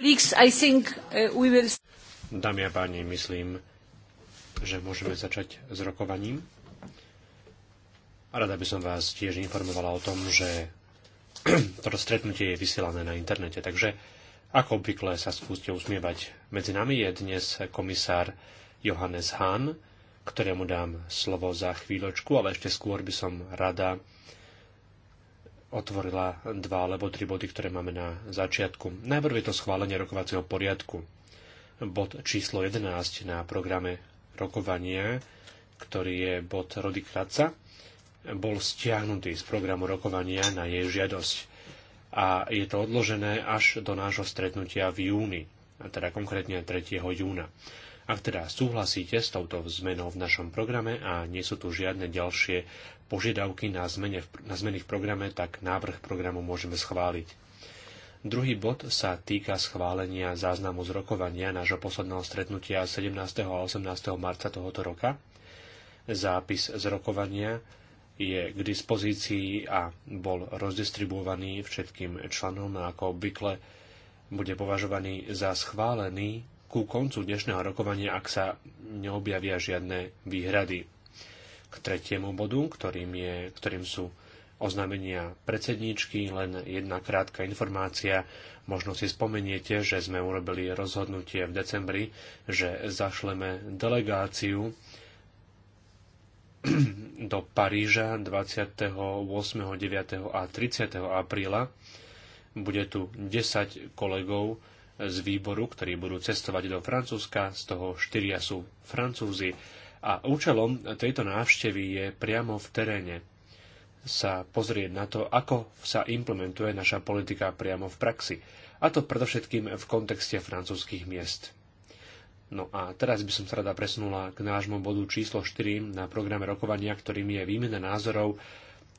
Uh, Dámy a páni, myslím, že môžeme začať s rokovaním. Rada by som vás tiež informovala o tom, že toto stretnutie je vysielané na internete, takže ako obvykle sa skúste usmievať. Medzi nami je dnes komisár Johannes Hahn, ktorému dám slovo za chvíľočku, ale ešte skôr by som rada otvorila dva alebo tri body, ktoré máme na začiatku. Najprv je to schválenie rokovacieho poriadku. Bod číslo 11 na programe rokovania, ktorý je bod Rody Kratca, bol stiahnutý z programu rokovania na jej žiadosť. A je to odložené až do nášho stretnutia v júni, teda konkrétne 3. júna. Ak teda súhlasíte s touto zmenou v našom programe a nie sú tu žiadne ďalšie požiadavky na, zmene, na zmeny v programe, tak návrh programu môžeme schváliť. Druhý bod sa týka schválenia záznamu z rokovania nášho posledného stretnutia 17. a 18. marca tohoto roka. Zápis z rokovania je k dispozícii a bol rozdistribuovaný všetkým členom a ako obvykle bude považovaný za schválený, ku koncu dnešného rokovania, ak sa neobjavia žiadne výhrady. K tretiemu bodu, ktorým, je, ktorým sú oznámenia predsedníčky, len jedna krátka informácia. Možno si spomeniete, že sme urobili rozhodnutie v decembri, že zašleme delegáciu do Paríža 28., 9. a 30. apríla. Bude tu 10 kolegov z výboru, ktorí budú cestovať do Francúzska, z toho štyria sú Francúzi. A účelom tejto návštevy je priamo v teréne sa pozrieť na to, ako sa implementuje naša politika priamo v praxi. A to predovšetkým v kontexte francúzskych miest. No a teraz by som sa rada presunula k nášmu bodu číslo 4 na programe rokovania, ktorým je výmena názorov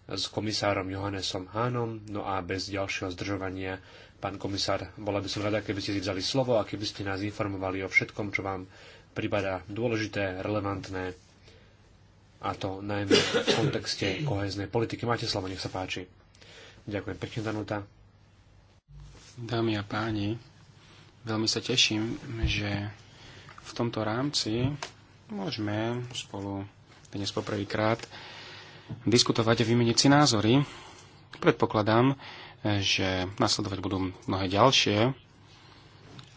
s komisárom Johannesom Hánom. No a bez ďalšieho zdržovania Pán komisár, bola by som rada, keby ste si vzali slovo a keby ste nás informovali o všetkom, čo vám pripadá dôležité, relevantné a to najmä v kontexte koheznej politiky. Máte slovo, nech sa páči. Ďakujem pekne, Danuta. Dámy a páni, veľmi sa teším, že v tomto rámci môžeme spolu dnes poprvýkrát diskutovať a vymeniť si názory. Predpokladám, že nasledovať budú mnohé ďalšie.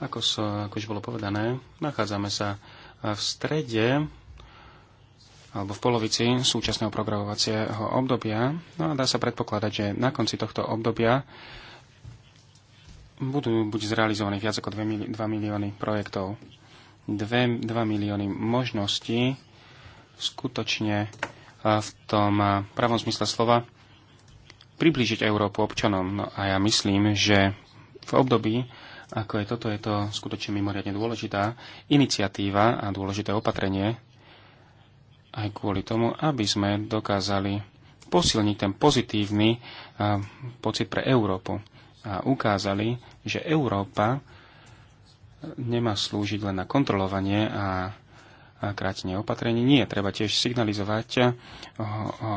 Ako, so, ako už bolo povedané, nachádzame sa v strede alebo v polovici súčasného programovacieho obdobia. No a dá sa predpokladať, že na konci tohto obdobia budú buď zrealizované viac ako 2, milióny projektov. 2, 2 milióny možností skutočne eh, v tom eh, pravom zmysle slova priblížiť Európu občanom. No a ja myslím, že v období, ako je toto, je to skutočne mimoriadne dôležitá iniciatíva a dôležité opatrenie aj kvôli tomu, aby sme dokázali posilniť ten pozitívny pocit pre Európu a ukázali, že Európa nemá slúžiť len na kontrolovanie a krátenie opatrení. Nie, treba tiež signalizovať o, o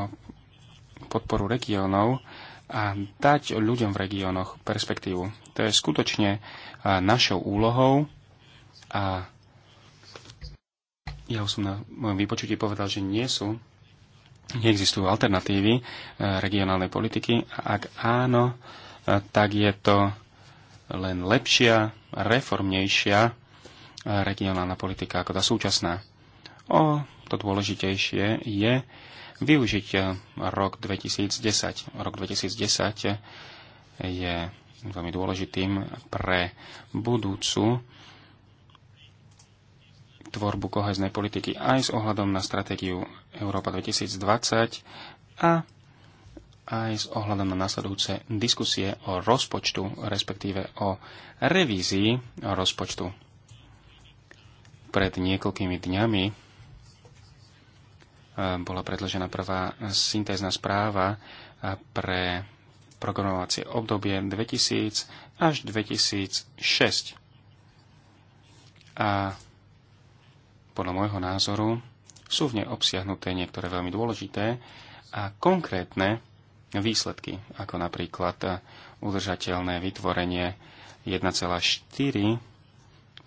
podporu regiónov a dať ľuďom v regiónoch perspektívu. To je skutočne našou úlohou a ja už som na mojom vypočutí povedal, že nie sú, neexistujú alternatívy e, regionálnej politiky a ak áno, e, tak je to len lepšia, reformnejšia e, regionálna politika ako tá súčasná. O to dôležitejšie je využiť eh, rok 2010. Rok 2010 eh, je veľmi dôležitým pre budúcu tvorbu koheznej politiky aj s ohľadom na stratégiu Európa 2020 a aj s ohľadom na nasledujúce diskusie o rozpočtu, respektíve o revízii rozpočtu. Pred niekoľkými dňami bola predložená prvá syntézna správa pre programovacie obdobie 2000 až 2006. A podľa môjho názoru sú v nej obsiahnuté niektoré veľmi dôležité a konkrétne výsledky, ako napríklad udržateľné vytvorenie 1,4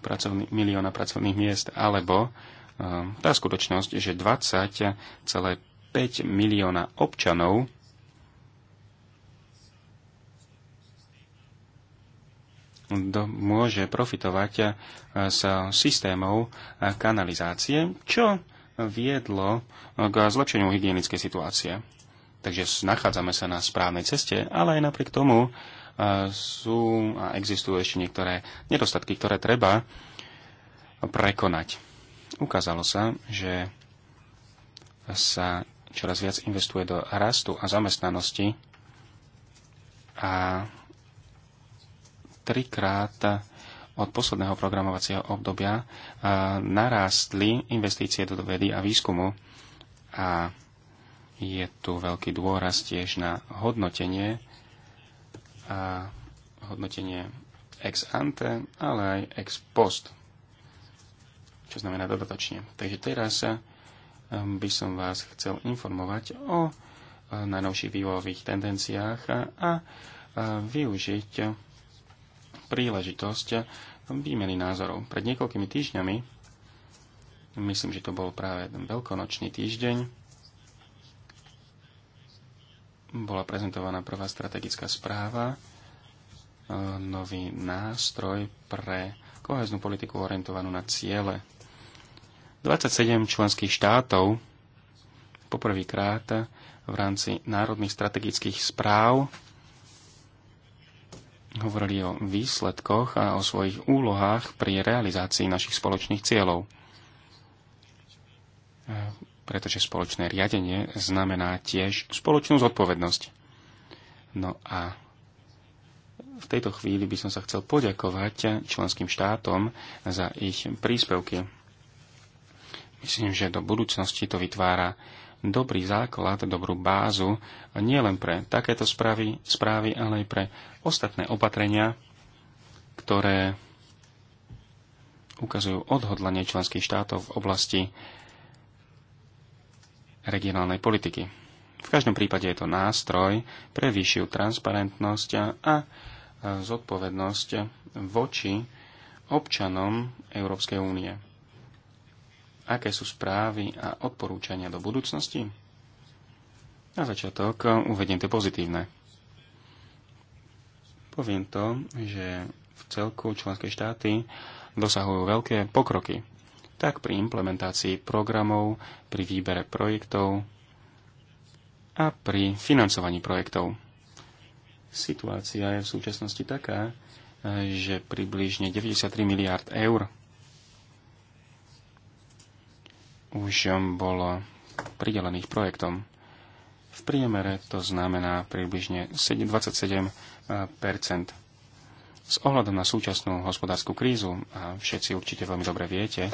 pracovný, milióna pracovných miest alebo Ehm, tá skutočnosť, že 20,5 milióna občanov do, môže profitovať eh, z systémov eh, kanalizácie, čo viedlo eh, k zlepšeniu hygienickej situácie. Takže nachádzame sa na správnej ceste, ale aj napriek tomu sú a existujú ešte niektoré nedostatky, ktoré treba prekonať. Ukázalo sa, že sa čoraz viac investuje do rastu a zamestnanosti a trikrát od posledného programovacieho obdobia narástli investície do vedy a výskumu a je tu veľký dôraz tiež na hodnotenie a hodnotenie ex ante, ale aj ex post čo znamená dodatočne. Takže teraz eh, by som vás chcel informovať o eh, najnovších vývojových tendenciách a využiť príležitosť výmeny názorov. Pred niekoľkými týždňami, myslím, že to bol práve ten veľkonočný týždeň, bola prezentovaná prvá strategická správa, eh, nový nástroj pre koheznú politiku orientovanú na ciele 27 členských štátov poprvýkrát v rámci národných strategických správ hovorili o výsledkoch a o svojich úlohách pri realizácii našich spoločných cieľov. Pretože spoločné riadenie znamená tiež spoločnú zodpovednosť. No a v tejto chvíli by som sa chcel poďakovať členským štátom za ich príspevky. Myslím, že do budúcnosti to vytvára dobrý základ, dobrú bázu nielen pre takéto správy, správy, ale aj pre ostatné opatrenia, ktoré ukazujú odhodlanie členských štátov v oblasti regionálnej politiky. V každom prípade je to nástroj pre vyššiu transparentnosť a zodpovednosť voči občanom Európskej únie aké sú správy a odporúčania do budúcnosti? Na začiatok uvediem tie pozitívne. Poviem to, že v celku členské štáty dosahujú veľké pokroky, tak pri implementácii programov, pri výbere projektov a pri financovaní projektov. Situácia je v súčasnosti taká, že približne 93 miliard eur už hm, bolo pridelených projektom. V priemere to znamená približne 27 eh, S ohľadom na súčasnú hospodárskú krízu, a všetci určite veľmi dobre viete, eh,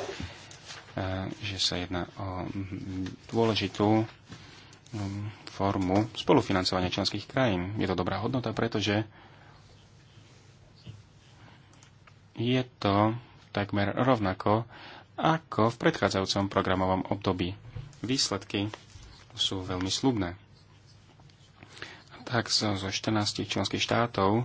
že sa jedná o hm, dôležitú hm, formu spolufinancovania členských krajín. Je to dobrá hodnota, pretože je to takmer rovnako ako v predchádzajúcom programovom období. Výsledky sú veľmi slubné. Tak zo 14 členských štátov,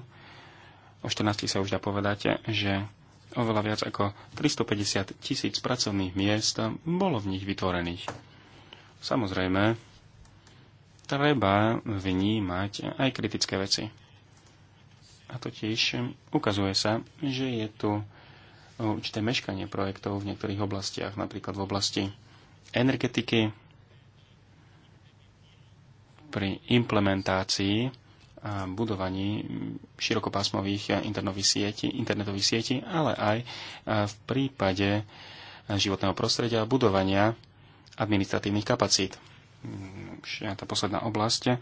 o 14 sa už dá povedať, že oveľa viac ako 350 tisíc pracovných miest bolo v nich vytvorených. Samozrejme, treba vnímať aj kritické veci. A totiž ukazuje sa, že je tu určité meškanie projektov v niektorých oblastiach, napríklad v oblasti energetiky, pri implementácii a budovaní širokopásmových internetových sietí, internetových sietí, ale aj v prípade životného prostredia a budovania administratívnych kapacít. Už hm, tá posledná oblasť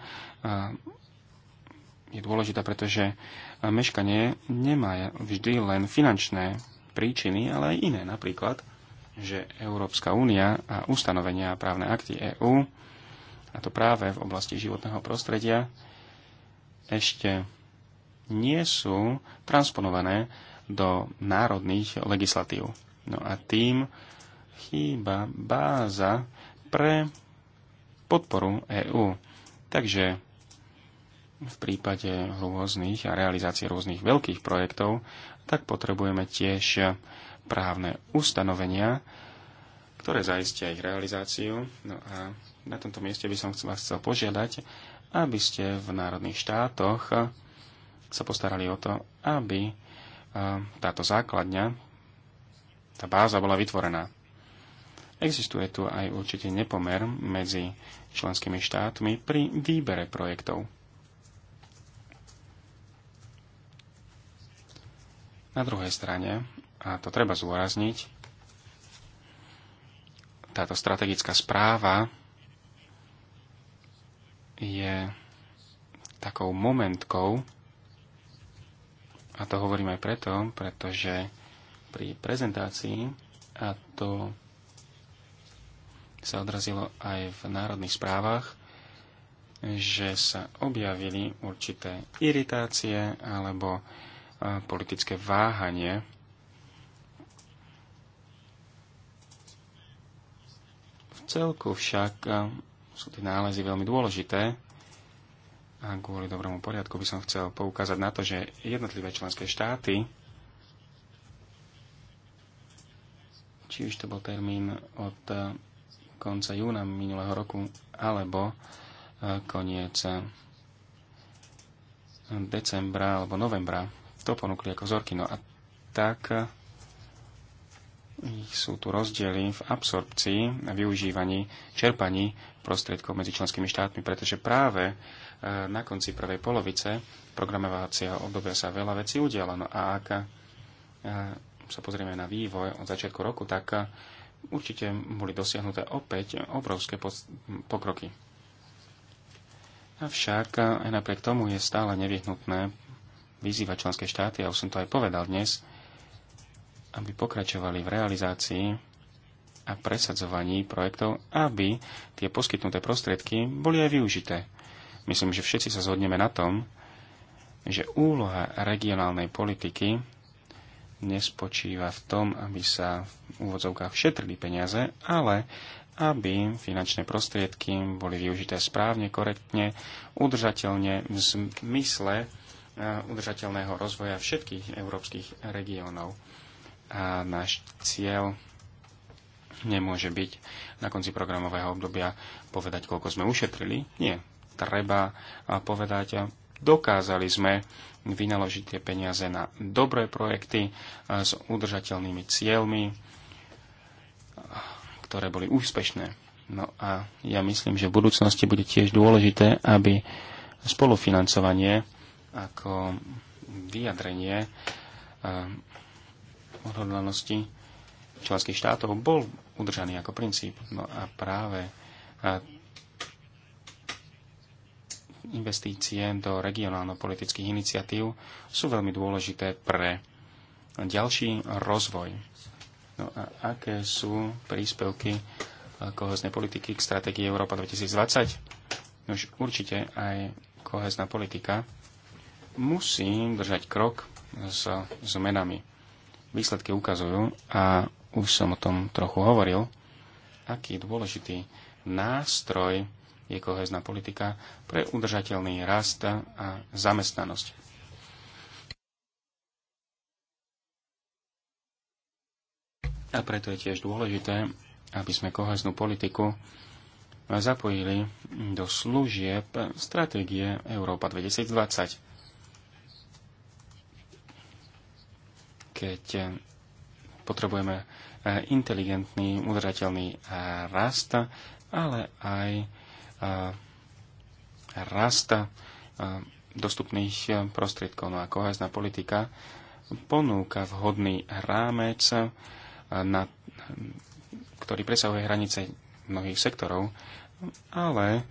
je dôležitá, pretože meškanie nemá vždy len finančné príčiny, ale aj iné. Napríklad, že Európska únia a ustanovenia a právne akty EÚ, a to práve v oblasti životného prostredia, ešte nie sú transponované do národných legislatív. No a tým chýba báza pre podporu EÚ. Takže v prípade rôznych a realizácie rôznych veľkých projektov, tak potrebujeme tiež právne ustanovenia, ktoré zaistia ich realizáciu. No a na tomto mieste by som vás chcel požiadať, aby ste v národných štátoch sa postarali o to, aby e, táto základňa, tá báza bola vytvorená. Existuje tu aj určite nepomer medzi členskými štátmi pri výbere projektov. Na druhej strane, a to treba zúrazniť, táto strategická správa je takou momentkou, a to hovorím aj preto, pretože pri prezentácii, a to sa odrazilo aj v národných správach, že sa objavili určité iritácie alebo politické váhanie. V celku však sú tie nálezy veľmi dôležité a kvôli dobrému poriadku by som chcel poukázať na to, že jednotlivé členské štáty či už to bol termín od konca júna minulého roku alebo koniec decembra alebo novembra to ponúkli ako vzorky. No a tak eh, sú tu rozdiely v absorpcii a využívaní, čerpaní prostriedkov medzi členskými štátmi, pretože práve eh, na konci prvej polovice programovacieho obdobia sa veľa vecí udialo. No a ak eh, sa pozrieme na vývoj od začiatku roku, tak určite boli dosiahnuté opäť obrovské pokroky. Avšak aj napriek tomu je stále nevyhnutné vyzýva členské štáty, ja už som to aj povedal dnes, aby pokračovali v realizácii a presadzovaní projektov, aby tie poskytnuté prostriedky boli aj využité. Myslím, že všetci sa zhodneme na tom, že úloha regionálnej politiky nespočíva v tom, aby sa v úvodzovkách šetrili peniaze, ale aby finančné prostriedky boli využité správne, korektne, udržateľne v zmysle Eh, udržateľného rozvoja všetkých európskych regiónov. A náš cieľ nemôže byť na konci programového obdobia povedať, koľko sme ušetrili. Nie. Treba eh, povedať, eh, dokázali sme vynaložiť tie peniaze na dobré projekty s udržateľnými cieľmi, ktoré boli úspešné. No a ja myslím, že v budúcnosti bude tiež dôležité, aby spolufinancovanie ako vyjadrenie eh, odhodlanosti členských štátov bol udržaný ako princíp. No a práve eh, investície do regionálno-politických iniciatív sú veľmi dôležité pre ďalší rozvoj. No a aké sú príspevky eh, kohezné politiky k stratégii Európa 2020? No už určite aj kohezná politika musí držať krok s zmenami. Výsledky ukazujú, a už som o tom trochu hovoril, aký dôležitý nástroj je kohezná politika pre udržateľný rast a zamestnanosť. A preto je tiež dôležité, aby sme koheznú politiku zapojili do služieb stratégie Európa 2020. keď eh, potrebujeme eh, inteligentný, udržateľný eh, rast, ale aj rast dostupných prostriedkov. No a kohezná politika ponúka vhodný rámec, na, ktorý presahuje hranice mnohých sektorov, ale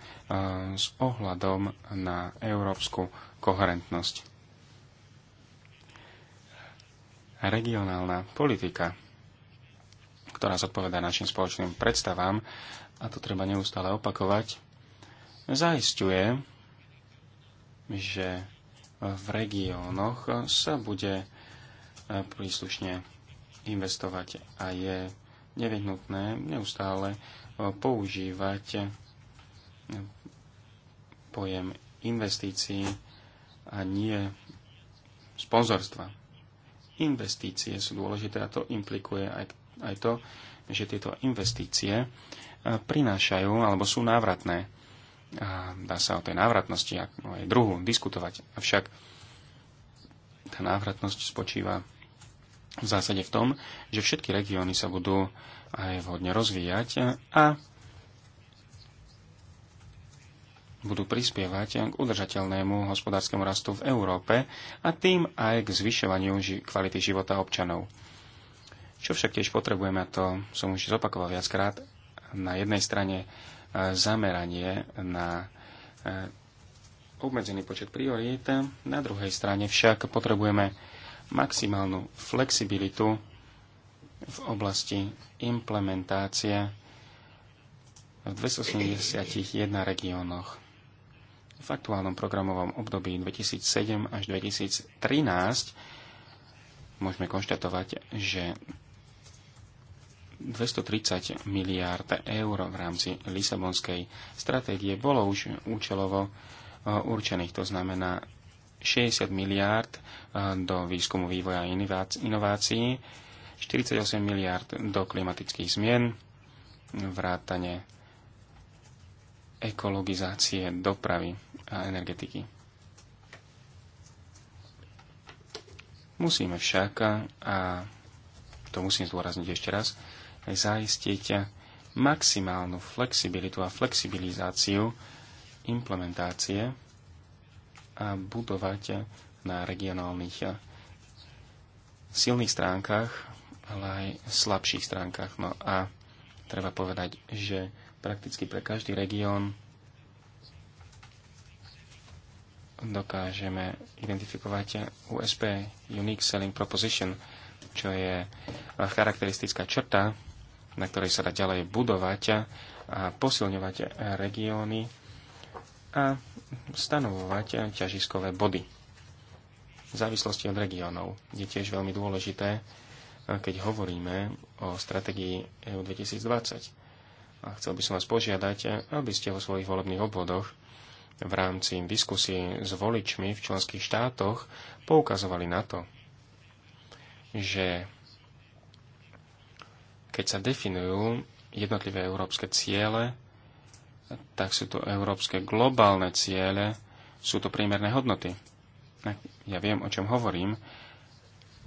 s ohľadom na európsku koherentnosť regionálna politika, ktorá zodpovedá našim spoločným predstavám, a to treba neustále opakovať, zaistuje, že v regiónoch sa bude e, príslušne investovať a je nevyhnutné neustále e, používať e, pojem investícií a nie sponzorstva investície sú dôležité a to implikuje aj, aj to, že tieto investície e, prinášajú alebo sú návratné. A dá sa o tej návratnosti a aj jej druhu diskutovať. Avšak tá návratnosť spočíva v zásade v tom, že všetky regióny sa budú aj vhodne rozvíjať a budú prispievať k udržateľnému hospodárskemu rastu v Európe a tým aj k zvyšovaniu ži- kvality života občanov. Čo však tiež potrebujeme, a to som už zopakoval viackrát, na jednej strane e, zameranie na e, obmedzený počet priorít, na druhej strane však potrebujeme maximálnu flexibilitu v oblasti implementácie v 281 regiónoch v aktuálnom programovom období 2007 až 2013 môžeme konštatovať, že 230 miliárd eur v rámci Lisabonskej stratégie bolo už účelovo e, určených. To znamená 60 miliárd e, do výskumu vývoja a inovácií, 48 miliárd do klimatických zmien, vrátane ekologizácie dopravy a energetiky. Musíme však, a to musím zdôrazniť ešte raz, zaistiť maximálnu flexibilitu a flexibilizáciu implementácie a budovať na regionálnych silných stránkach, ale aj slabších stránkach. No a treba povedať, že prakticky pre každý región dokážeme identifikovať USP, Unique Selling Proposition, čo je e, charakteristická črta, na ktorej sa dá ďalej budovať a posilňovať regióny a stanovovať ťažiskové body v závislosti od regiónov. Je tiež veľmi dôležité, e, keď hovoríme o stratégii EU 2020 a chcel by som vás požiadať, aby ste vo svojich volebných obvodoch v rámci diskusie s voličmi v členských štátoch poukazovali na to, že keď sa definujú jednotlivé európske ciele, tak sú to európske globálne ciele, sú to priemerné hodnoty. Ja viem, o čom hovorím,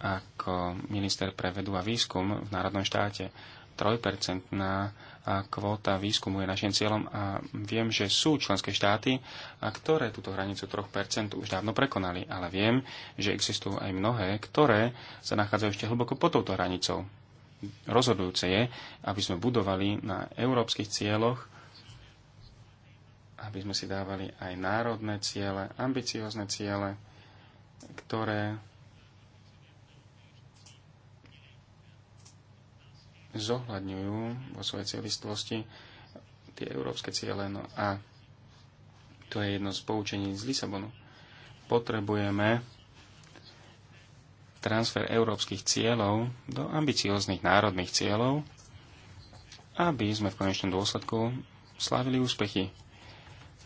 ako minister pre vedu a výskum v Národnom štáte. Trojpercentná a kvóta výskumu je našim cieľom a viem, že sú členské štáty, a ktoré túto hranicu 3% už dávno prekonali, ale viem, že existujú aj mnohé, ktoré sa nachádzajú ešte hlboko pod touto hranicou. Rozhodujúce je, aby sme budovali na európskych cieľoch aby sme si dávali aj národné ciele, ambiciózne ciele, ktoré zohľadňujú vo svojej celistvosti tie európske ciele. No a to je jedno z poučení z Lisabonu. Potrebujeme transfer európskych cieľov do ambicióznych národných cieľov, aby sme v konečnom dôsledku slávili úspechy.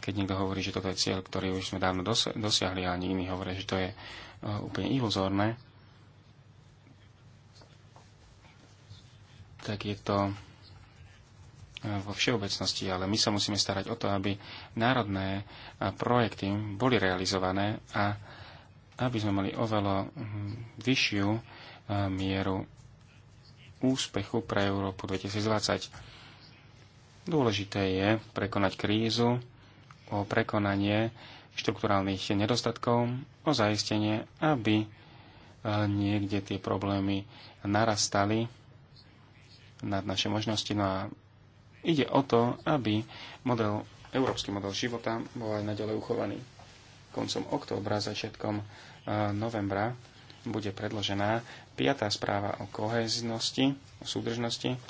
Keď niekto hovorí, že toto je cieľ, ktorý už sme dávno dosiahli, a iní hovoria, že to je eh, úplne iluzórne, tak je to e, vo všeobecnosti, ale my sa musíme starať o to, aby národné e, projekty boli realizované a aby sme mali oveľa mm, vyššiu e, mieru úspechu pre Európu 2020. Dôležité je prekonať krízu, o prekonanie štruktúrálnych nedostatkov, o zaistenie, aby niekde tie problémy narastali nad naše možnosti. No a ide o to, aby model, európsky model života bol aj naďalej uchovaný. Koncom októbra, začiatkom eh, novembra bude predložená piatá správa o koheznosti, o súdržnosti, eh,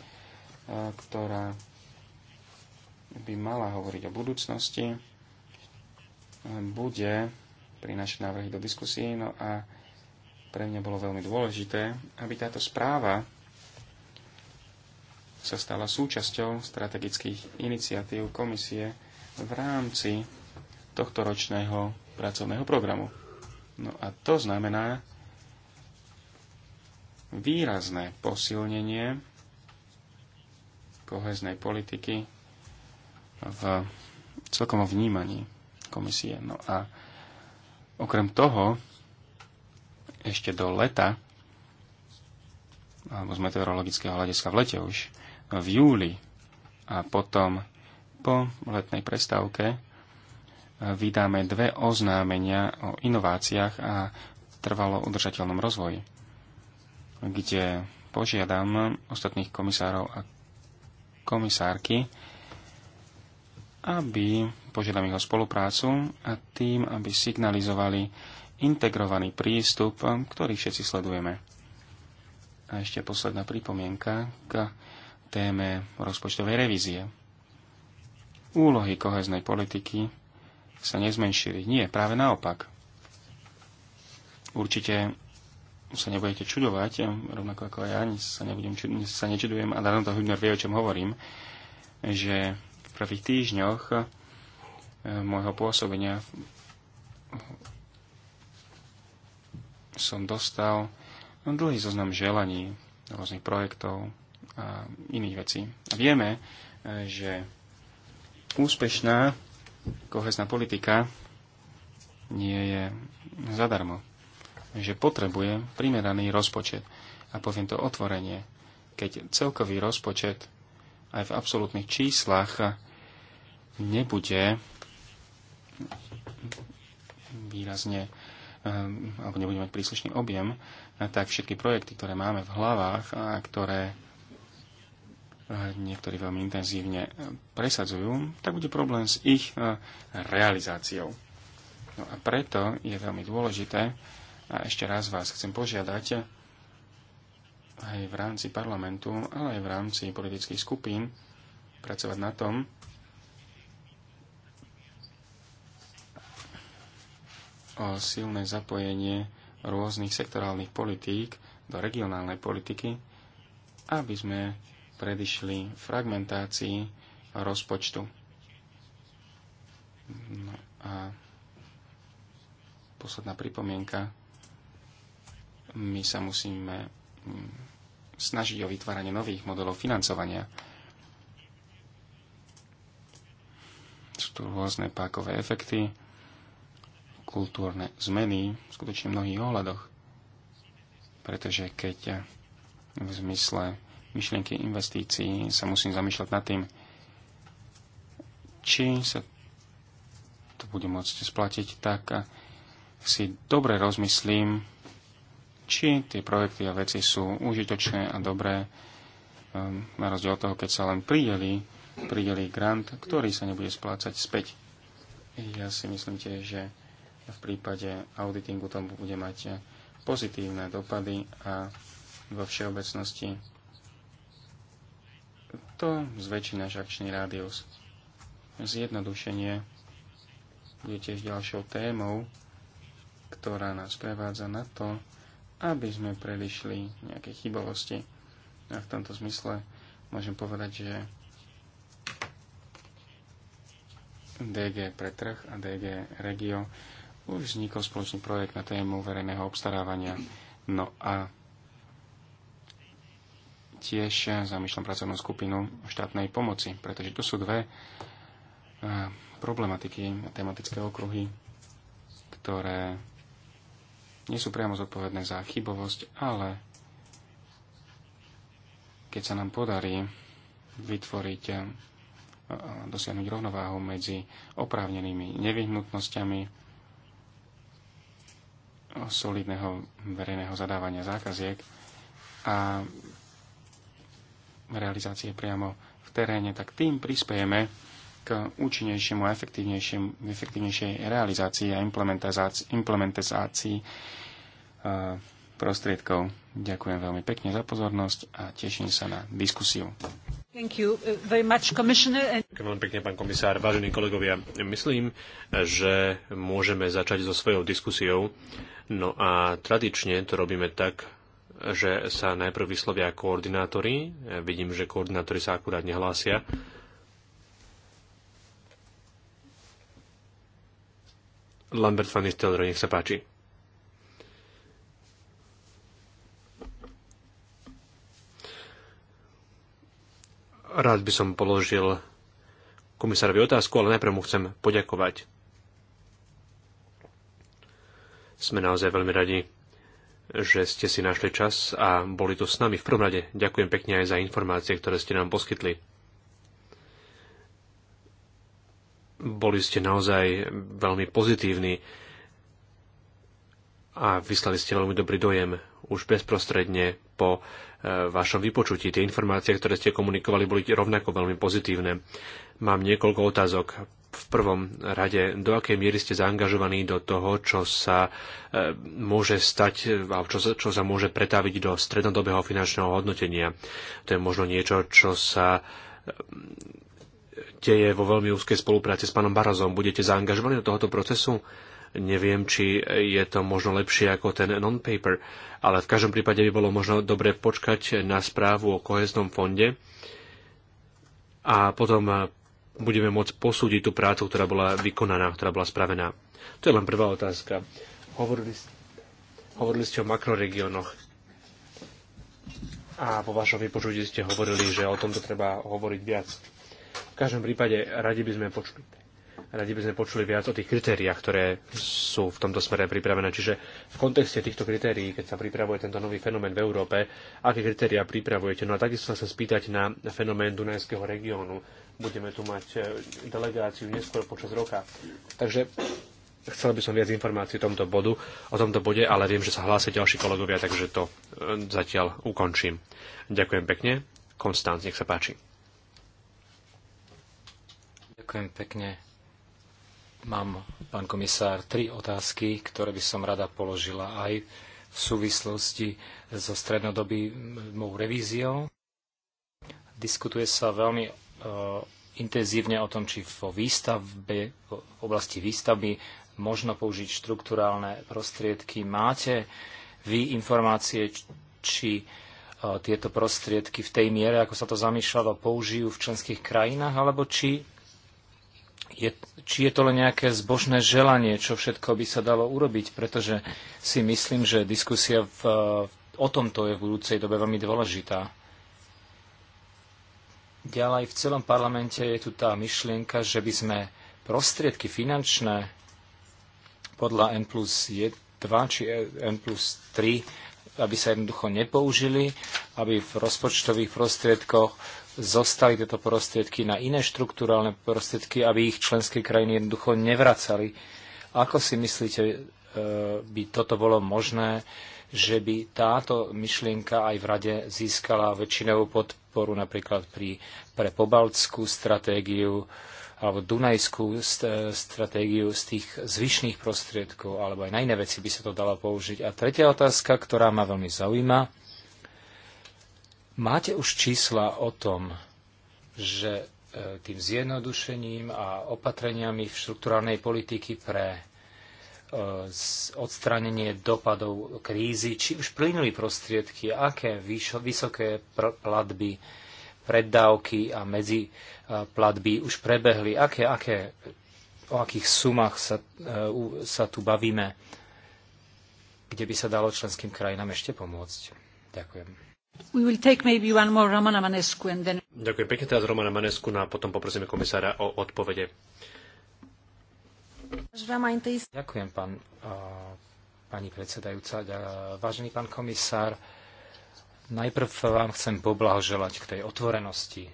ktorá by mala hovoriť o budúcnosti, eh, bude prinášať návrhy do diskusie, no a pre mňa bolo veľmi dôležité, aby táto správa sa stala súčasťou strategických iniciatív komisie v rámci tohto ročného pracovného programu. No a to znamená výrazné posilnenie koheznej politiky v celkom vnímaní komisie. No a okrem toho ešte do leta alebo z meteorologického hľadiska v lete už v júli a potom po letnej prestávke vydáme dve oznámenia o inováciách a trvalo udržateľnom rozvoji, kde požiadam ostatných komisárov a komisárky, aby požiadam ich o spoluprácu a tým, aby signalizovali integrovaný prístup, ktorý všetci sledujeme. A ešte posledná pripomienka k téme rozpočtovej revízie. Úlohy koheznej politiky sa nezmenšili. Nie, práve naopak. Určite sa nebudete čudovať, rovnako ako ja, sa, nebudem, sa nečudujem a Danuta Hübner vie, o čom hovorím, že v prvých týždňoch eh, môjho pôsobenia som dostal dlhý zoznam želaní rôznych projektov, iných vecí. A vieme, e, že úspešná kohezná politika nie je zadarmo. Že potrebuje primeraný rozpočet. A poviem to otvorenie. Keď celkový rozpočet aj v absolútnych číslach nebude výrazne ehm, alebo nebude mať príslušný objem, tak všetky projekty, ktoré máme v hlavách a ktoré niektorí veľmi intenzívne presadzujú, tak bude problém s ich e, realizáciou. No a preto je veľmi dôležité, a ešte raz vás chcem požiadať, aj v rámci parlamentu, ale aj v rámci politických skupín, pracovať na tom, o silné zapojenie rôznych sektorálnych politík do regionálnej politiky, aby sme predišli fragmentácii rozpočtu. No a posledná pripomienka. My sa musíme mm, snažiť o vytváranie nových modelov financovania. Sú tu rôzne pákové efekty, kultúrne zmeny v skutočne mnohých ohľadoch. Pretože keď v zmysle myšlienky investícií sa musím zamýšľať nad tým, či sa to bude môcť splatiť tak a si dobre rozmyslím, či tie projekty a veci sú užitočné a dobré, ehm, na rozdiel od toho, keď sa len prideli, prideli grant, ktorý sa nebude splácať späť. Ja si myslím tiež, že v prípade auditingu to bude mať pozitívne dopady a vo všeobecnosti to zväčší náš akčný rádius. Zjednodušenie je tiež ďalšou témou, ktorá nás prevádza na to, aby sme predišli nejaké chybovosti. A v tomto zmysle môžem povedať, že DG pre trh a DG Regio už vznikol spoločný projekt na tému verejného obstarávania. No a tiež zamýšľam pracovnú skupinu štátnej pomoci, pretože to sú dve e, problematiky a tematické okruhy, ktoré nie sú priamo zodpovedné za chybovosť, ale keď sa nám podarí vytvoriť e, dosiahnuť rovnováhu medzi oprávnenými nevyhnutnosťami solidného verejného zadávania zákaziek a realizácie priamo v teréne, tak tým prispiejeme k účinnejšiemu a efektívnejšej realizácii a implementácii, prostriedkov. Ďakujem veľmi pekne za pozornosť a teším sa na diskusiu. Uh, much, Ďakujem veľmi pekne, pán komisár. Vážení kolegovia, myslím, že môžeme začať so svojou diskusiou. No a tradične to robíme tak, že sa najprv vyslovia koordinátori. Ja vidím, že koordinátori sa akurát nehlásia. Lambert van Nistelrooy, nech sa páči. Rád by som položil komisárovi otázku, ale najprv mu chcem poďakovať. Sme naozaj veľmi radi, že ste si našli čas a boli tu s nami. V prvom rade ďakujem pekne aj za informácie, ktoré ste nám poskytli. Boli ste naozaj veľmi pozitívni a vyslali ste veľmi dobrý dojem už bezprostredne po e, vašom vypočutí. Tie informácie, ktoré ste komunikovali, boli rovnako veľmi pozitívne. Mám niekoľko otázok. V prvom rade, do akej miery ste zaangažovaní do toho, čo sa e, môže stať, alebo čo sa, čo sa môže pretaviť do strednodobého finančného hodnotenia. To je možno niečo, čo sa e, deje vo veľmi úzkej spolupráci s pánom Barazom. Budete zaangažovaní do tohoto procesu? Neviem, či je to možno lepšie ako ten non-paper, ale v každom prípade by bolo možno dobre počkať na správu o koheznom fonde a potom eh, budeme môcť posúdiť tú prácu, ktorá bola vykonaná, ktorá bola spravená. To je len prvá otázka. Hovorili, hovorili ste o makroregiónoch. A po vašom vypočutí ste hovorili, že o tomto treba hovoriť viac. V každom prípade radi by sme počuli Radi by sme počuli viac o tých kritériách, ktoré sú v tomto smere pripravené. Čiže v kontexte týchto kritérií, keď sa pripravuje tento nový fenomén v Európe, aké kritériá pripravujete? No a takisto sa spýtať na fenomén Dunajského regiónu. Budeme tu mať e, delegáciu neskôr počas roka. Takže chcel by som viac informácií o tomto bodu, o tomto bode, ale viem, že sa hlásia ďalší kolegovia, takže to e, zatiaľ ukončím. Ďakujem pekne. konstant, nech sa páči. Ďakujem pekne. Mám, pán komisár, tri otázky, ktoré by som rada položila aj v súvislosti so strednodobou revíziou. Diskutuje sa veľmi e, intenzívne o tom, či vo výstavbe, v oblasti výstavby možno použiť štruktúrálne prostriedky. Máte vy informácie, či e, tieto prostriedky v tej miere, ako sa to zamýšľalo, použijú v členských krajinách, alebo či je, či je to len nejaké zbožné želanie, čo všetko by sa dalo urobiť, pretože si myslím, že diskusia v, o tomto je v budúcej dobe veľmi dôležitá. Ďalej v celom parlamente je tu tá myšlienka, že by sme prostriedky finančné podľa N plus 2 či N plus 3, aby sa jednoducho nepoužili, aby v rozpočtových prostriedkoch zostali tieto prostriedky na iné štruktúrálne prostriedky, aby ich členské krajiny jednoducho nevracali. Ako si myslíte, e, by toto bolo možné, že by táto myšlienka aj v Rade získala väčšinovú podporu napríklad pri, pre pobaltskú stratégiu alebo dunajskú st- stratégiu z tých zvyšných prostriedkov, alebo aj na iné veci by sa to dalo použiť. A tretia otázka, ktorá ma veľmi zaujíma, Máte už čísla o tom, že e, tým zjednodušením a opatreniami v štruktúralnej politiky pre e, odstránenie dopadov krízy, či už plynuli prostriedky, aké vysoké platby, preddávky a medzi e, platby už prebehli, aké, aké, o akých sumách sa, sa tu bavíme, kde by sa dalo členským krajinám ešte pomôcť. Ďakujem. Then... Ďakujem pekne, teraz Romana Manescu no a potom poprosíme komisára o odpovede. Ďakujem, pán, pani predsedajúca. Vážený pán komisár, najprv vám chcem poblahoželať k tej otvorenosti e,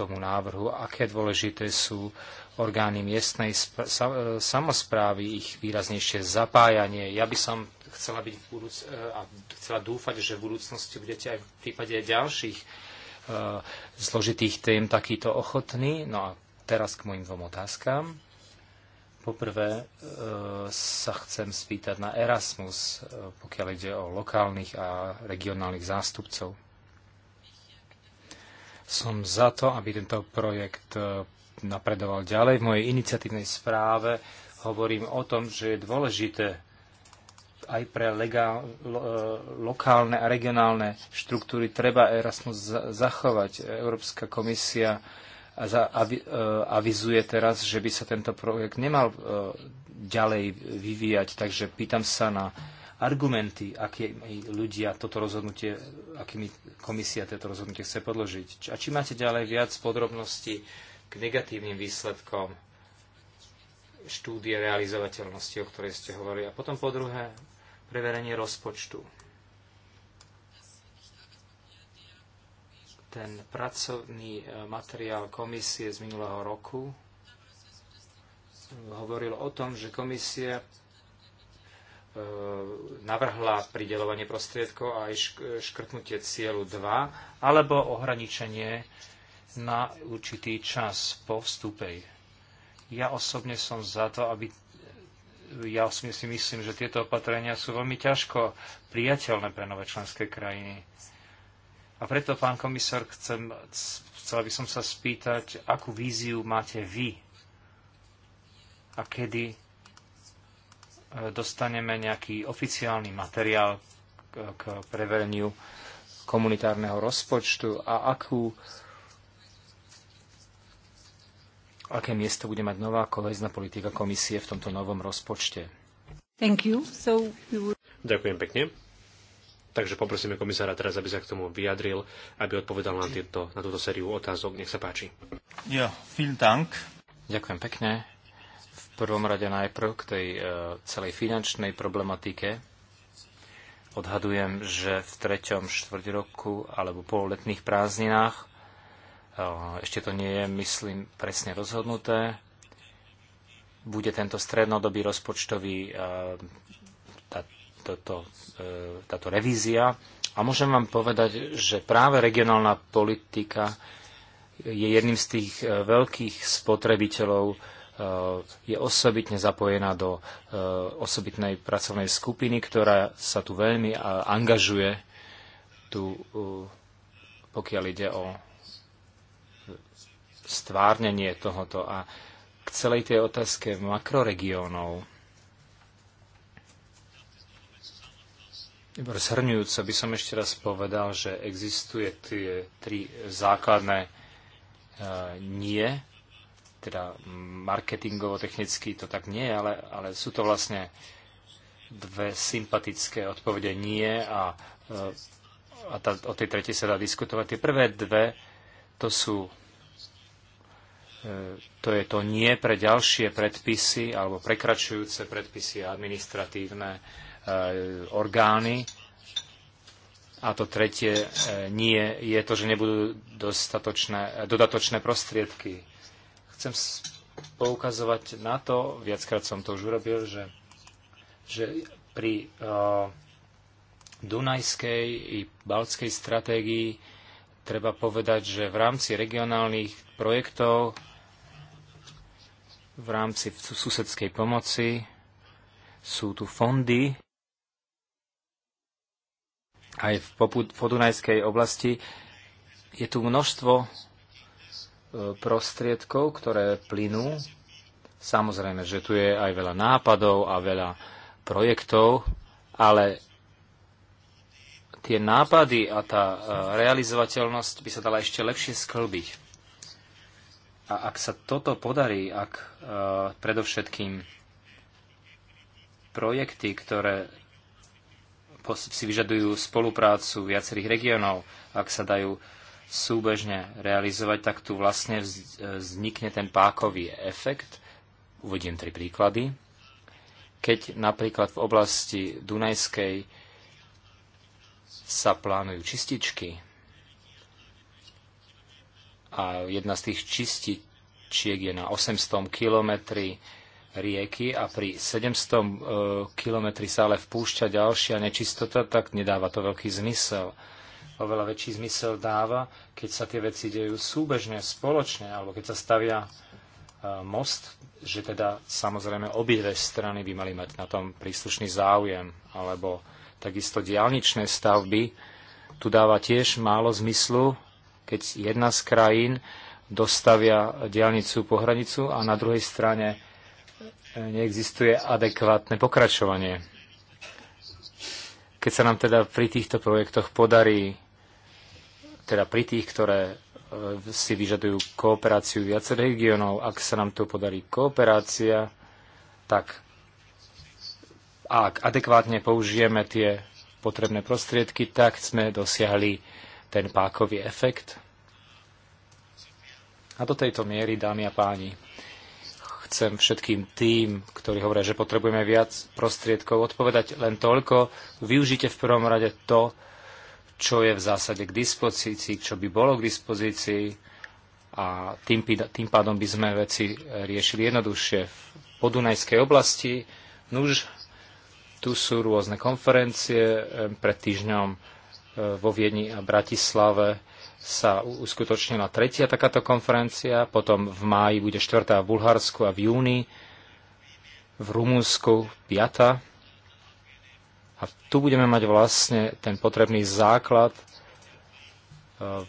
tomu návrhu, aké dôležité sú orgány miestnej samozprávy, ich výraznejšie zapájanie. Ja by som chcela, byť budúc- e, a chcela dúfať, že v budúcnosti budete aj v prípade ďalších uh, zložitých tém takýto ochotný. No a teraz k mojim dvom otázkam. Poprvé e, sa chcem spýtať na Erasmus, e, pokiaľ ide o lokálnych a regionálnych zástupcov. Som za to, aby tento projekt e, napredoval ďalej. V mojej iniciatívnej správe hovorím o tom, že je dôležité aj pre legál, lo, e, lokálne a regionálne štruktúry treba Erasmus zachovať. Európska komisia e, avizuje teraz, že by sa tento projekt nemal ďalej vyvíjať. Takže pýtam sa na argumenty, akými ľudia toto rozhodnutie, akými komisia toto rozhodnutie chce podložiť. A či máte ďalej viac podrobností k negatívnym výsledkom štúdie realizovateľnosti, o ktorej ste hovorili. A potom po druhé, preverenie rozpočtu. Ten pracovný e, materiál komisie z minulého roku hovoril o tom, že komisia E, navrhla pridelovanie prostriedkov a aj škrtnutie cieľu 2 alebo ohraničenie na určitý čas po vstupe. Ja osobne som za to, aby ja osobne si myslím, že tieto opatrenia sú veľmi ťažko priateľné pre nové členské krajiny. A preto, pán komisár, chcem, chcela by som sa spýtať, akú víziu máte vy a kedy dostaneme nejaký oficiálny materiál k prevereniu komunitárneho rozpočtu a akú, aké miesto bude mať nová kohezná politika komisie v tomto novom rozpočte. Thank you. So will... Ďakujem pekne. Takže poprosíme komisára teraz, aby sa k tomu vyjadril, aby odpovedal na, tieto, na túto sériu otázok. Nech sa páči. Ja, vielen Dank. Ďakujem pekne prvom rade najprv k tej e, celej finančnej problematike. Odhadujem, že v treťom štvrť roku alebo po letných prázdninách, e, ešte to nie je, myslím, presne rozhodnuté, bude tento strednodobý rozpočtový, e, tá, to, e, táto revízia. A môžem vám povedať, že práve regionálna politika je jedným z tých veľkých spotrebiteľov Eh, je osobitne zapojená do eh, osobitnej pracovnej skupiny, ktorá sa tu veľmi eh, angažuje, tu, pokiaľ ide o stvárnenie tohoto a k celej tej otázke makroregiónov. Zhrňujúco by som ešte raz povedal, že existuje tie tri základné nie teda marketingovo, technicky to tak nie, ale, ale sú to vlastne dve sympatické odpovede nie a, e, a tá, o tej tretej sa dá diskutovať. Tie prvé dve to sú e, to je to nie pre ďalšie predpisy alebo prekračujúce predpisy a administratívne e, orgány. A to tretie nie je to, že nebudú dostatočné, dodatočné prostriedky Chcem poukazovať na to, viackrát som to už urobil, že, že pri uh, Dunajskej i Baltskej stratégii treba povedať, že v rámci regionálnych projektov, v rámci susedskej pomoci sú tu fondy aj v podunajskej oblasti. Je tu množstvo prostriedkov, ktoré plynú. Samozrejme, že tu je aj veľa nápadov a veľa projektov, ale tie nápady a tá e, realizovateľnosť by sa dala ešte lepšie sklbiť. A ak sa toto podarí, ak uh, predovšetkým projekty, ktoré si vyžadujú spoluprácu viacerých regiónov, ak sa dajú uh, súbežne realizovať, tak tu vlastne e, vznikne ten pákový efekt. Uvediem tri príklady. Keď napríklad v oblasti Dunajskej sa plánujú čističky a jedna z tých čističiek je na 800 kilometri rieky a pri 700 e, kilometri sa ale vpúšťa ďalšia nečistota, tak nedáva to veľký zmysel oveľa väčší zmysel dáva, keď sa tie veci dejú súbežne, spoločne, alebo keď sa stavia e, most, že teda samozrejme obidve strany by mali mať na tom príslušný záujem, alebo takisto diálničné stavby. Tu dáva tiež málo zmyslu, keď jedna z krajín dostavia diálnicu po hranicu a na druhej strane e, neexistuje adekvátne pokračovanie. Keď sa nám teda pri týchto projektoch podarí teda pri tých, ktoré e, si vyžadujú kooperáciu viac regiónov. Ak sa nám to podarí kooperácia, tak ak adekvátne použijeme tie potrebné prostriedky, tak sme dosiahli ten pákový efekt. A do tejto miery, dámy a páni, chcem všetkým tým, ktorí hovoria, že potrebujeme viac prostriedkov, odpovedať len toľko. Využite v prvom rade to, čo je v zásade k dispozícii, čo by bolo k dispozícii a tým, tým pádom by sme veci riešili jednoduchšie. V podunajskej oblasti, nuž, tu sú rôzne konferencie, e, pred týždňom e, vo Viedni a Bratislave sa uskutočnila tretia takáto konferencia, potom v máji bude štvrtá v Bulharsku a v júni v Rumunsku piata a tu budeme mať vlastne ten potrebný základ. E,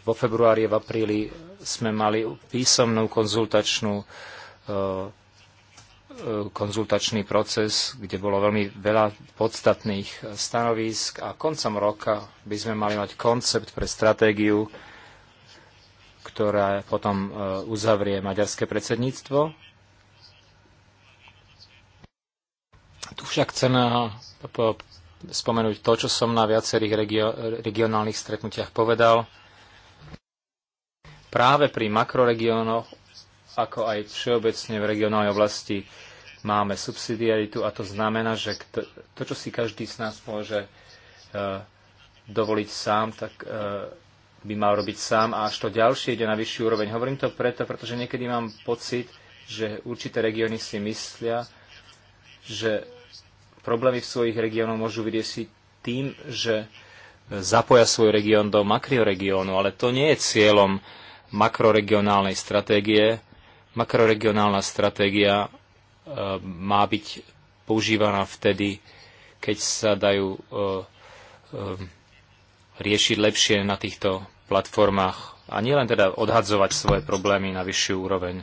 vo februári a v apríli sme mali písomnú konzultačnú e, e, konzultačný proces, kde bolo veľmi veľa podstatných stanovísk a koncom roka by sme mali mať koncept pre stratégiu, ktorá potom uzavrie maďarské predsedníctvo. Tu však chceme spomenúť to, čo som na viacerých regio- regionálnych stretnutiach povedal. Práve pri makroregiónoch, ako aj všeobecne v regionálnej oblasti, máme subsidiaritu a to znamená, že to, čo si každý z nás môže uh, dovoliť sám, tak uh, by mal robiť sám a až to ďalšie ide na vyšší úroveň. Hovorím to preto, pretože niekedy mám pocit, že určité regióny si myslia, že problémy v svojich regiónoch môžu vyriešiť tým, že zapoja svoj región do makroregiónu, ale to nie je cieľom makroregionálnej stratégie. Makroregionálna stratégia e, má byť používaná vtedy, keď sa dajú e, e, riešiť lepšie na týchto platformách a nielen teda odhadzovať svoje problémy na vyššiu úroveň.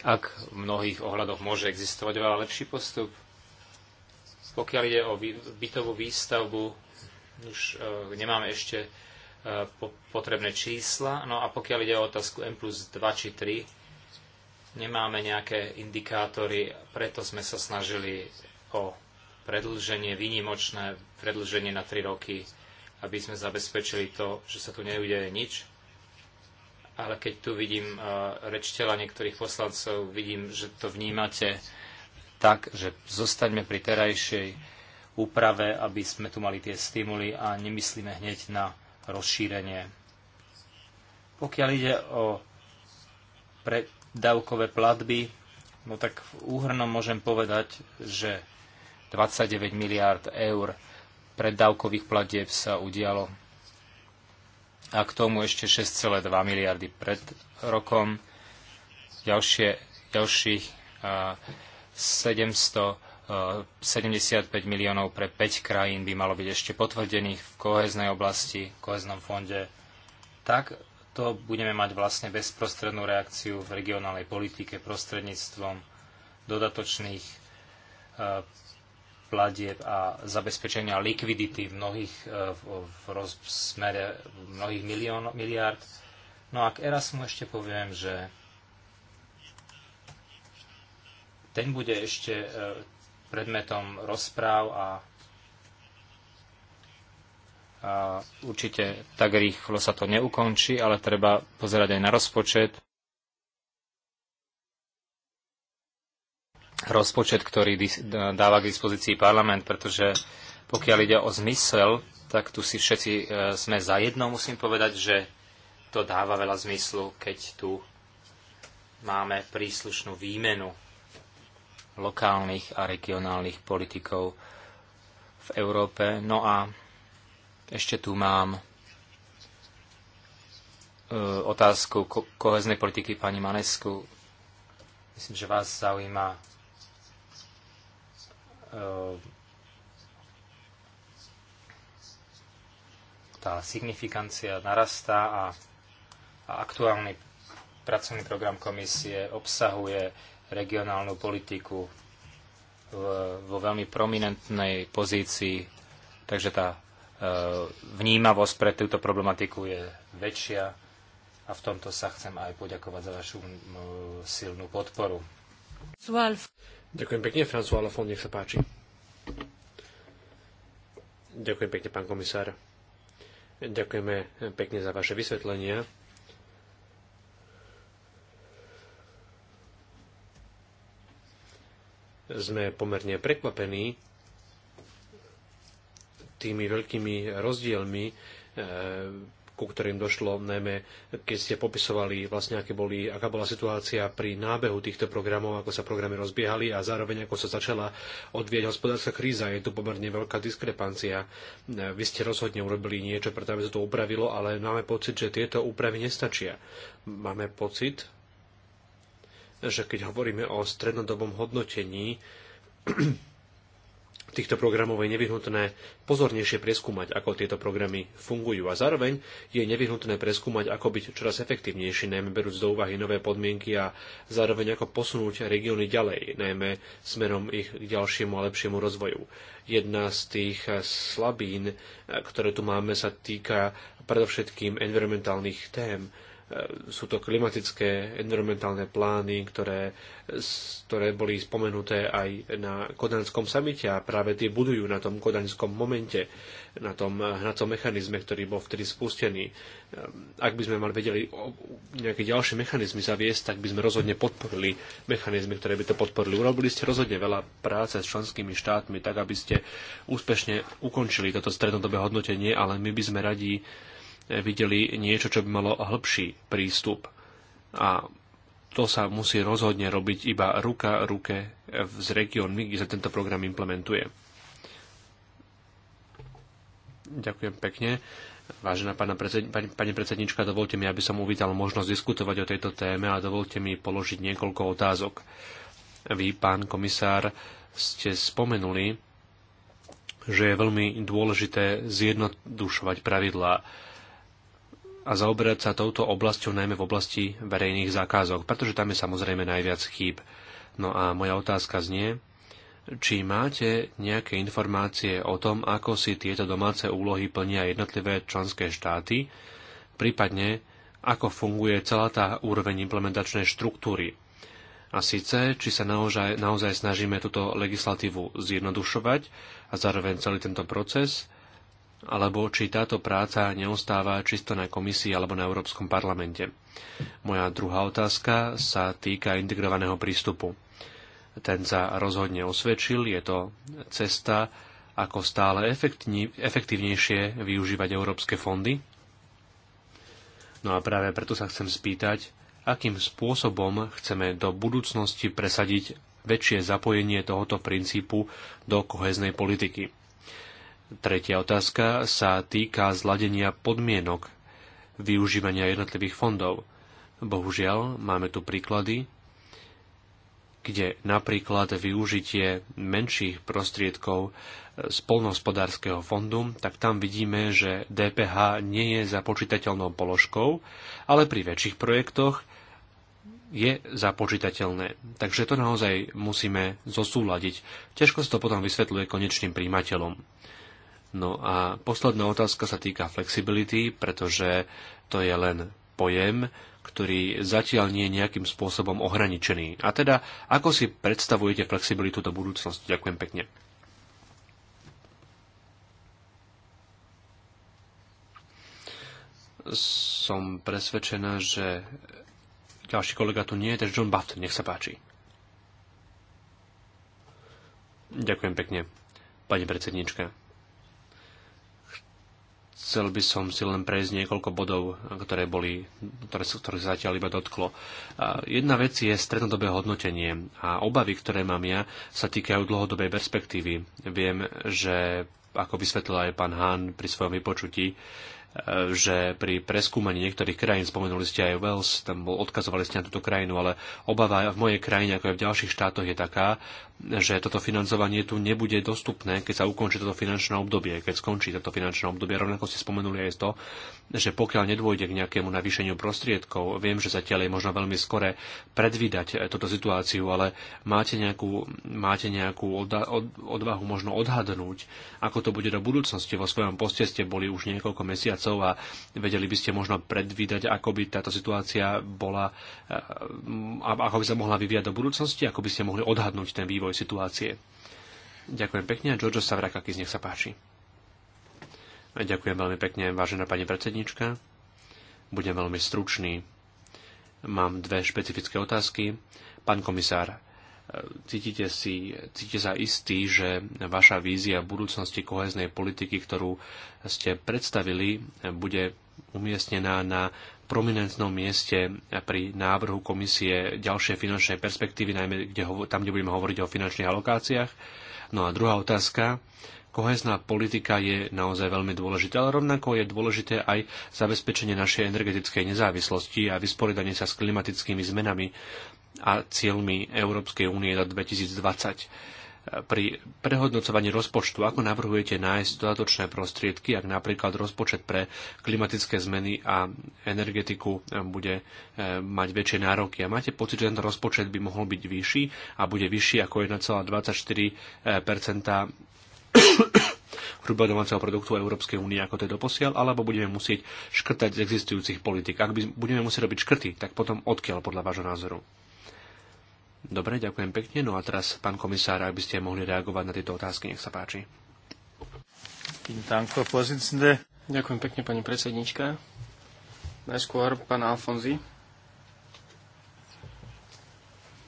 Ak v mnohých ohľadoch môže existovať oveľa lepší postup, pokiaľ ide o bytovú výstavbu, už e, nemáme ešte e, potrebné čísla. No a pokiaľ ide o otázku M plus 2 či 3, nemáme nejaké indikátory, preto sme sa snažili o predlženie, výnimočné predlženie na 3 roky, aby sme zabezpečili to, že sa tu neudeje nič. Ale keď tu vidím e, reč niektorých poslancov, vidím, že to vnímate tak, že zostaňme pri terajšej úprave, aby sme tu mali tie stimuly a nemyslíme hneď na rozšírenie. Pokiaľ ide o predávkové platby, no tak v úhrnom môžem povedať, že 29 miliárd eur predávkových platieb sa udialo a k tomu ešte 6,2 miliardy pred rokom. Ďalšie, ďalších 775 eh, miliónov pre 5 krajín by malo byť ešte potvrdených v koheznej oblasti, v koheznom fonde. Tak to budeme mať vlastne bezprostrednú reakciu v regionálnej politike prostredníctvom dodatočných eh, platieb a zabezpečenia likvidity v mnohých eh, v, v mnohých milión, miliárd. No a k Erasmu ešte poviem, že ten bude ešte e, predmetom rozpráv a, a určite tak rýchlo sa to neukončí, ale treba pozerať aj na rozpočet. Rozpočet, ktorý dáva k dispozícii parlament, pretože pokiaľ ide o zmysel, tak tu si všetci e, sme za jedno, musím povedať, že to dáva veľa zmyslu, keď tu máme príslušnú výmenu lokálnych a regionálnych politikov v Európe. No a ešte tu mám e, otázku ko- koheznej politiky pani Manesku. Myslím, že vás zaujíma e, tá signifikancia narastá a, a aktuálny pracovný program komisie obsahuje regionálnu politiku vo veľmi prominentnej pozícii, takže tá e, vnímavosť pre túto problematiku je väčšia a v tomto sa chcem aj poďakovať za vašu silnú podporu. Ďakujem pekne, François Lafon, nech sa páči. Ďakujem pekne, pán komisár. Ďakujeme pekne za vaše vysvetlenia. sme pomerne prekvapení tými veľkými rozdielmi, e, ku ktorým došlo, najmä keď ste popisovali vlastne, aké boli, aká bola situácia pri nábehu týchto programov, ako sa programy rozbiehali a zároveň ako sa začala odvieť hospodárska kríza. Je tu pomerne veľká diskrepancia. E, vy ste rozhodne urobili niečo, preto aby sa to upravilo, ale máme pocit, že tieto úpravy nestačia. Máme pocit, že keď hovoríme o strednodobom hodnotení týchto programov je nevyhnutné pozornejšie preskúmať, ako tieto programy fungujú a zároveň je nevyhnutné preskúmať, ako byť čoraz efektívnejší, najmä berúc do úvahy nové podmienky a zároveň ako posunúť regióny ďalej, najmä smerom ich k ďalšiemu a lepšiemu rozvoju. Jedna z tých slabín, ktoré tu máme, sa týka predovšetkým environmentálnych tém E, sú to klimatické, environmentálne plány, ktoré, ktoré boli spomenuté aj na kodanskom samite a práve tie budujú na tom kodanskom momente, na tom hnacom mechanizme, ktorý bol vtedy spustený. E, ak by sme mali vedeli nejaké ďalšie mechanizmy zaviesť, tak by sme rozhodne podporili mechanizmy, ktoré by to podporili. Urobili ste rozhodne veľa práce s členskými štátmi, tak aby ste úspešne ukončili toto strednodobé hodnotenie, ale my by sme radi videli niečo, čo by malo hĺbší prístup. A to sa musí rozhodne robiť iba ruka ruke s regiónmi, kde sa tento program implementuje. Ďakujem pekne. Vážená pána predsed... pani, pani predsednička, dovolte mi, aby som uvítal možnosť diskutovať o tejto téme a dovolte mi položiť niekoľko otázok. Vy, pán komisár, ste spomenuli, že je veľmi dôležité zjednodušovať pravidlá a zaoberať sa touto oblasťou najmä v oblasti verejných zákazok, pretože tam je samozrejme najviac chýb. No a moja otázka znie, či máte nejaké informácie o tom, ako si tieto domáce úlohy plnia jednotlivé členské štáty, prípadne ako funguje celá tá úroveň implementačnej štruktúry. A síce, či sa naozaj, naozaj snažíme túto legislatívu zjednodušovať a zároveň celý tento proces, alebo či táto práca neostáva čisto na komisii alebo na Európskom parlamente. Moja druhá otázka sa týka integrovaného prístupu. Ten sa rozhodne osvedčil, je to cesta, ako stále efektívnejšie využívať európske fondy. No a práve preto sa chcem spýtať, akým spôsobom chceme do budúcnosti presadiť väčšie zapojenie tohoto princípu do koheznej politiky. Tretia otázka sa týka zladenia podmienok využívania jednotlivých fondov. Bohužiaľ, máme tu príklady, kde napríklad využitie menších prostriedkov z polnohospodárskeho fondu, tak tam vidíme, že DPH nie je započítateľnou položkou, ale pri väčších projektoch je započítateľné. Takže to naozaj musíme zosúľadiť. Ťažko sa to potom vysvetľuje konečným príjimateľom. No a posledná otázka sa týka flexibility, pretože to je len pojem, ktorý zatiaľ nie je nejakým spôsobom ohraničený. A teda, ako si predstavujete flexibilitu do budúcnosti? Ďakujem pekne. Som presvedčená, že ďalší kolega tu nie je, takže John Bafton, nech sa páči. Ďakujem pekne, pani predsednička. Chcel by som si len prejsť niekoľko bodov, ktoré, boli, ktoré, ktoré sa zatiaľ iba dotklo. Jedna vec je strednodobé hodnotenie a obavy, ktoré mám ja, sa týkajú dlhodobej perspektívy. Viem, že ako vysvetlil aj pán Hán pri svojom vypočutí, že pri preskúmaní niektorých krajín, spomenuli ste aj Wales, tam bol, odkazovali ste na túto krajinu, ale obava v mojej krajine, ako aj v ďalších štátoch, je taká, že toto financovanie tu nebude dostupné, keď sa ukončí toto finančné obdobie, keď skončí toto finančné obdobie. Rovnako ste spomenuli aj to, že pokiaľ nedôjde k nejakému navýšeniu prostriedkov, viem, že zatiaľ je možno veľmi skore predvídať túto situáciu, ale máte nejakú, máte nejakú odda, od, odvahu možno odhadnúť, ako to bude do budúcnosti. Vo svojom poste ste boli už niekoľko mesiacov mesiacov a vedeli by ste možno predvídať, ako by táto situácia bola, eh, ako by sa mohla vyvíjať do budúcnosti, ako by ste mohli odhadnúť ten vývoj situácie. Ďakujem pekne a Giorgio Savrakakis, nech sa páči. Ďakujem veľmi pekne, vážená pani predsednička. Budem veľmi stručný. Mám dve špecifické otázky. Pán komisár, cítite, si, cítite sa istí, že vaša vízia budúcnosti koheznej politiky, ktorú ste predstavili, bude umiestnená na prominentnom mieste pri návrhu komisie ďalšie finančnej perspektívy, najmä kde, tam, kde budeme hovoriť o finančných alokáciách. No a druhá otázka. Kohezná politika je naozaj veľmi dôležitá, ale rovnako je dôležité aj zabezpečenie našej energetickej nezávislosti a vysporiadanie sa s klimatickými zmenami, a cieľmi Európskej únie za 2020 pri prehodnocovaní rozpočtu, ako navrhujete nájsť dodatočné prostriedky, ak napríklad rozpočet pre klimatické zmeny a energetiku eh, bude eh, mať väčšie nároky. A máte pocit, že tento rozpočet by mohol byť vyšší a bude vyšší ako 1,24 hrubého domáceho produktu Európskej únie, ako to je doposiaľ, alebo budeme musieť škrtať z existujúcich politik. Ak by budeme musieť robiť škrty, tak potom odkiaľ podľa vášho názoru? Dobre, ďakujem pekne. No a teraz, pán komisár, ak by ste mohli reagovať na tieto otázky, nech sa páči. Ďakujem pekne, pani predsednička. Najskôr pán Alfonzi.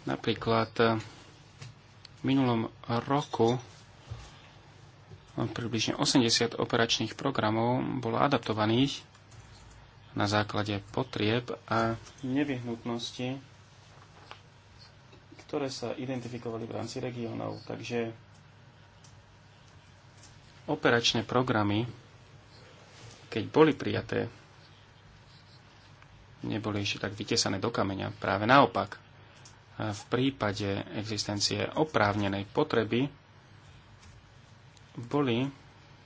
Napríklad eh, v minulom roku približne 80 operačných programov bolo adaptovaných na základe potrieb a nevyhnutnosti ktoré sa identifikovali v rámci regiónov. Takže operačné programy, keď boli prijaté, neboli ešte tak vytesané do kameňa. Práve naopak, v prípade existencie oprávnenej potreby boli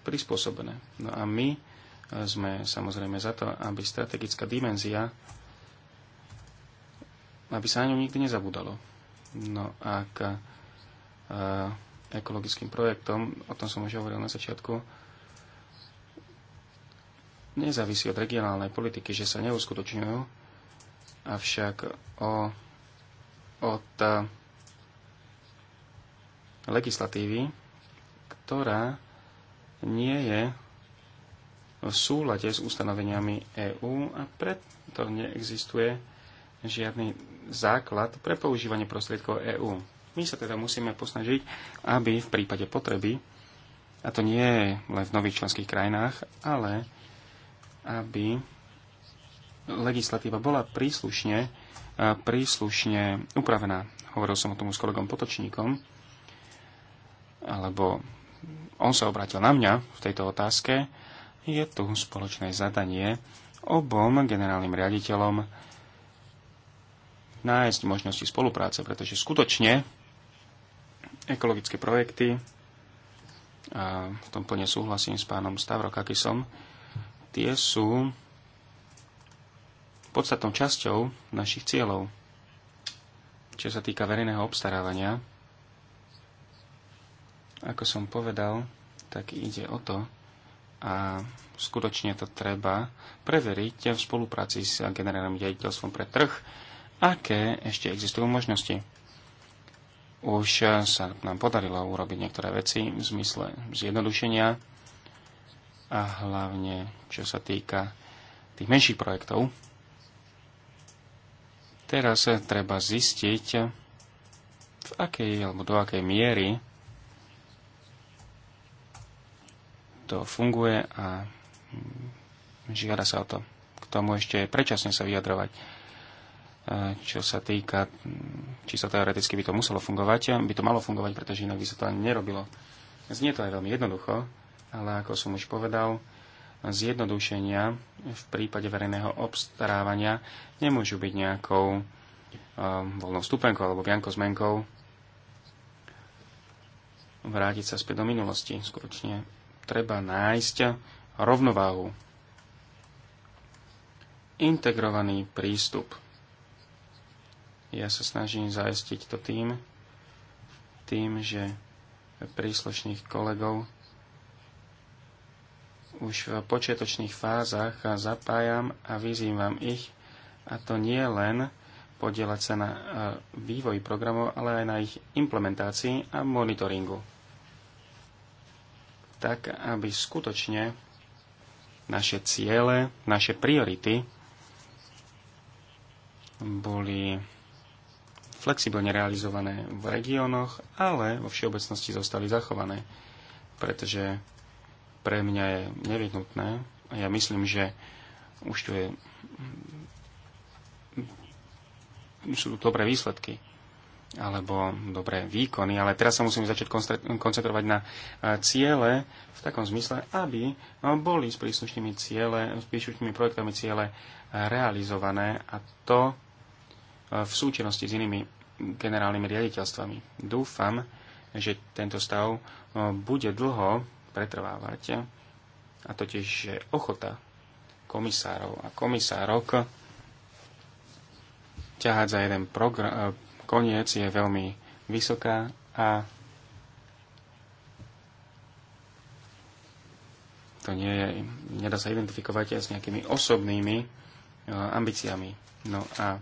prispôsobené. No a my sme samozrejme za to, aby strategická dimenzia, aby sa na ňu nikdy nezabudalo. No a k e, ekologickým projektom, o tom som už hovoril na začiatku, nezávisí od regionálnej politiky, že sa neuskutočňujú, avšak o, od e, legislatívy, ktorá nie je v súlade s ustanoveniami EÚ a preto neexistuje žiadny základ pre používanie prostriedkov EÚ. My sa teda musíme posnažiť, aby v prípade potreby, a to nie je len v nových členských krajinách, ale aby legislatíva bola príslušne, príslušne upravená. Hovoril som o tom s kolegom Potočníkom, alebo on sa obrátil na mňa v tejto otázke. Je tu spoločné zadanie obom generálnym riaditeľom nájsť možnosti spolupráce, pretože skutočne ekologické projekty, a v tom plne súhlasím s pánom Stavrokakisom, tie sú podstatnou časťou našich cieľov. Čo sa týka verejného obstarávania, ako som povedal, tak ide o to, a skutočne to treba preveriť v spolupráci s generálnym riaditeľstvom pre trh, aké ešte existujú možnosti. Už sa nám podarilo urobiť niektoré veci v zmysle zjednodušenia a hlavne čo sa týka tých menších projektov. Teraz treba zistiť, v akej alebo do akej miery to funguje a žiada sa o to. K tomu ešte prečasne predčasne sa vyjadrovať čo sa týka, hm, čisto teoreticky by to muselo fungovať, by to malo fungovať, pretože inak by sa to ani nerobilo. Znie to aj veľmi jednoducho, ale ako som už povedal, zjednodušenia v prípade verejného obstarávania nemôžu byť nejakou um, voľnou stupenkou alebo bianko zmenkou. Vrátiť sa späť do minulosti. Skutočne treba nájsť rovnováhu. Integrovaný prístup ja sa snažím zajistiť to tým, tým, že príslušných kolegov už v počiatočných fázach zapájam a vyzývam ich, a to nie len podielať sa na e, vývoji programov, ale aj na ich implementácii a monitoringu. Tak, aby skutočne naše ciele, naše priority boli flexibilne realizované v regiónoch, ale vo všeobecnosti zostali zachované, pretože pre mňa je nevyhnutné a ja myslím, že už tu je sú dobré výsledky alebo dobré výkony, ale teraz sa musíme začať koncentrovať na eh, ciele v takom zmysle, aby boli s príslušnými ciele, s príslušnými projektami ciele eh, realizované a to v súčinnosti s inými generálnymi riaditeľstvami. Dúfam, že tento stav bude dlho pretrvávať, a totiž že ochota komisárov a komisárok ťahať za jeden e, koniec je veľmi vysoká a to nie je, nedá sa identifikovať aj s nejakými osobnými e, ambíciami. No a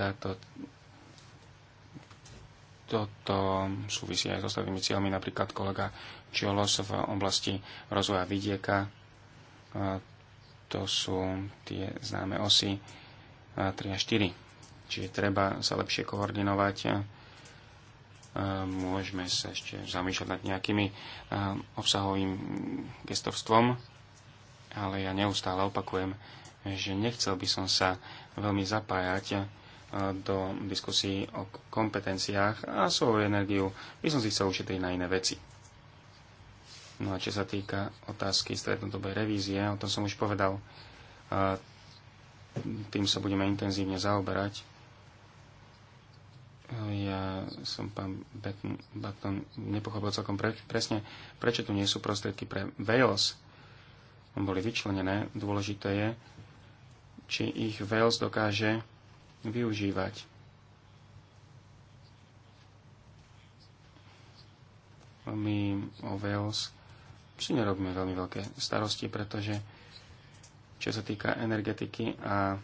táto, toto súvisí aj s ostatnými cieľmi. Napríklad kolega Čiolos v oblasti rozvoja vidieka. To sú tie známe osy 3 a 4. Čiže treba sa lepšie koordinovať. Môžeme sa ešte zamýšľať nad nejakými obsahovým gestovstvom, ale ja neustále opakujem, že nechcel by som sa veľmi zapájať do diskusí o kompetenciách a svoju energiu by som si chcel ušetriť na iné veci. No a čo sa týka otázky strednodobej revízie, o tom som už povedal, a tým sa budeme intenzívne zaoberať. Ja som pán Batton nepochopil celkom pre, presne, prečo tu nie sú prostriedky pre Wales. Boli vyčlenené. Dôležité je, či ich Wales dokáže využívať. My o Wales si nerobíme veľmi veľké starosti, pretože čo sa týka energetiky a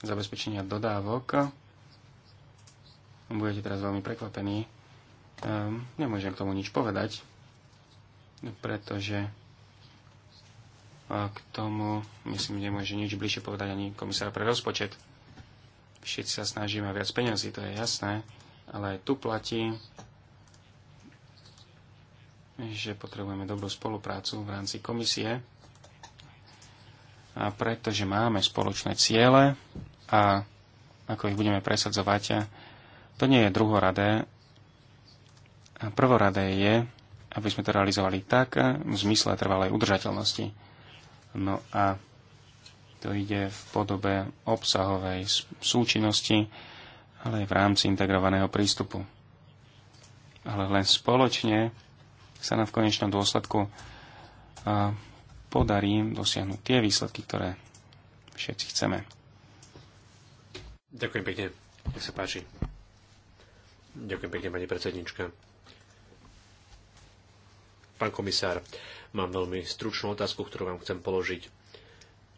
zabezpečenia dodávok, budete teraz veľmi prekvapení, um, nemôžem k tomu nič povedať, pretože k tomu, myslím, nemôže nič bližšie povedať ani komisár pre rozpočet. Všetci sa snažíme viac peniazy, to je jasné, ale aj tu platí, že potrebujeme dobrú spoluprácu v rámci komisie, a pretože máme spoločné ciele a ako ich budeme presadzovať, to nie je druhoradé. A prvoradé je, aby sme to realizovali tak v zmysle trvalej udržateľnosti. No a to ide v podobe obsahovej súčinnosti, ale aj v rámci integrovaného prístupu. Ale len spoločne sa nám v konečnom dôsledku podarí dosiahnuť tie výsledky, ktoré všetci chceme. Ďakujem pekne. Nech sa páči. Ďakujem pekne, pani predsednička. Pán komisár, Mám veľmi stručnú otázku, ktorú vám chcem položiť.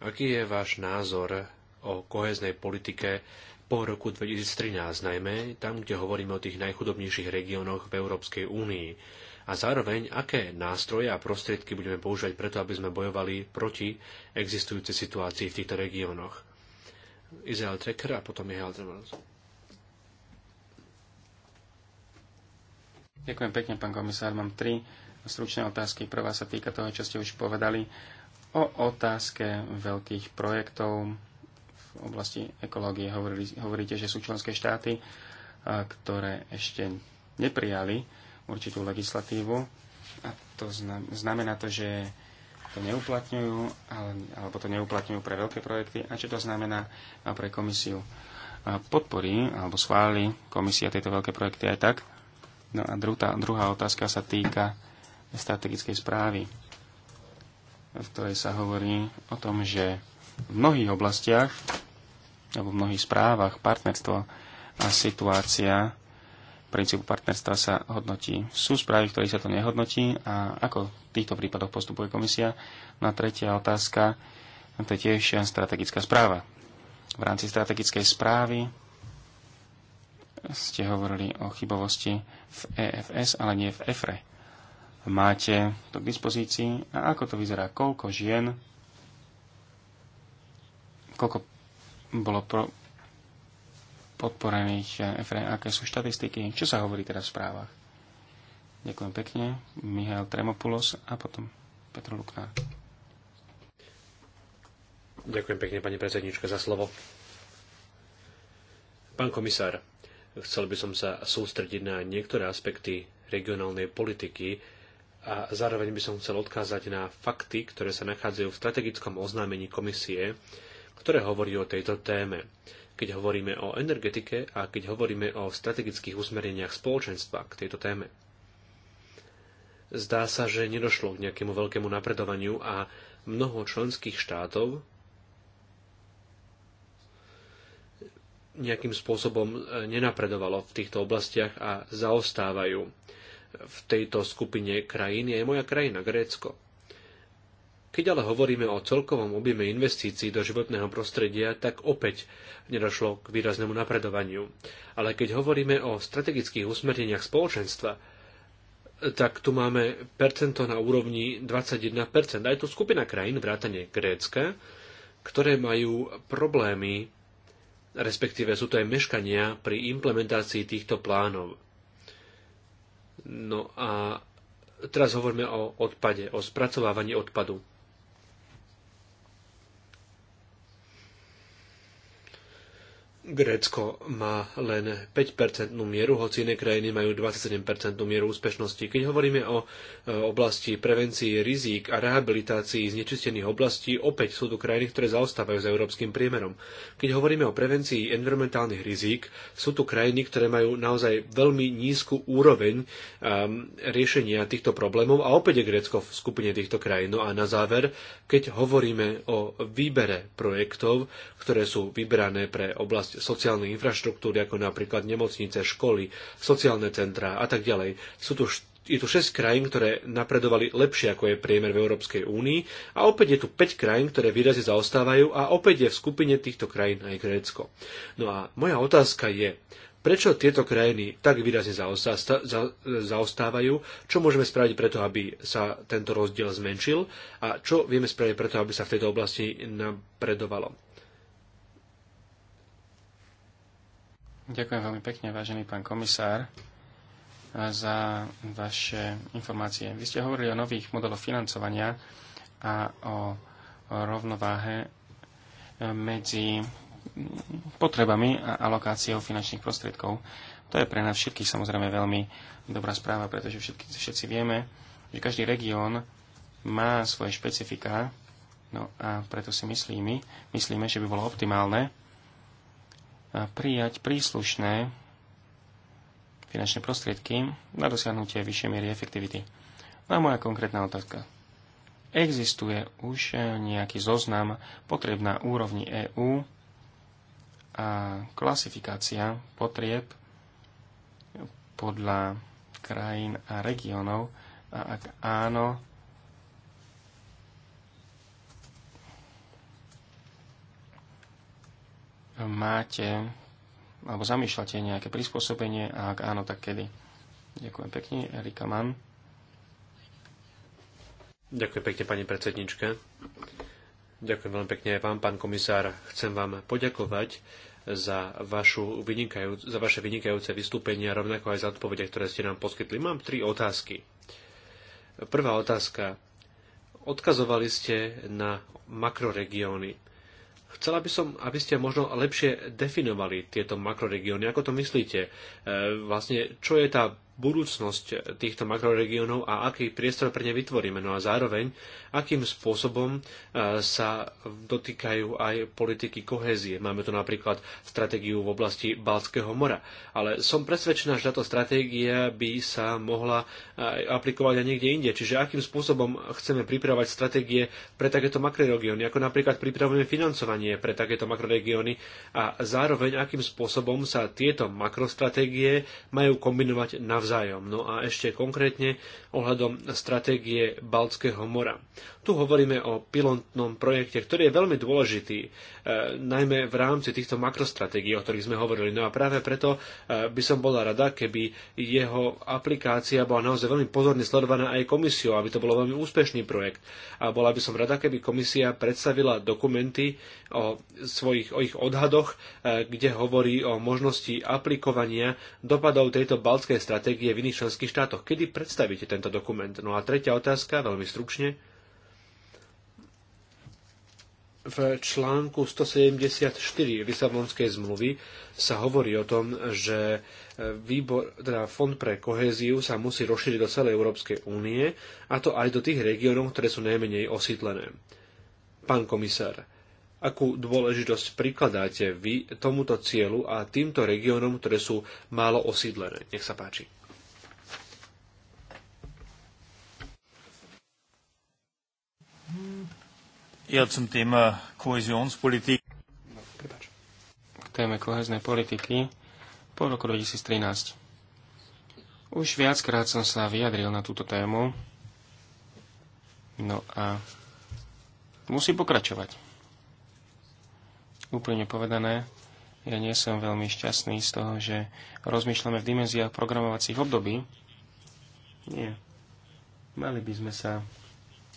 Aký je váš názor o koheznej politike po roku 2013, najmä tam, kde hovoríme o tých najchudobnejších regiónoch v Európskej únii? a zároveň aké nástroje a prostriedky budeme používať preto, aby sme bojovali proti existujúcej situácii v týchto regiónoch. Izrael Trekker a potom Michal Tremers. Ďakujem pekne, pán komisár. Mám tri stručné otázky. Prvá sa týka toho, čo ste už povedali o otázke veľkých projektov v oblasti ekológie. Hovorili, hovoríte, že sú členské štáty, ktoré ešte neprijali určitú legislatívu. A to znamená to, že to neuplatňujú, alebo to neuplatňujú pre veľké projekty. A čo to znamená pre komisiu? Podporí alebo schváli komisia tieto veľké projekty aj tak? No a druhá, druhá otázka sa týka strategickej správy, v ktorej sa hovorí o tom, že v mnohých oblastiach alebo v mnohých správach partnerstvo a situácia princípu partnerstva sa hodnotí. Sú správy, v ktorých sa to nehodnotí a ako v týchto prípadoch postupuje komisia. Na no tretia otázka, to je tiež strategická správa. V rámci strategickej správy ste hovorili o chybovosti v EFS, ale nie v EFRE máte to k dispozícii a ako to vyzerá, koľko žien, koľko bolo pro, podporených, eh, aké sú štatistiky, čo sa hovorí teda v správach. Ďakujem pekne. Michal Tremopulos a potom Petr Luknár. Ďakujem pekne, pani predsednička, za slovo. Pán komisár, chcel by som sa sústrediť na niektoré aspekty regionálnej politiky, a zároveň by som chcel odkázať na fakty, ktoré sa nachádzajú v strategickom oznámení komisie, ktoré hovorí o tejto téme, keď hovoríme o energetike a keď hovoríme o strategických usmereniach spoločenstva k tejto téme. Zdá sa, že nedošlo k nejakému veľkému napredovaniu a mnoho členských štátov nejakým spôsobom e, nenapredovalo v týchto oblastiach a zaostávajú v tejto skupine krajín je aj moja krajina, Grécko. Keď ale hovoríme o celkovom objeme investícií do životného prostredia, tak opäť nedošlo k výraznému napredovaniu. Ale keď hovoríme o strategických usmerneniach spoločenstva, tak tu máme percento na úrovni 21%. A je tu skupina krajín, vrátane Grécka, ktoré majú problémy, respektíve sú to aj meškania pri implementácii týchto plánov. No a teraz hovoríme o odpade, o spracovávaní odpadu. Grécko má len 5-percentnú mieru, hoci iné krajiny majú 27-percentnú mieru úspešnosti. Keď hovoríme o e, oblasti prevencie rizík a rehabilitácii znečistených oblastí, opäť sú tu krajiny, ktoré zaostávajú za európskym priemerom. Keď hovoríme o prevencii environmentálnych rizík, sú tu krajiny, ktoré majú naozaj veľmi nízku úroveň um, riešenia týchto problémov a opäť je Grécko v skupine týchto krajín. No a na záver, keď hovoríme o výbere projektov, ktoré sú vyberané pre oblasti sociálnej infraštruktúry, ako napríklad nemocnice, školy, sociálne centrá a tak ďalej. Sú tu je tu 6 krajín, ktoré napredovali lepšie ako je priemer v Európskej únii a opäť je tu 5 krajín, ktoré výrazne zaostávajú a opäť je v skupine týchto krajín aj Grécko. No a moja otázka je, prečo tieto krajiny tak výrazne zaostávajú, čo môžeme spraviť preto, aby sa tento rozdiel zmenšil a čo vieme spraviť preto, aby sa v tejto oblasti napredovalo. Ďakujem veľmi pekne, vážený pán komisár, za vaše informácie. Vy ste hovorili o nových modeloch financovania a o rovnováhe medzi potrebami a alokáciou finančných prostriedkov. To je pre nás všetkých samozrejme veľmi dobrá správa, pretože všetky, všetci vieme, že každý región má svoje špecifika, no a preto si myslíme, myslíme, že by bolo optimálne, prijať príslušné finančné prostriedky na dosiahnutie vyššej miery efektivity. No a moja konkrétna otázka. Existuje už e, nejaký zoznam potreb na úrovni EÚ a klasifikácia potrieb podľa krajín a regiónov a ak áno, máte alebo zamýšľate nejaké prispôsobenie a ak áno, tak kedy? Ďakujem pekne, Erika Mann. Ďakujem pekne, pani predsednička. Ďakujem veľmi pekne aj vám, pán komisár. Chcem vám poďakovať za, vašu vynikajúc, za vaše vynikajúce vystúpenia, rovnako aj za odpovede, ktoré ste nám poskytli. Mám tri otázky. Prvá otázka. Odkazovali ste na makroregióny Chcela by som, aby ste možno lepšie definovali tieto makroregióny. Ako to myslíte? E, vlastne, čo je tá budúcnosť týchto makroregiónov a aký priestor pre ne vytvoríme. No a zároveň, akým spôsobom e, sa dotýkajú aj politiky kohézie. Máme tu napríklad stratégiu v oblasti Balckého mora. Ale som presvedčená, že táto stratégia by sa mohla e, aplikovať aj niekde inde. Čiže akým spôsobom chceme pripravovať stratégie pre takéto makroregióny, ako napríklad pripravujeme financovanie pre takéto makroregióny a zároveň akým spôsobom sa tieto makrostratégie majú kombinovať navzájom navzájom. No a ešte konkrétne ohľadom stratégie Baltského mora. Tu hovoríme o pilotnom projekte, ktorý je veľmi dôležitý, e, najmä v rámci týchto makrostratégií, o ktorých sme hovorili. No a práve preto e, by som bola rada, keby jeho aplikácia bola naozaj veľmi pozorne sledovaná aj komisiou, aby to bolo veľmi úspešný projekt. A bola by som rada, keby komisia predstavila dokumenty o svojich o ich odhadoch, e, kde hovorí o možnosti aplikovania dopadov tejto baltskej stratégie stratégie v iných členských štátoch. Kedy predstavíte tento dokument? No a tretia otázka, veľmi stručne. V článku 174 Lisabonskej zmluvy sa hovorí o tom, že e, výbor, teda Fond pre kohéziu sa musí rozšíriť do celej Európskej únie, a to aj do tých regiónov, ktoré sú najmenej osídlené. Pán komisár, akú dôležitosť prikladáte vy tomuto cieľu a týmto regiónom, ktoré sú málo osídlené. Nech sa páči. Ja zum Thema Kohäsionspolitik. K téme kohéznej politiky po roku 2013. Už viackrát som sa vyjadril na túto tému. No a musí pokračovať. Úplne povedané, ja nie som veľmi šťastný z toho, že rozmýšľame v dimenziách programovacích období. Nie. Mali by sme sa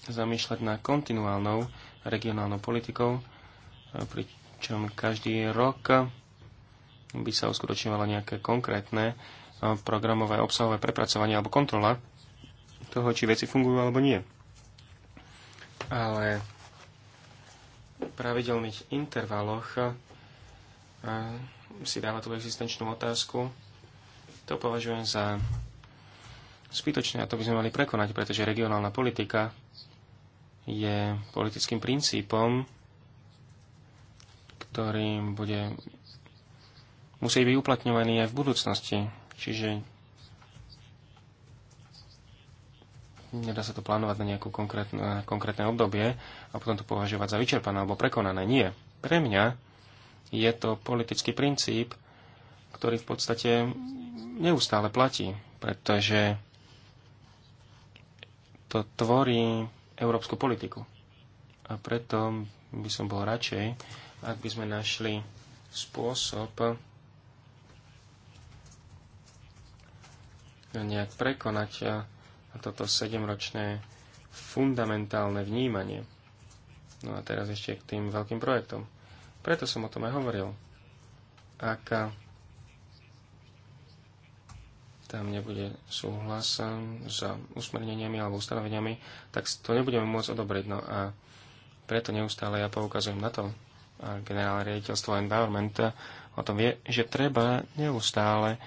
zamýšľať na kontinuálnou regionálnou politikou, eh, pričom každý rok by sa uskutočňovalo nejaké konkrétne eh, programové obsahové prepracovanie alebo kontrola toho, či veci fungujú alebo nie. Ale v pravidelných intervaloch eh, si dáva tú existenčnú otázku. To považujem za spýtočné a to by sme mali prekonať, pretože regionálna politika je politickým princípom, ktorý bude musí byť uplatňovaný aj v budúcnosti. Čiže nedá sa to plánovať na nejakú konkrétne, konkrétne obdobie a potom to považovať za vyčerpané alebo prekonané. Nie. Pre mňa je to politický princíp, ktorý v podstate neustále platí, pretože to tvorí európsku politiku. A preto by som bol radšej, ak by sme našli spôsob no, nejak prekonať toto sedemročné fundamentálne vnímanie. No a teraz ešte k tým veľkým projektom. Preto som o tom aj hovoril. Ak tam nebude súhlas um, s usmerneniami alebo ustanoveniami, tak to nebudeme môcť odobriť. No a preto neustále ja poukazujem na to, a generálne riaditeľstvo Environment uh, o tom vie, že treba neustále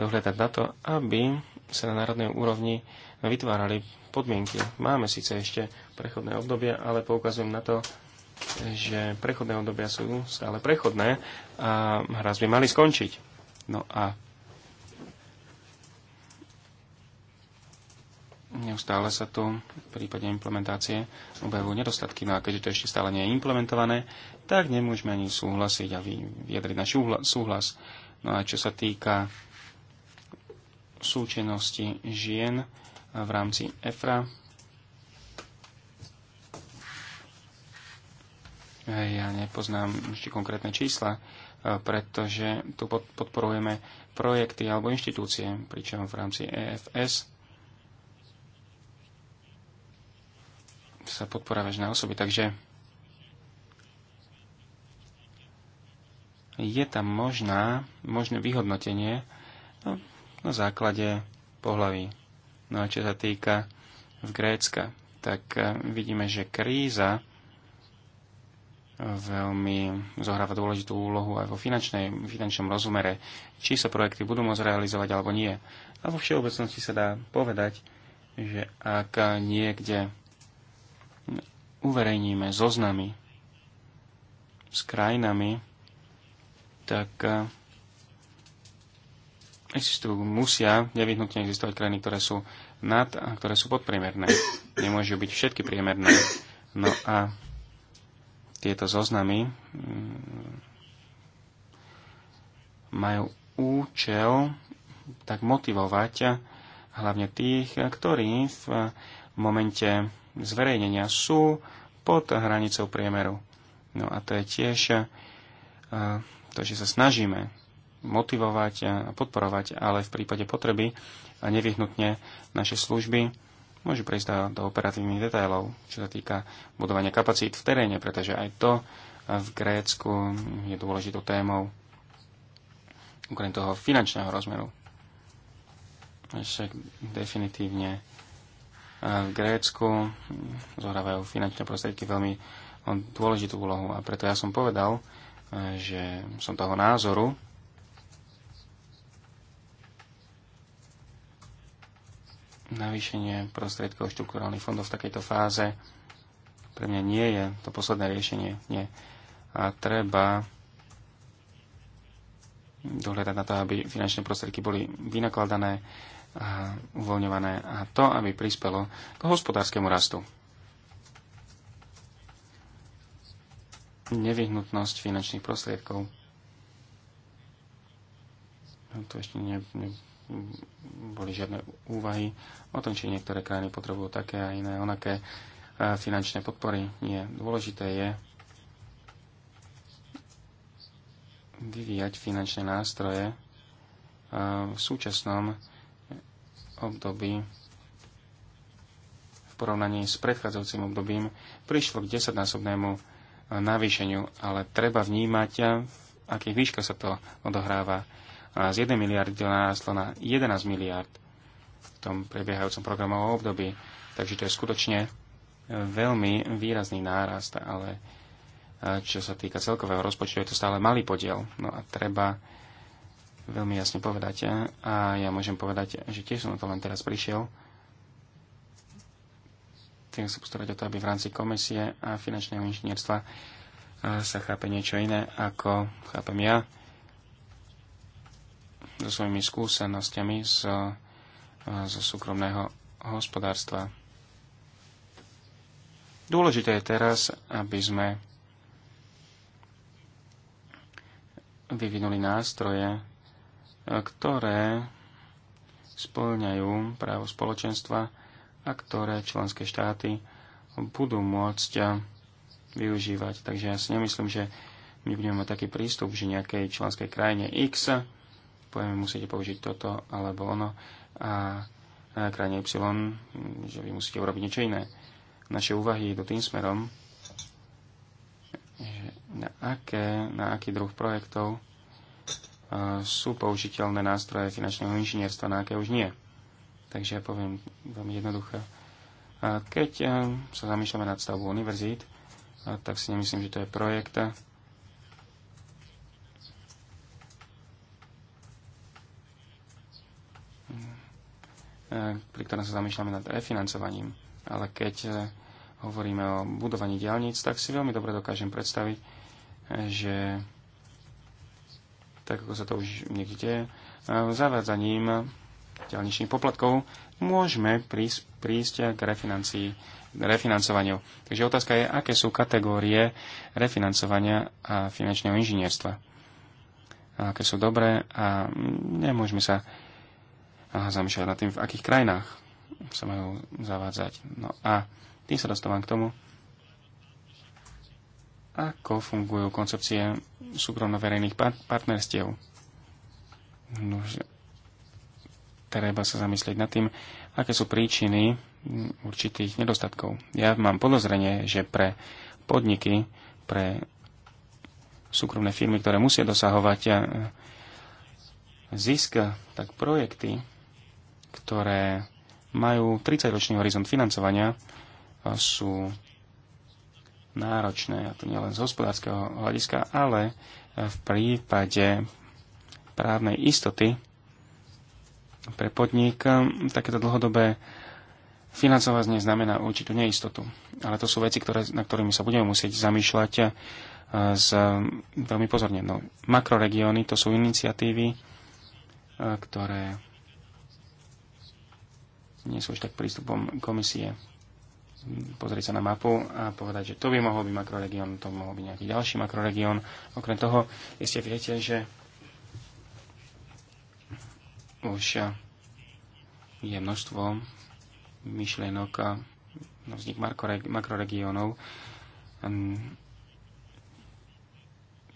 dohľadať na to, aby sa na národnej úrovni vytvárali podmienky. Máme síce ešte prechodné obdobia, ale poukazujem na to, že prechodné obdobia sú stále prechodné a hraz by mali skončiť. No a neustále sa tu v prípade implementácie objavujú nedostatky. No a keďže to ešte stále nie je implementované, tak nemôžeme ani súhlasiť a vyjadriť náš súhlas. No a čo sa týka súčinnosti žien v rámci EFRA, ja nepoznám ešte konkrétne čísla, e, pretože tu podporujeme projekty alebo inštitúcie, pričom v rámci EFS sa podpora väžnej osoby, takže je tam možná, možné vyhodnotenie no, na základe pohlaví. No a čo sa týka v Grécka, tak e, vidíme, že kríza veľmi zohráva dôležitú úlohu aj vo finančnej, finančnom rozumere, či sa projekty budú môcť realizovať alebo nie. A vo všeobecnosti sa dá povedať, že ak niekde uverejníme zoznamy s krajinami, tak eh, existujú, musia nevyhnutne existovať krajiny, ktoré sú nad a ktoré sú podpriemerné. Nemôžu byť všetky priemerné. No a tieto zoznamy mm, majú účel tak motivovať eh, hlavne tých, ktorí v momente zverejnenia sú pod hranicou priemeru. No a to je tiež to, že sa snažíme motivovať a podporovať, ale v prípade potreby a nevyhnutne naše služby môžu prejsť do, do operatívnych detajlov, čo sa týka budovania kapacít v teréne, pretože aj to v Grécku je dôležitou témou okrem toho finančného rozmeru. Však definitívne v Grécku zohrávajú finančné prostriedky veľmi dôležitú úlohu. A preto ja som povedal, e, že som toho názoru, navýšenie prostriedkov štruktúrálnych fondov v takejto fáze pre mňa nie je to posledné riešenie. Nie. A treba dohľadať na to, aby finančné prostriedky boli vynakladané a uvoľňované a to, aby prispelo k hospodárskému rastu. Nevyhnutnosť finančných prostriedkov. No, tu ešte ne, ne, boli žiadne úvahy o tom, či niektoré krajiny potrebujú také a iné onaké e, finančné podpory. Nie. Dôležité je vyvíjať finančné nástroje e, v súčasnom období v porovnaní s predchádzajúcim obdobím prišlo k desaťnásobnému e, navýšeniu, ale treba vnímať, v e, akých výškach sa to odohráva. Z 1 miliard to narastlo na 11 miliard v tom prebiehajúcom programovom období. Takže to je skutočne e, veľmi výrazný nárast, ale čo sa týka celkového rozpočtu, je to stále malý podiel. No a treba veľmi jasne povedať a ja môžem povedať, že tiež som na to len teraz prišiel. Tým sa postarať o to, aby v rámci komisie a finančného inžinierstva sa chápe niečo iné, ako chápem ja so svojimi skúsenostiami zo, zo súkromného hospodárstva. Dôležité je teraz, aby sme vyvinuli nástroje, ktoré spĺňajú právo spoločenstva a ktoré členské štáty budú môcť využívať. Takže ja si nemyslím, že my budeme mať taký prístup, že nejakej členskej krajine X povieme, musíte použiť toto alebo ono a na krajine Y, že vy musíte urobiť niečo iné. Naše úvahy idú tým smerom, že na, aké, na aký druh projektov sú použiteľné nástroje finančného inžinierstva, na aké už nie. Takže ja poviem veľmi jednoduché. Keď e, sa zamýšľame nad stavbou univerzít, e, tak si nemyslím, že to je projekt, e, pri ktorom sa zamýšľame nad refinancovaním. Ale keď hovoríme o budovaní diálnic, tak si veľmi dobre dokážem predstaviť, že tak ako sa to už niekde deje, zavádzaním ďalničných poplatkov, môžeme prísť, prísť k refinancii, refinancovaniu. Takže otázka je, aké sú kategórie refinancovania a finančného inžinierstva. A aké sú dobré a nemôžeme sa zamýšľať nad tým, v akých krajinách sa majú zavádzať. No a tým sa dostávam k tomu, ako fungujú koncepcie súkromno-verejných par- partnerstiev. No, treba sa zamyslieť nad tým, aké sú príčiny určitých nedostatkov. Ja mám podozrenie, že pre podniky, pre súkromné firmy, ktoré musia dosahovať eh, zisk, tak projekty, ktoré majú 30-ročný horizont financovania, eh, sú náročné, a to nielen z hospodárskeho hľadiska, ale e, v prípade právnej istoty pre podnik e, takéto dlhodobé financovanie znamená určitú neistotu. Ale to sú veci, ktoré, na ktorými sa budeme musieť zamýšľať e, z, veľmi pozorne. No, makroregióny to sú iniciatívy, ktoré nie sú už tak prístupom komisie pozrieť sa na mapu a povedať, že to by mohol byť makroregión, to by mohol byť nejaký ďalší makroregión. Okrem toho, ešte viete, že už je množstvo myšlienok a vznik makroregiónov.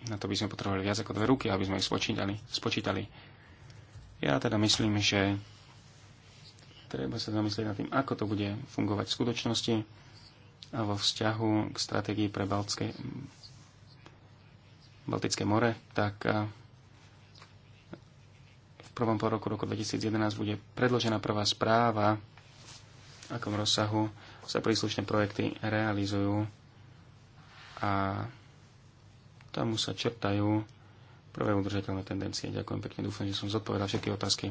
Na to by sme potrebovali viac ako dve ruky, aby sme ich spočítali. spočítali. Ja teda myslím, že Treba sa zamyslieť nad tým, ako to bude fungovať v skutočnosti a vo vzťahu k stratégii pre Baltské, Baltické more, tak v prvom pol roku, roku 2011 bude predložená prvá správa, v akom rozsahu sa príslušné projekty realizujú a tam sa črtajú prvé udržateľné tendencie. Ďakujem pekne, dúfam, že som zodpovedal všetky otázky.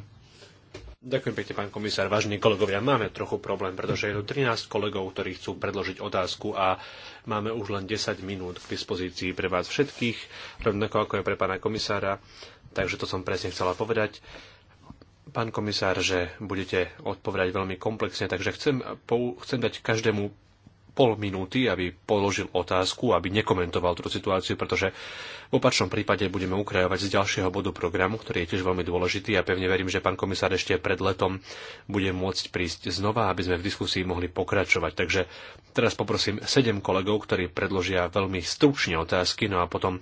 Ďakujem pekne, pán komisár. Vážení kolegovia, máme trochu problém, pretože je tu 13 kolegov, ktorí chcú predložiť otázku a máme už len 10 minút k dispozícii pre vás všetkých, rovnako ako je pre pána komisára. Takže to som presne chcela povedať. Pán komisár, že budete odpovedať veľmi komplexne, takže chcem, chcem dať každému pol minúty, aby položil otázku, aby nekomentoval tú situáciu, pretože v opačnom prípade budeme ukrajovať z ďalšieho bodu programu, ktorý je tiež veľmi dôležitý a ja pevne verím, že pán komisár ešte pred letom bude môcť prísť znova, aby sme v diskusii mohli pokračovať. Takže teraz poprosím sedem kolegov, ktorí predložia veľmi stručne otázky, no a potom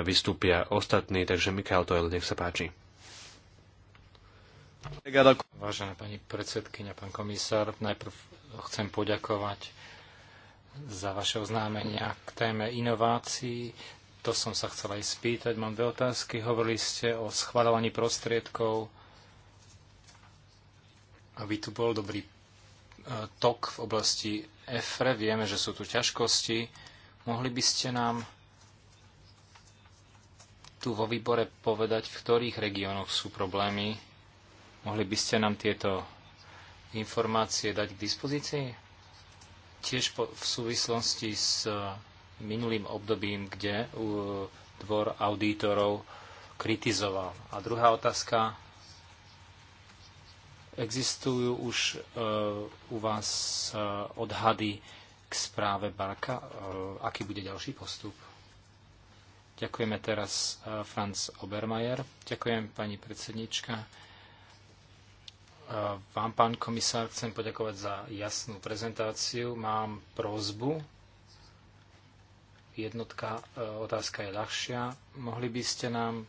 vystúpia ostatní, takže Mikael Toel, nech sa páči. Vážená pani predsedkynia, pán komisár, najprv chcem poďakovať za vaše oznámenia k téme inovácií. To som sa chcela aj spýtať. Mám dve otázky. Hovorili ste o schváľovaní prostriedkov, aby tu bol dobrý e, tok v oblasti EFRE. Vieme, že sú tu ťažkosti. Mohli by ste nám tu vo výbore povedať, v ktorých regiónoch sú problémy? Mohli by ste nám tieto informácie dať k dispozícii? tiež po, v súvislosti s e, minulým obdobím, kde e, dvor auditorov kritizoval. A druhá otázka. Existujú už e, u vás odhady k správe Barka? aký bude ďalší postup? Ďakujeme teraz Franz Obermajer. Ďakujem pani predsednička. Vám, pán komisár, chcem poďakovať za jasnú prezentáciu. Mám prozbu. Jednotka e, otázka je ľahšia. Mohli by ste nám e,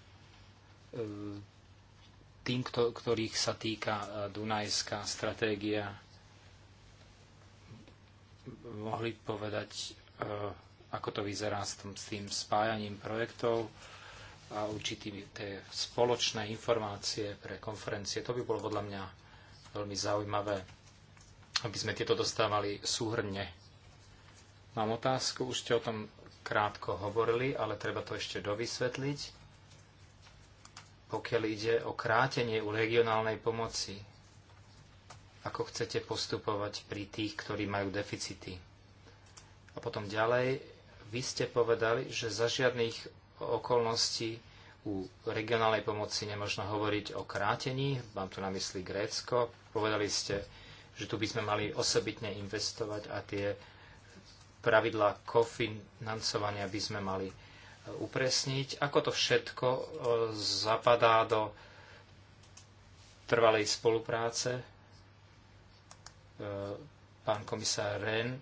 tým, ktorých sa týka e, Dunajská stratégia, mohli povedať, ako to vyzerá s tým spájaním projektov a určité spoločné informácie pre konferencie. To by bolo podľa mňa veľmi zaujímavé, aby sme tieto dostávali súhrne. Mám otázku, už ste o tom krátko hovorili, ale treba to ešte dovysvetliť. Pokiaľ ide o krátenie u regionálnej pomoci, ako chcete postupovať pri tých, ktorí majú deficity. A potom ďalej, vy ste povedali, že za žiadnych okolností u regionálnej pomoci nemožno hovoriť o krátení, mám tu na mysli Grécko. Povedali ste, že tu by sme mali osobitne investovať a tie pravidlá kofinancovania by sme mali e, upresniť. Ako to všetko e, zapadá do trvalej spolupráce? E, pán komisár Ren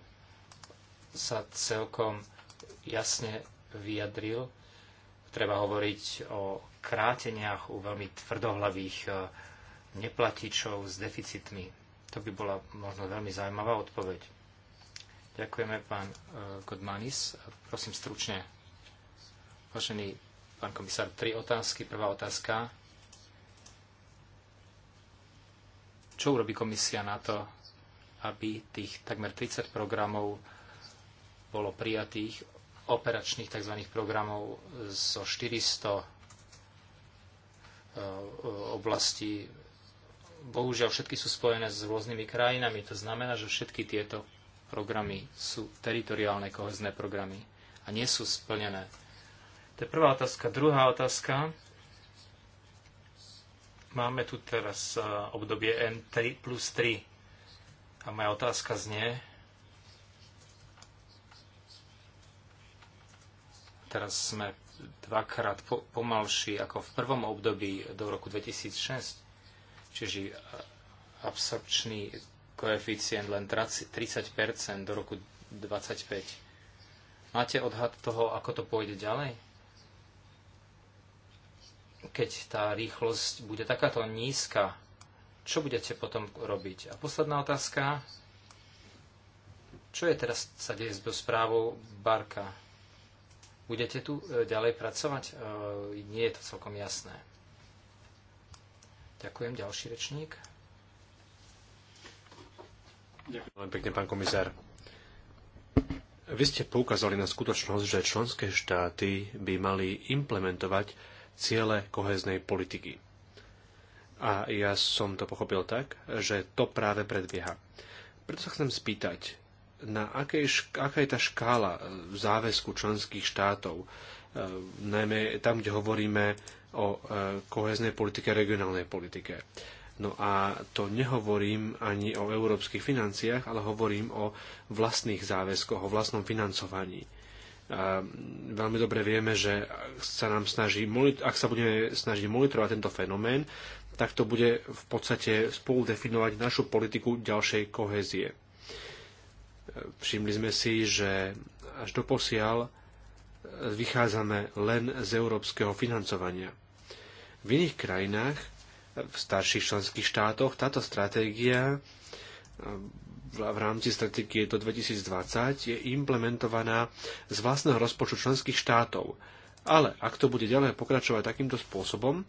sa celkom jasne vyjadril Treba hovoriť o kráteniach u veľmi tvrdohlavých e, neplatičov s deficitmi. To by bola možno veľmi zaujímavá odpoveď. Ďakujeme, pán e, Godmanis. Prosím stručne. Vážený pán komisár, tri otázky. Prvá otázka. Čo urobí komisia na to, aby tých takmer 30 programov bolo prijatých operačných tzv. programov zo 400 e, oblastí. Bohužiaľ, všetky sú spojené s rôznymi krajinami. To znamená, že všetky tieto programy sú teritoriálne kohezné programy a nie sú splnené. To je prvá otázka. Druhá otázka. Máme tu teraz e, obdobie N 3 plus 3. A moja otázka znie, Teraz sme dvakrát po, pomalší ako v prvom období do roku 2006, čiže e, absorpčný koeficient len 30 do roku 25. Máte odhad toho, ako to pôjde ďalej? Keď tá rýchlosť bude takáto nízka, čo budete potom robiť? A posledná otázka. Čo je teraz sa deje s správou Barka? Budete tu e, ďalej pracovať? E, nie je to celkom jasné. Ďakujem. Ďalší rečník. Ďakujem veľmi pekne, pán komisár. Vy ste poukázali na skutočnosť, že členské štáty by mali implementovať ciele koheznej politiky. A ja som to pochopil tak, že to práve predbieha. Preto sa chcem spýtať, na akej, aká je tá škála e, záväzku členských štátov, e, najmä tam, kde hovoríme o e, koheznej politike a regionálnej politike. No a to nehovorím ani o európskych financiách, ale hovorím o vlastných záväzkoch, o vlastnom financovaní. A veľmi dobre vieme, že sa nám snaží, ak sa budeme snažiť monitorovať tento fenomén, tak to bude v podstate spolu definovať našu politiku ďalšej kohézie. Všimli sme si, že až do posiaľ vychádzame len z európskeho financovania. V iných krajinách, v starších členských štátoch, táto stratégia v rámci stratégie do 2020 je implementovaná z vlastného rozpočtu členských štátov. Ale ak to bude ďalej pokračovať takýmto spôsobom,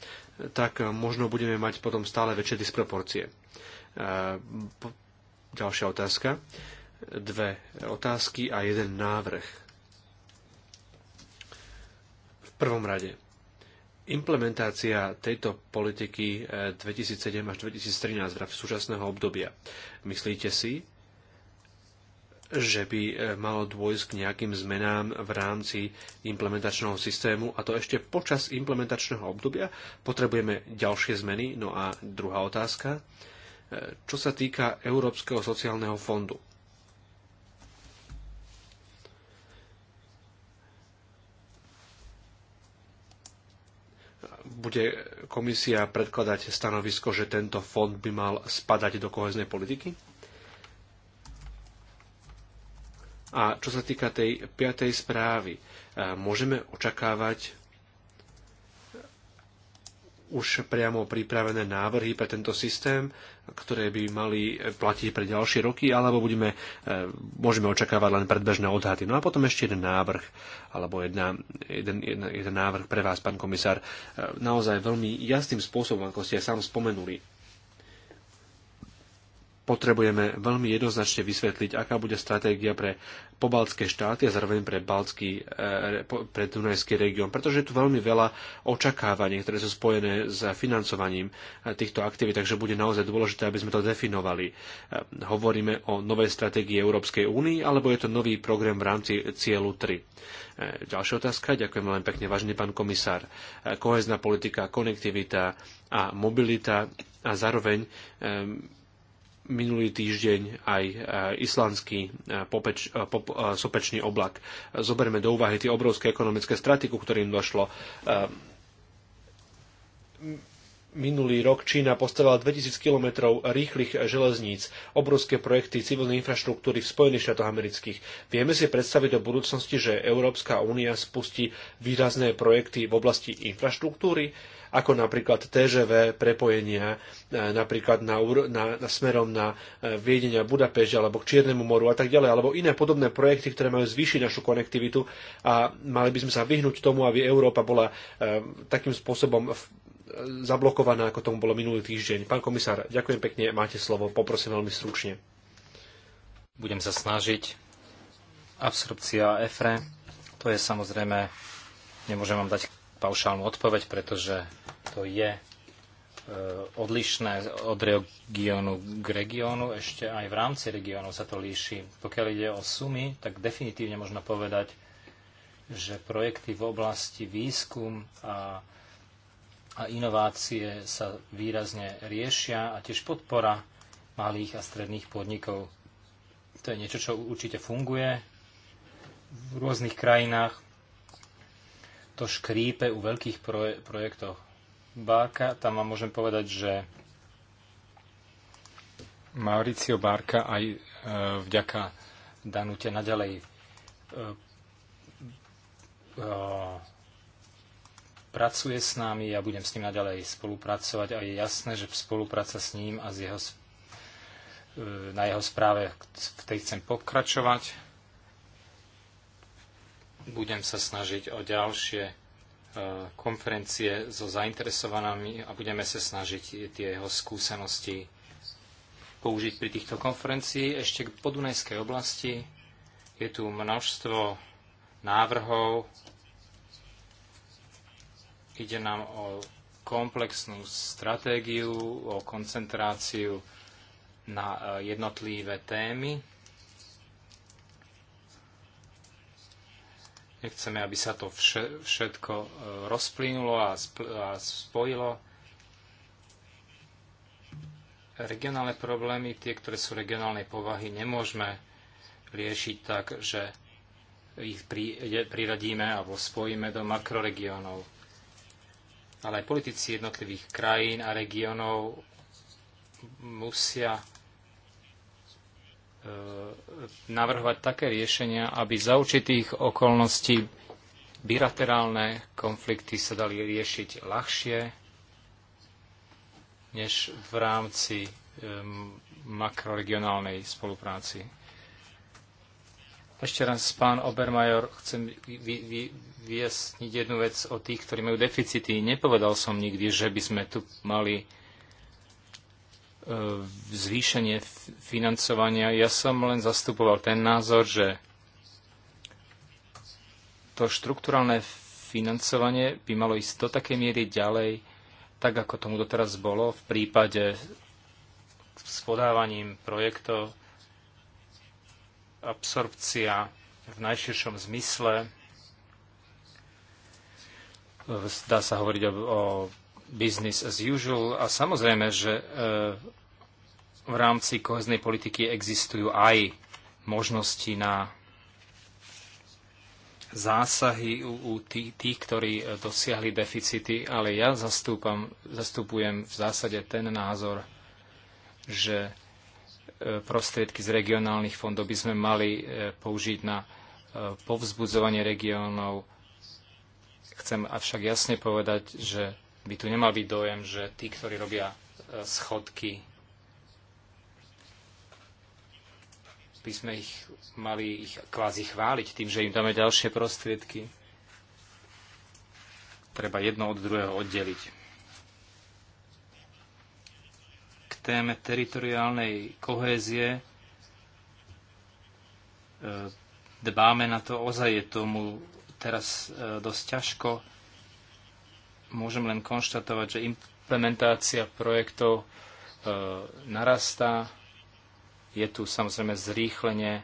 tak možno budeme mať potom stále väčšie disproporcie. E, ďalšia otázka dve otázky a jeden návrh. V prvom rade, implementácia tejto politiky 2007 eh, až 2013 teda v súčasného obdobia. Myslíte si, že by eh, malo dôjsť k nejakým zmenám v rámci implementačného systému a to ešte počas implementačného obdobia. Potrebujeme ďalšie zmeny. No a druhá otázka, eh, čo sa týka Európskeho sociálneho fondu. bude komisia predkladať stanovisko, že tento fond by mal spadať do koheznej politiky? A čo sa týka tej piatej správy, e, môžeme očakávať už priamo pripravené návrhy pre tento systém, ktoré by mali platiť pre ďalšie roky, alebo budeme, e, môžeme očakávať len predbežné odhady. No a potom ešte jeden návrh, alebo jedna, jeden, jeden, jeden návrh pre vás, pán komisár, e, naozaj veľmi jasným spôsobom, ako ste aj sám spomenuli potrebujeme veľmi jednoznačne vysvetliť, aká bude stratégia pre pobaltské štáty a zároveň pre, Balcký, e, pre Dunajský región, pretože je tu veľmi veľa očakávaní, ktoré sú spojené s financovaním e, týchto aktivít, takže bude naozaj dôležité, aby sme to definovali. E, hovoríme o novej stratégii Európskej únie, alebo je to nový program v rámci cieľu 3. Ďalšia otázka, ďakujem veľmi pekne, vážený pán komisár. Kohezná politika, konektivita a mobilita a zároveň minulý týždeň aj e, islandský e, popeč, e, pop, sopečný oblak. Zoberme do úvahy tie obrovské ekonomické straty, ku ktorým došlo Minulý rok Čína postavila 2000 kilometrov rýchlych železníc, obrovské projekty civilnej infraštruktúry v Spojených štátoch amerických. Vieme si predstaviť do budúcnosti, že Európska únia spustí výrazné projekty v oblasti infraštruktúry, ako napríklad TŽV prepojenia e, napríklad na, na, na smerom na e, Viedenia Budapešť alebo k Čiernemu moru a tak ďalej, alebo iné podobné projekty, ktoré majú zvýšiť našu konektivitu a mali by sme sa vyhnúť tomu, aby Európa bola e, takým spôsobom zablokovaná, ako tomu bolo minulý týždeň. Pán komisár, ďakujem pekne, máte slovo, poprosím veľmi stručne. Budem sa snažiť. Absorpcia EFRE, to je samozrejme, nemôžem vám dať paušálnu odpoveď, pretože to je e, odlišné od regiónu k regiónu, ešte aj v rámci regiónu sa to líši. Pokiaľ ide o sumy, tak definitívne možno povedať, že projekty v oblasti výskum a a inovácie sa výrazne riešia a tiež podpora malých a stredných podnikov. To je niečo, čo určite funguje v rôznych krajinách. To škrípe u veľkých proje- projektov. Bárka, tam vám môžem povedať, že Mauricio Bárka aj e, vďaka Danute naďalej e, e pracuje s nami, ja budem s ním naďalej spolupracovať a je jasné, že spolupráca s ním a z jeho, e, na jeho správe v tej chcem pokračovať. Budem sa snažiť o ďalšie e, konferencie so zainteresovanými a budeme sa snažiť tie jeho skúsenosti použiť pri týchto konferencii. Ešte k podunajskej oblasti je tu množstvo návrhov Ide nám o komplexnú stratégiu, o koncentráciu na e, jednotlivé témy. Nechceme, aby sa to všetko e, rozplynulo a spojilo. Regionálne problémy, tie, ktoré sú regionálnej povahy, nemôžeme riešiť tak, že ich priradíme alebo spojíme do makroregiónov ale aj politici jednotlivých krajín a regiónov musia e, navrhovať také riešenia, aby za určitých okolností bilaterálne konflikty sa dali riešiť ľahšie než v rámci e, makroregionálnej spolupráci. Ešte raz, pán Obermajor, chcem vy, vy, vyjasniť jednu vec o tých, ktorí majú deficity. Nepovedal som nikdy, že by sme tu mali e, zvýšenie financovania. Ja som len zastupoval ten názor, že to štrukturálne financovanie by malo ísť do takej miery ďalej, tak ako tomu doteraz bolo v prípade s podávaním projektov absorpcia v najširšom zmysle dá sa hovoriť o, o business as usual a samozrejme, že e, v rámci koheznej politiky existujú aj možnosti na zásahy u, u tých, tých, ktorí e, dosiahli deficity, ale ja zastúpam, zastupujem v zásade ten názor, že e, prostriedky z regionálnych fondov by sme mali použiť na povzbudzovanie regiónov, Chcem avšak jasne povedať, že by tu nemal byť dojem, že tí, ktorí robia e, schodky, by sme ich mali ich kvázi chváliť tým, že im dáme ďalšie prostriedky. Treba jedno od druhého oddeliť. K téme teritoriálnej kohézie e, dbáme na to, ozaj je tomu teraz e, dosť ťažko. Môžem len konštatovať, že implementácia projektov e, narastá. Je tu samozrejme zrýchlenie e,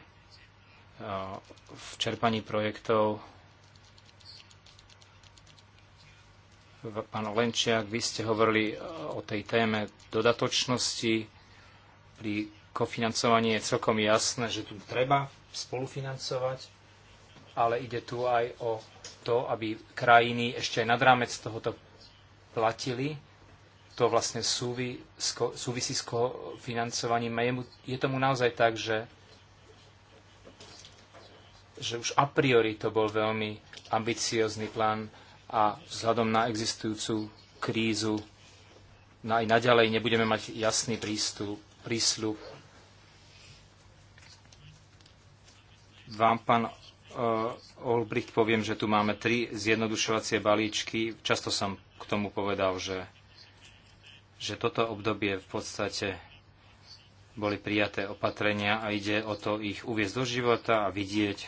v čerpaní projektov. Pán Lenčiak, vy ste hovorili o tej téme dodatočnosti pri kofinancovaní. Je celkom jasné, že tu treba spolufinancovať ale ide tu aj o to, aby krajiny ešte aj nad rámec tohoto platili. To vlastne súvi, sko, súvisí s financovaním. Je, je tomu naozaj tak, že, že už a priori to bol veľmi ambiciózny plán a vzhľadom na existujúcu krízu na, aj naďalej nebudeme mať jasný prístup, prísľub. Vám, pán Eh, Olbricht poviem, že tu máme tri zjednodušovacie balíčky. Často som k tomu povedal, že, že toto obdobie v podstate boli prijaté opatrenia a ide o to ich uviezť do života a vidieť,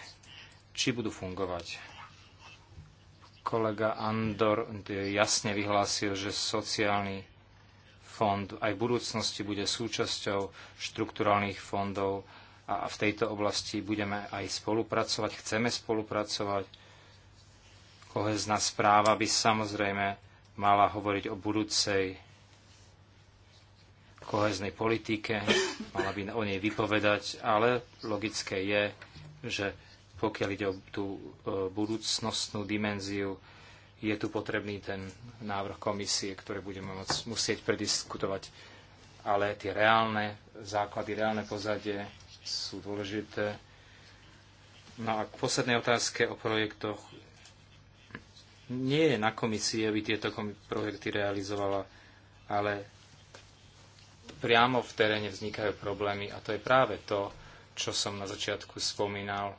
či budú fungovať. Kolega Andor jasne vyhlásil, že sociálny fond aj v budúcnosti bude súčasťou štrukturálnych fondov a v tejto oblasti budeme aj spolupracovať, chceme spolupracovať. Kohezná správa by samozrejme mala hovoriť o budúcej koheznej politike, mala by o nej vypovedať, ale logické je, že pokiaľ ide o tú e, budúcnostnú dimenziu, je tu potrebný ten návrh komisie, ktoré budeme môcť, musieť prediskutovať. Ale tie reálne základy, reálne pozadie sú dôležité. No a k poslednej otázke o projektoch. Nie je na komisii, aby tieto projekty realizovala, ale priamo v teréne vznikajú problémy a to je práve to, čo som na začiatku spomínal,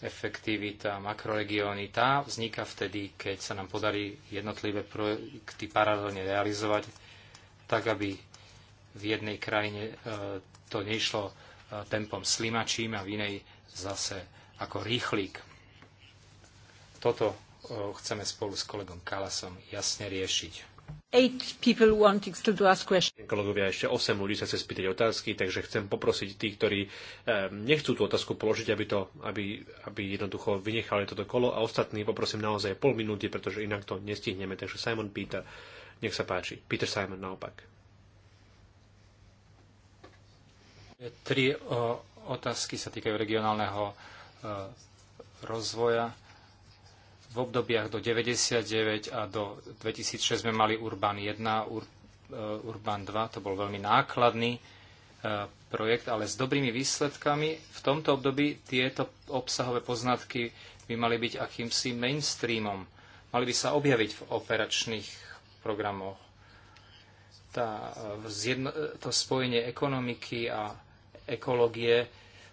efektivita makroregióny, tá vzniká vtedy, keď sa nám podarí jednotlivé projekty paralelne realizovať, tak aby v jednej krajine e, to nešlo e, tempom slimačím a v inej zase ako rýchlik. Toto e, chceme spolu s kolegom Kalasom jasne riešiť. Kolegovia, ešte 8 ľudí sa chce spýtať otázky, takže chcem poprosiť tých, ktorí e, nechcú tú otázku položiť, aby, to, aby, aby jednoducho vynechali toto kolo a ostatní poprosím naozaj pol minúty, pretože inak to nestihneme. Takže Simon pýta, nech sa páči. Peter Simon naopak. Tri e, otázky sa týkajú regionálneho e, rozvoja. V obdobiach do 99 a do 2006 sme mali Urban 1, e, Urban 2, to bol veľmi nákladný projekt, ale s dobrými výsledkami. V tomto období tieto obsahové poznatky by mali byť akýmsi mainstreamom. Mali by sa objaviť v operačných programoch. Tá, to spojenie ekonomiky a ekológie,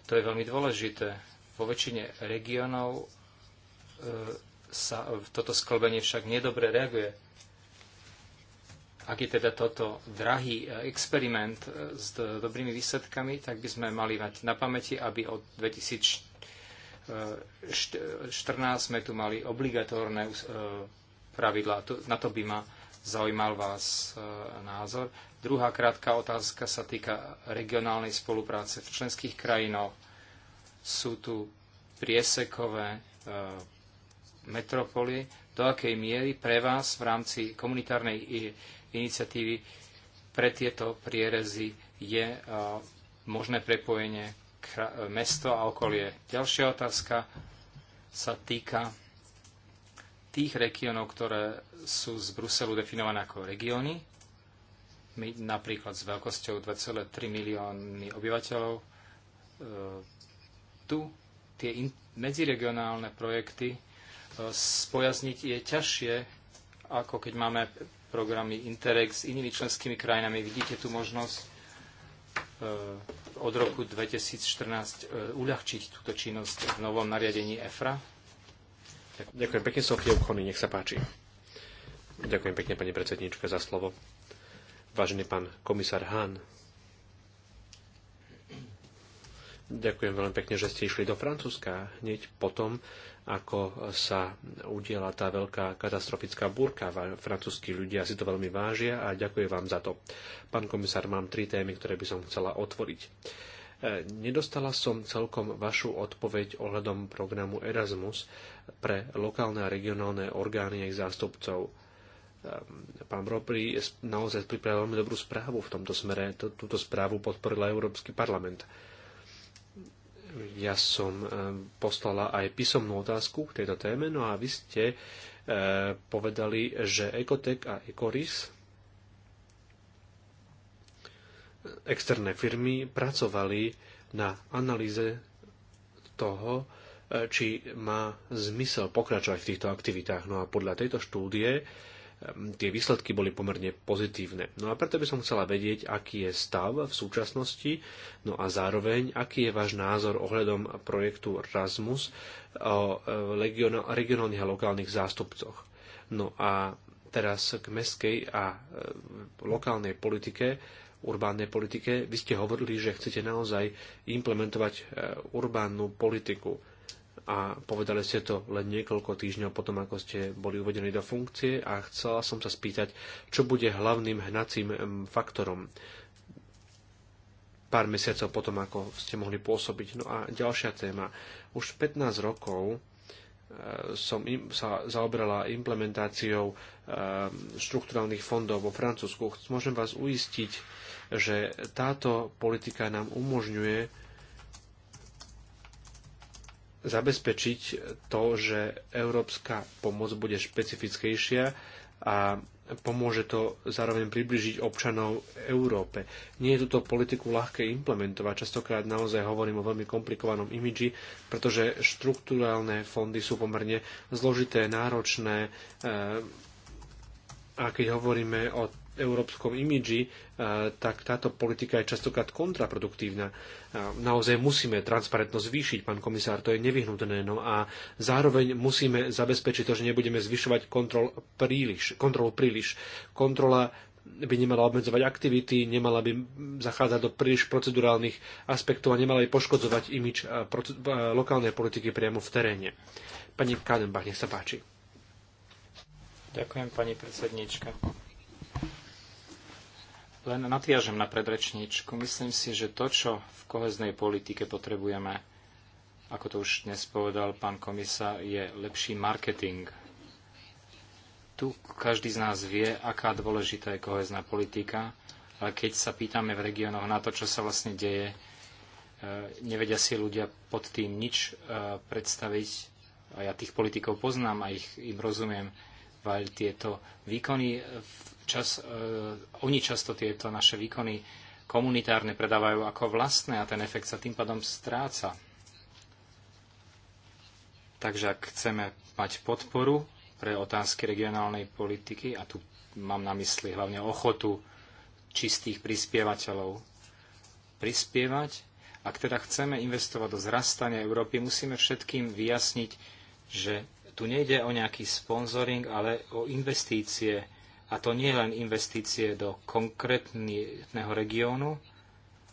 to je veľmi dôležité. Vo väčšine regionov e, sa toto sklbenie však nedobre reaguje. Ak je teda toto drahý e, experiment e, s dobrými výsledkami, tak by sme mali mať na pamäti, aby od 2014 sme tu mali obligatórne pravidlá. Na to by ma zaujímal vás názor. Druhá krátka otázka sa týka regionálnej spolupráce v členských krajinách. Sú tu priesekové e, metropoly. Do akej miery pre vás v rámci komunitárnej iniciatívy pre tieto prierezy je e, možné prepojenie mesto a okolie. Ďalšia otázka sa týka tých regiónov, ktoré sú z Bruselu definované ako regióny my napríklad s veľkosťou 2,3 milióny obyvateľov e, tu tie in- medziregionálne projekty e, spojazniť je ťažšie, ako keď máme programy Interreg s inými členskými krajinami. Vidíte tu možnosť e, od roku 2014 uľahčiť túto činnosť v novom nariadení EFRA? Ďakujem, pekne, Sofia Uchony, nech sa páči. Ďakujem pekne, pani predsedníčka, za slovo vážený pán komisár Hahn. Ďakujem veľmi pekne, že ste išli do Francúzska hneď potom, ako sa udiela tá veľká katastrofická búrka. Francúzskí ľudia si to veľmi vážia a ďakujem vám za to. Pán komisár, mám tri témy, ktoré by som chcela otvoriť. E, nedostala som celkom vašu odpoveď ohľadom programu Erasmus pre lokálne a regionálne orgány a ich zástupcov Ehm, pán Bropri naozaj pripravil veľmi dobrú správu v tomto smere. Túto správu podporila Európsky parlament. Ja som ehm, poslala aj písomnú otázku k tejto téme, no a vy ste ehm, povedali, že Ecotech a Ecoris externé firmy pracovali na analýze toho, či má zmysel pokračovať v týchto aktivitách. No a podľa tejto štúdie Ehm, tie výsledky boli pomerne pozitívne. No a preto by som chcela vedieť, aký je stav v súčasnosti, no a zároveň, aký je váš názor ohľadom projektu Rasmus o e, regionálnych a lokálnych zástupcoch. No a teraz k mestskej a e, lokálnej politike urbánnej politike. Vy ste hovorili, že chcete naozaj implementovať e, urbánnu politiku a povedali ste to len niekoľko týždňov potom, ako ste boli uvedení do funkcie a chcela som sa spýtať, čo bude hlavným hnacím faktorom pár mesiacov potom, ako ste mohli pôsobiť. No a ďalšia téma. Už 15 rokov e, som im, sa zaoberala implementáciou e, štrukturálnych fondov vo Francúzsku. Môžem vás uistiť, že táto politika nám umožňuje zabezpečiť to, že európska pomoc bude špecifickejšia a pomôže to zároveň približiť občanov Európe. Nie je túto politiku ľahké implementovať. Častokrát naozaj hovorím o veľmi komplikovanom imidži, pretože štruktúrálne fondy sú pomerne zložité, náročné. Eh, a keď hovoríme o európskom imidži, tak táto politika je častokrát kontraproduktívna. Naozaj musíme transparentnosť zvýšiť, pán komisár, to je nevyhnutné. No a zároveň musíme zabezpečiť to, že nebudeme zvyšovať kontrol príliš, kontrolu príliš. Kontrola by nemala obmedzovať aktivity, nemala by zachádzať do príliš procedurálnych aspektov a nemala by poškodzovať imič lokálnej politiky priamo v teréne. Pani Kadenbach, nech sa páči. Ďakujem, pani predsedníčka. Len nadviažem na predrečníčku. Myslím si, že to, čo v koheznej politike potrebujeme, ako to už dnes povedal pán komisa, je lepší marketing. Tu každý z nás vie, aká dôležitá je kohezná politika, ale keď sa pýtame v regiónoch na to, čo sa vlastne deje, e, nevedia si ľudia pod tým nič e, predstaviť. A ja tých politikov poznám a ich, im rozumiem, ale tieto výkony v čas, e, oni často tieto naše výkony komunitárne predávajú ako vlastné a ten efekt sa tým pádom stráca. Takže ak chceme mať podporu pre otázky regionálnej politiky, a tu mám na mysli hlavne ochotu čistých prispievateľov prispievať, ak teda chceme investovať do zrastania Európy, musíme všetkým vyjasniť, že tu nejde o nejaký sponzoring, ale o investície a to nie len investície do konkrétneho regiónu,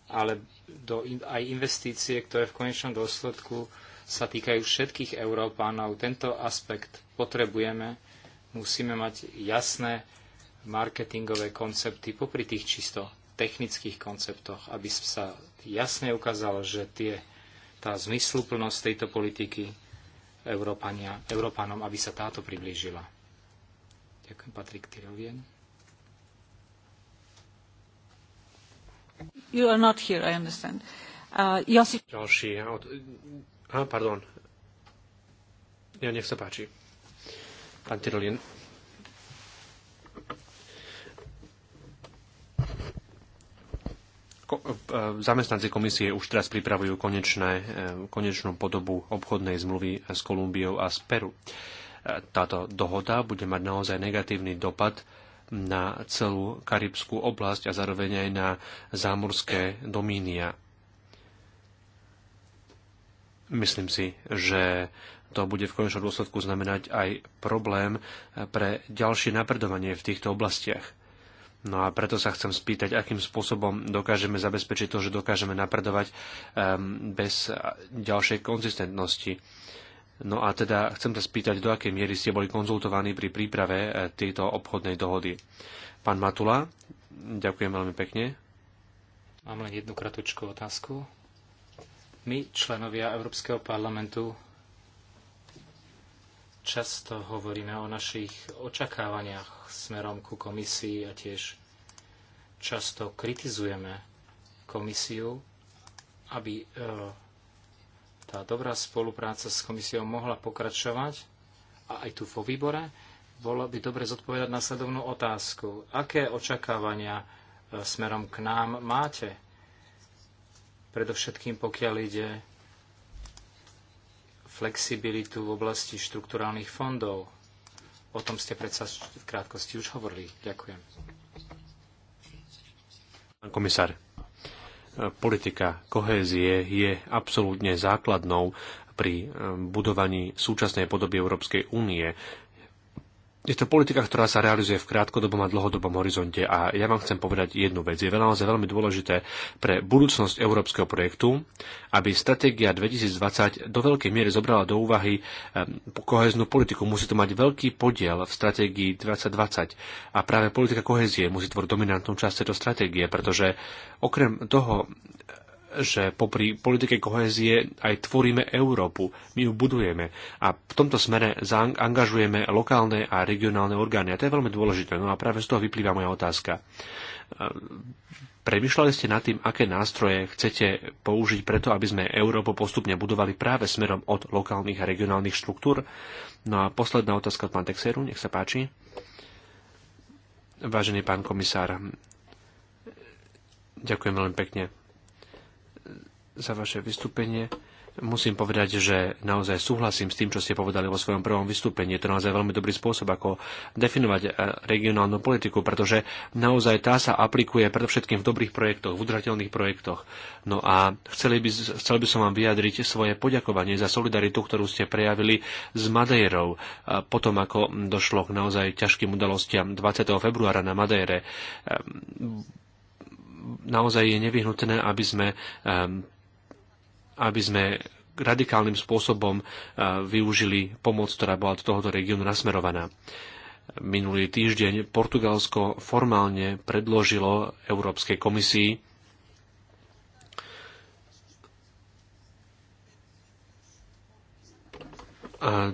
ale do, aj investície, ktoré v konečnom dôsledku sa týkajú všetkých Európánov. Tento aspekt potrebujeme, musíme mať jasné marketingové koncepty popri tých čisto technických konceptoch, aby sa jasne ukázalo, že tie, tá zmysluplnosť tejto politiky Európania, Európanom, aby sa táto priblížila. Ďakujem, Patrik Tyrovien. You are not here, I understand. Uh, Josip... Ďalší. Aha, od... ah, pardon. Ja, nech sa páči. Pán Tyrolien. E, e, zamestnanci komisie už teraz pripravujú konečné, e, konečnú podobu obchodnej zmluvy s Kolumbiou a s Peru. Uh, táto dohoda bude mať naozaj negatívny dopad na celú karibskú oblasť a zároveň aj na zámorské domínia. Myslím si, že to bude v konečnom dôsledku znamenať aj problém pre ďalšie napredovanie v týchto oblastiach. No a preto sa chcem spýtať, akým spôsobom dokážeme zabezpečiť to, že dokážeme napredovať ehm, bez ďalšej konzistentnosti No a teda chcem sa spýtať, do akej miery ste boli konzultovaní pri príprave e, tejto obchodnej dohody. Pán Matula, ďakujem veľmi pekne. Mám len jednu kratučkú otázku. My, členovia Európskeho parlamentu, často hovoríme o našich očakávaniach smerom ku komisii a tiež často kritizujeme komisiu, aby e, tá dobrá spolupráca s komisiou mohla pokračovať, a aj tu vo výbore, bolo by dobre zodpovedať sledovnú otázku. Aké očakávania e, smerom k nám máte? Predovšetkým pokiaľ ide flexibilitu v oblasti štrukturálnych fondov. O tom ste predsa v krátkosti už hovorili. Ďakujem. Pán komisár politika kohézie je absolútne základnou pri eh, budovaní súčasnej podoby Európskej únie je to politika, ktorá sa realizuje v krátkodobom a dlhodobom horizonte a ja vám chcem povedať jednu vec. Je naozaj veľmi dôležité pre budúcnosť európskeho projektu, aby stratégia 2020 do veľkej miery zobrala do úvahy ehm, koheznú politiku. Musí to mať veľký podiel v stratégii 2020 a práve politika kohezie musí tvoriť dominantnú časť tejto stratégie, pretože okrem toho že popri politike kohézie aj tvoríme Európu, my ju budujeme a v tomto smere angažujeme lokálne a regionálne orgány a to je veľmi dôležité. No a práve z toho vyplýva moja otázka. Premýšľali ste nad tým, aké nástroje chcete použiť preto, aby sme Európu postupne budovali práve smerom od lokálnych a regionálnych štruktúr? No a posledná otázka od pán Texeru, nech sa páči. Vážený pán komisár, ďakujem veľmi pekne za vaše vystúpenie. Musím povedať, že naozaj súhlasím s tým, čo ste povedali vo svojom prvom vystúpení. Je to naozaj veľmi dobrý spôsob, ako definovať e, regionálnu politiku, pretože naozaj tá sa aplikuje predovšetkým v dobrých projektoch, v udržateľných projektoch. No a chceli by, chcel by som vám vyjadriť svoje poďakovanie za solidaritu, ktorú ste prejavili s Madejrou, e, potom ako došlo k naozaj ťažkým udalostiam 20. februára na Madejre e, naozaj je nevyhnutné, aby sme, aby sme radikálnym spôsobom eh, využili pomoc, ktorá bola do tohoto regiónu nasmerovaná. Minulý týždeň Portugalsko formálne predložilo Európskej komisii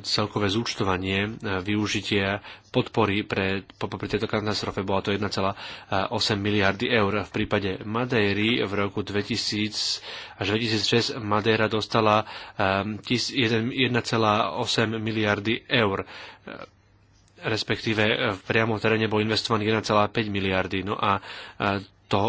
celkové zúčtovanie využitia podpory pre, pre tieto tejto katastrofe bola to 1,8 miliardy eur. V prípade Madeiry v roku 2000 až 2006 Madeira dostala 1,8 miliardy eur respektíve v priamo teréne bol investovaný 1,5 miliardy. No a to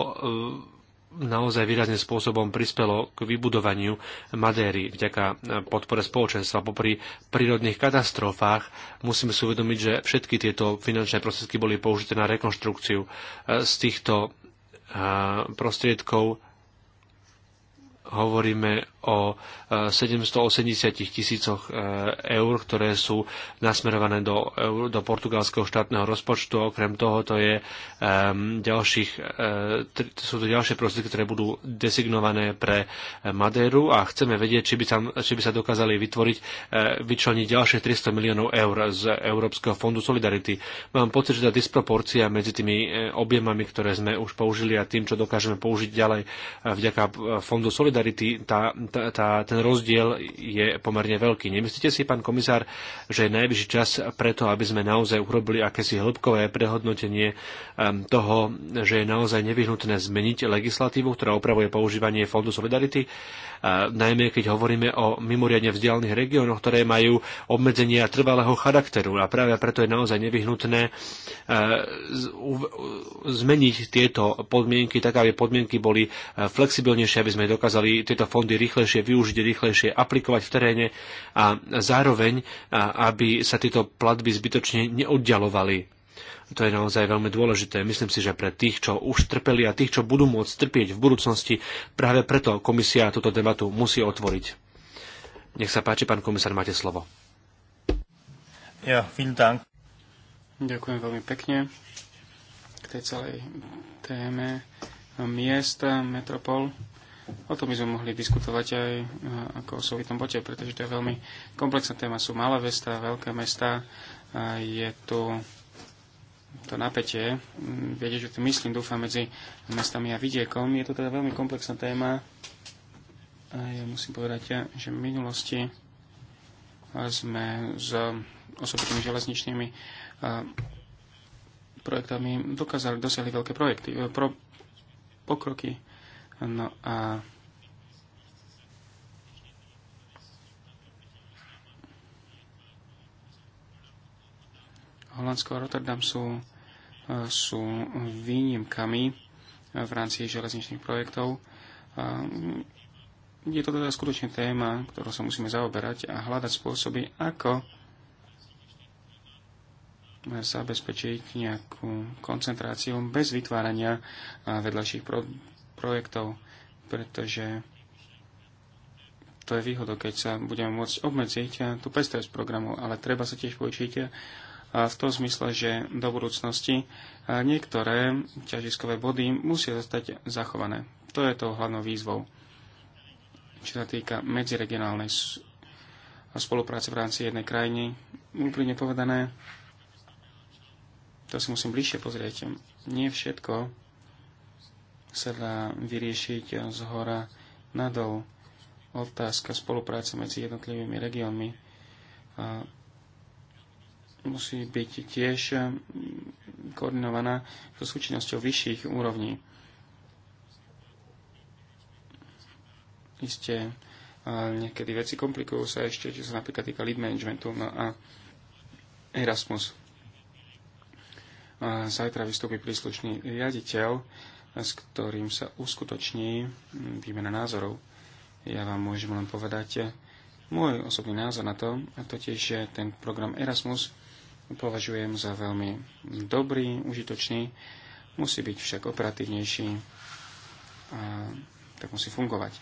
naozaj výrazným spôsobom prispelo k vybudovaniu Madéry vďaka podpore spoločenstva. Popri prírodných katastrofách musíme si uvedomiť, že všetky tieto finančné prostriedky boli použité na rekonštrukciu. Eh, z týchto eh, prostriedkov hovoríme o 780 e, tisícoch e, eur, ktoré sú nasmerované do, do portugalského štátneho rozpočtu. Okrem toho to je um, ďalších, uh, tri, sú to ďalšie prostriedky, ktoré budú designované pre Madéru a chceme vedieť, či by, tam, či by sa dokázali vytvoriť, uh, vyčleniť ďalšie 300 miliónov eur z Európskeho fondu Solidarity. Mám pocit, že tá disproporcia medzi tými objemami, ktoré sme už použili a tým, čo dokážeme použiť ďalej vďaka fondu Solidarity, solidarity, tá, tá, tá, ten rozdiel je pomerne veľký. Nemyslíte si, pán komisár, že je najvyšší čas preto, aby sme naozaj urobili akési hĺbkové prehodnotenie um, toho, že je naozaj nevyhnutné zmeniť legislatívu, ktorá opravuje používanie Fondu Solidarity, uh, najmä keď hovoríme o mimoriadne vzdialených regiónoch, ktoré majú obmedzenia trvalého charakteru a práve preto je naozaj nevyhnutné uh, zmeniť tieto podmienky tak, aby podmienky boli uh, flexibilnejšie, aby sme dokázali tieto fondy rýchlejšie využiť, rýchlejšie aplikovať v teréne a zároveň, aby sa tieto platby zbytočne neoddialovali to je naozaj veľmi dôležité. Myslím si, že pre tých, čo už trpeli a tých, čo budú môcť trpieť v budúcnosti, práve preto komisia túto debatu musí otvoriť. Nech sa páči, pán komisár, máte slovo. Ja, vielen Dank. Ďakujem veľmi pekne k tej celej téme miest, metropol. O tom by sme mohli diskutovať aj eh, ako o solitom bote, pretože to je veľmi komplexná téma. Sú malé mesta, veľké mesta, je tu to napätie, mm, viete, že to myslím, dúfam, medzi mestami a vidiekom. Je to teda veľmi komplexná téma a ja musím povedať, eh, že v minulosti eh, sme s osobitými železničnými projektami dokázali, dosiahli veľké projekty, pro, pokroky No a Holandsko a Rotterdam sú, e, sú výnimkami e, v rámci železničných projektov. Mm, je to teda skutočne téma, ktorú sa musíme zaoberať a hľadať spôsoby, ako zabezpečiť nejakú koncentráciu bez vytvárania vedľajších projektov, pretože to je výhoda, keď sa budeme môcť obmedziť tú pestrosť programov, ale treba sa tiež poučiť v tom zmysle, že do budúcnosti niektoré ťažiskové body musia zostať zachované. To je tou hlavnou výzvou. Čo sa týka medziregionálnej spolupráce v rámci jednej krajiny, úplne povedané, to si musím bližšie pozrieť. Nie všetko sa dá vyriešiť z hora nadol. Otázka spolupráce medzi jednotlivými regiónmi musí byť tiež koordinovaná so súčinnosťou vyšších úrovní. Isté niekedy veci komplikujú sa ešte, čo sa napríklad týka lead managementu no a Erasmus. Zajtra vystúpi príslušný riaditeľ s ktorým sa uskutoční výmena názorov. Ja vám môžem len povedať môj osobný názor na to, a totiž, že ten program Erasmus považujem za veľmi dobrý, užitočný, musí byť však operatívnejší a tak musí fungovať.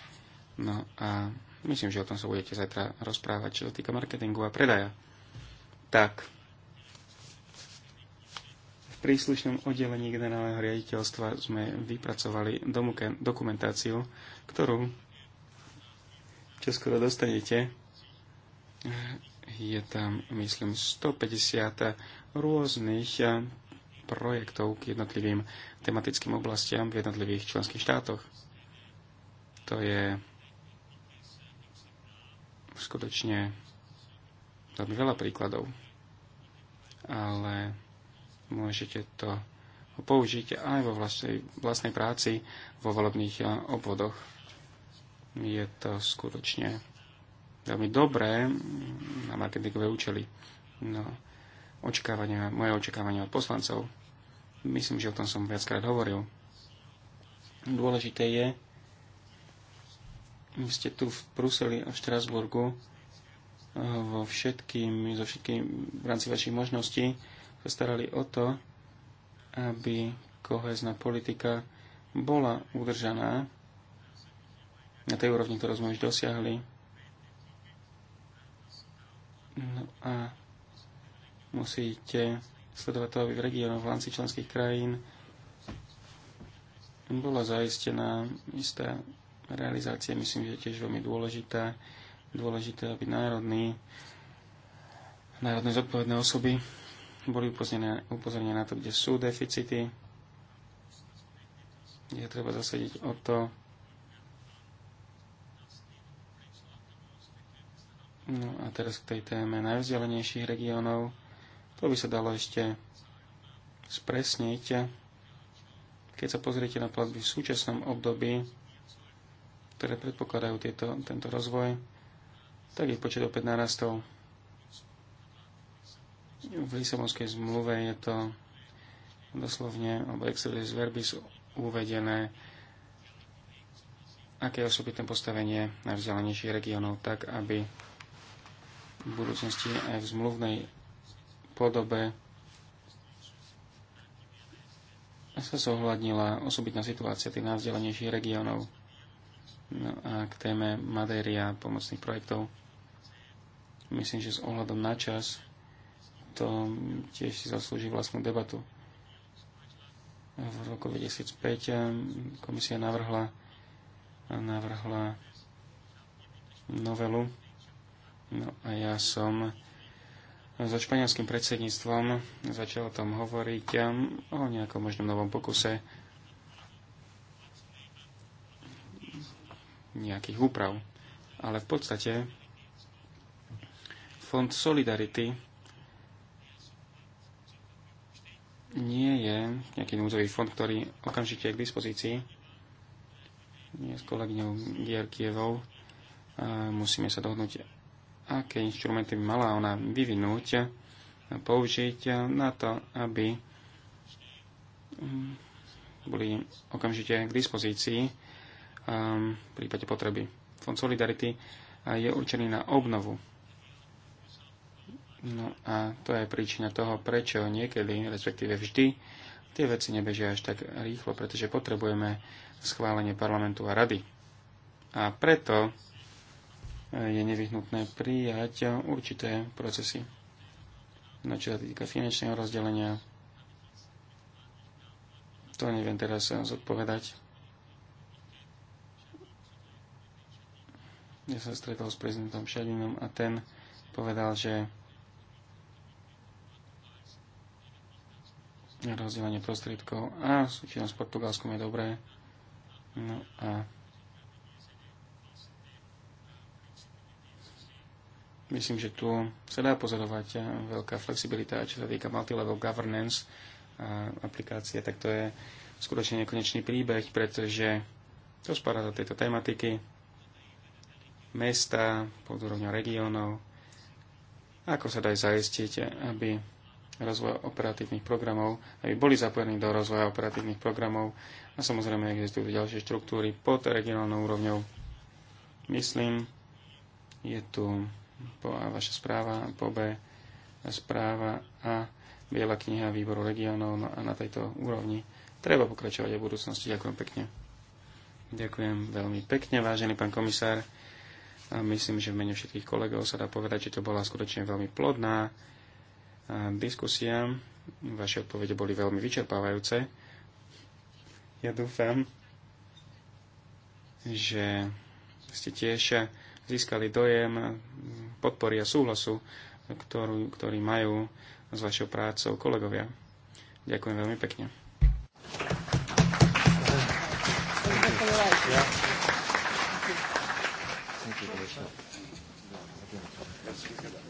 No a myslím, že o tom sa budete zajtra rozprávať, čo sa týka marketingu a predaja. Tak, príslušnom oddelení generálneho riaditeľstva sme vypracovali dokumentáciu, ktorú čoskoro dostanete. Je tam, myslím, 150 rôznych eh, projektov k jednotlivým tematickým oblastiam v jednotlivých členských štátoch. To je skutočne veľmi veľa príkladov. Ale Môžete to použiť aj vo vlastnej, vlastnej práci vo volebných eh, obvodoch. Je to skutočne veľmi dobré mm, na marketingové účely. No, očakávania, moje očakávania od poslancov. Myslím, že o tom som viackrát hovoril. Dôležité je, ste tu v Bruseli a v Štrasburgu eh, vo všetkým, so všetkým v rámci vašich možností sa starali o to, aby kohezná politika bola udržaná na tej úrovni, ktorú sme už dosiahli. No a musíte sledovať to, aby v regiónoch v rámci členských krajín bola zaistená istá realizácia. Myslím, že je tiež veľmi dôležitá. Dôležité, aby národní, národné zodpovedné osoby boli upozornené, upozornené na to, kde sú deficity, kde treba zasadiť o to, No a teraz k tej téme najvzdialenejších regiónov. To by sa dalo ešte spresniť. Keď sa pozriete na platby v súčasnom období, ktoré predpokladajú tieto, tento rozvoj, tak ich počet opäť narastol. V Lisabonskej zmluve je to doslovne, alebo excelsis verbis uvedené, aké je osobitné postavenie najvzdialenejších regiónov, tak aby v budúcnosti aj v zmluvnej podobe sa zohľadnila osobitná situácia tých najvzdialenejších regiónov. No a k téme Madéria pomocných projektov. Myslím, že s ohľadom na čas to tiež si zaslúži vlastnú debatu. V roku 2005 eh, komisia navrhla, navrhla novelu. No a ja som so španielským predsedníctvom začal o tom hovoriť eh, o nejakom možnom novom pokuse nejakých úprav. Ale v podstate Fond Solidarity nie je nejaký núzový fond, ktorý okamžite je k dispozícii. Nie s kolegyňou Gierkievou musíme sa dohodnúť, aké inštrumenty by mala ona vyvinúť, použiť na to, aby mm, boli okamžite k dispozícii v prípade potreby. Fond Solidarity je určený na obnovu No a to je príčina toho, prečo niekedy, respektíve vždy, tie veci nebežia až tak rýchlo, pretože potrebujeme schválenie parlamentu a rady. A preto je nevyhnutné prijať určité procesy. No čo sa týka finančného rozdelenia, to neviem teraz zodpovedať. Ja sa stretol s prezidentom Šadinom a ten povedal, že rozdielanie prostriedkov a súťaž s Portugalskom je dobré. No a myslím, že tu sa dá pozorovať eh, veľká flexibilita, čo sa týka multilevel governance a aplikácie, tak to je skutočne nekonečný príbeh, pretože to spadá do tejto tematiky mesta, podúrovňa regiónov, ako sa dá zaistiť, aby rozvoja operatívnych programov, aby boli zapojení do rozvoja operatívnych programov a samozrejme existujú ďalšie štruktúry pod regionálnou úrovňou. Myslím, je tu po A vaša správa, po B správa a Biela kniha výboru regionov no a na tejto úrovni treba pokračovať aj v budúcnosti. Ďakujem pekne. Ďakujem veľmi pekne, vážený pán komisár. A myslím, že v mene všetkých kolegov sa dá povedať, že to bola skutočne veľmi plodná Diskusia Vaše odpovede boli veľmi vyčerpávajúce. Ja dúfam, že ste tiež získali dojem podpory a súhlasu, ktorú, ktorý majú s vašou prácou kolegovia. Ďakujem veľmi pekne. Thank you.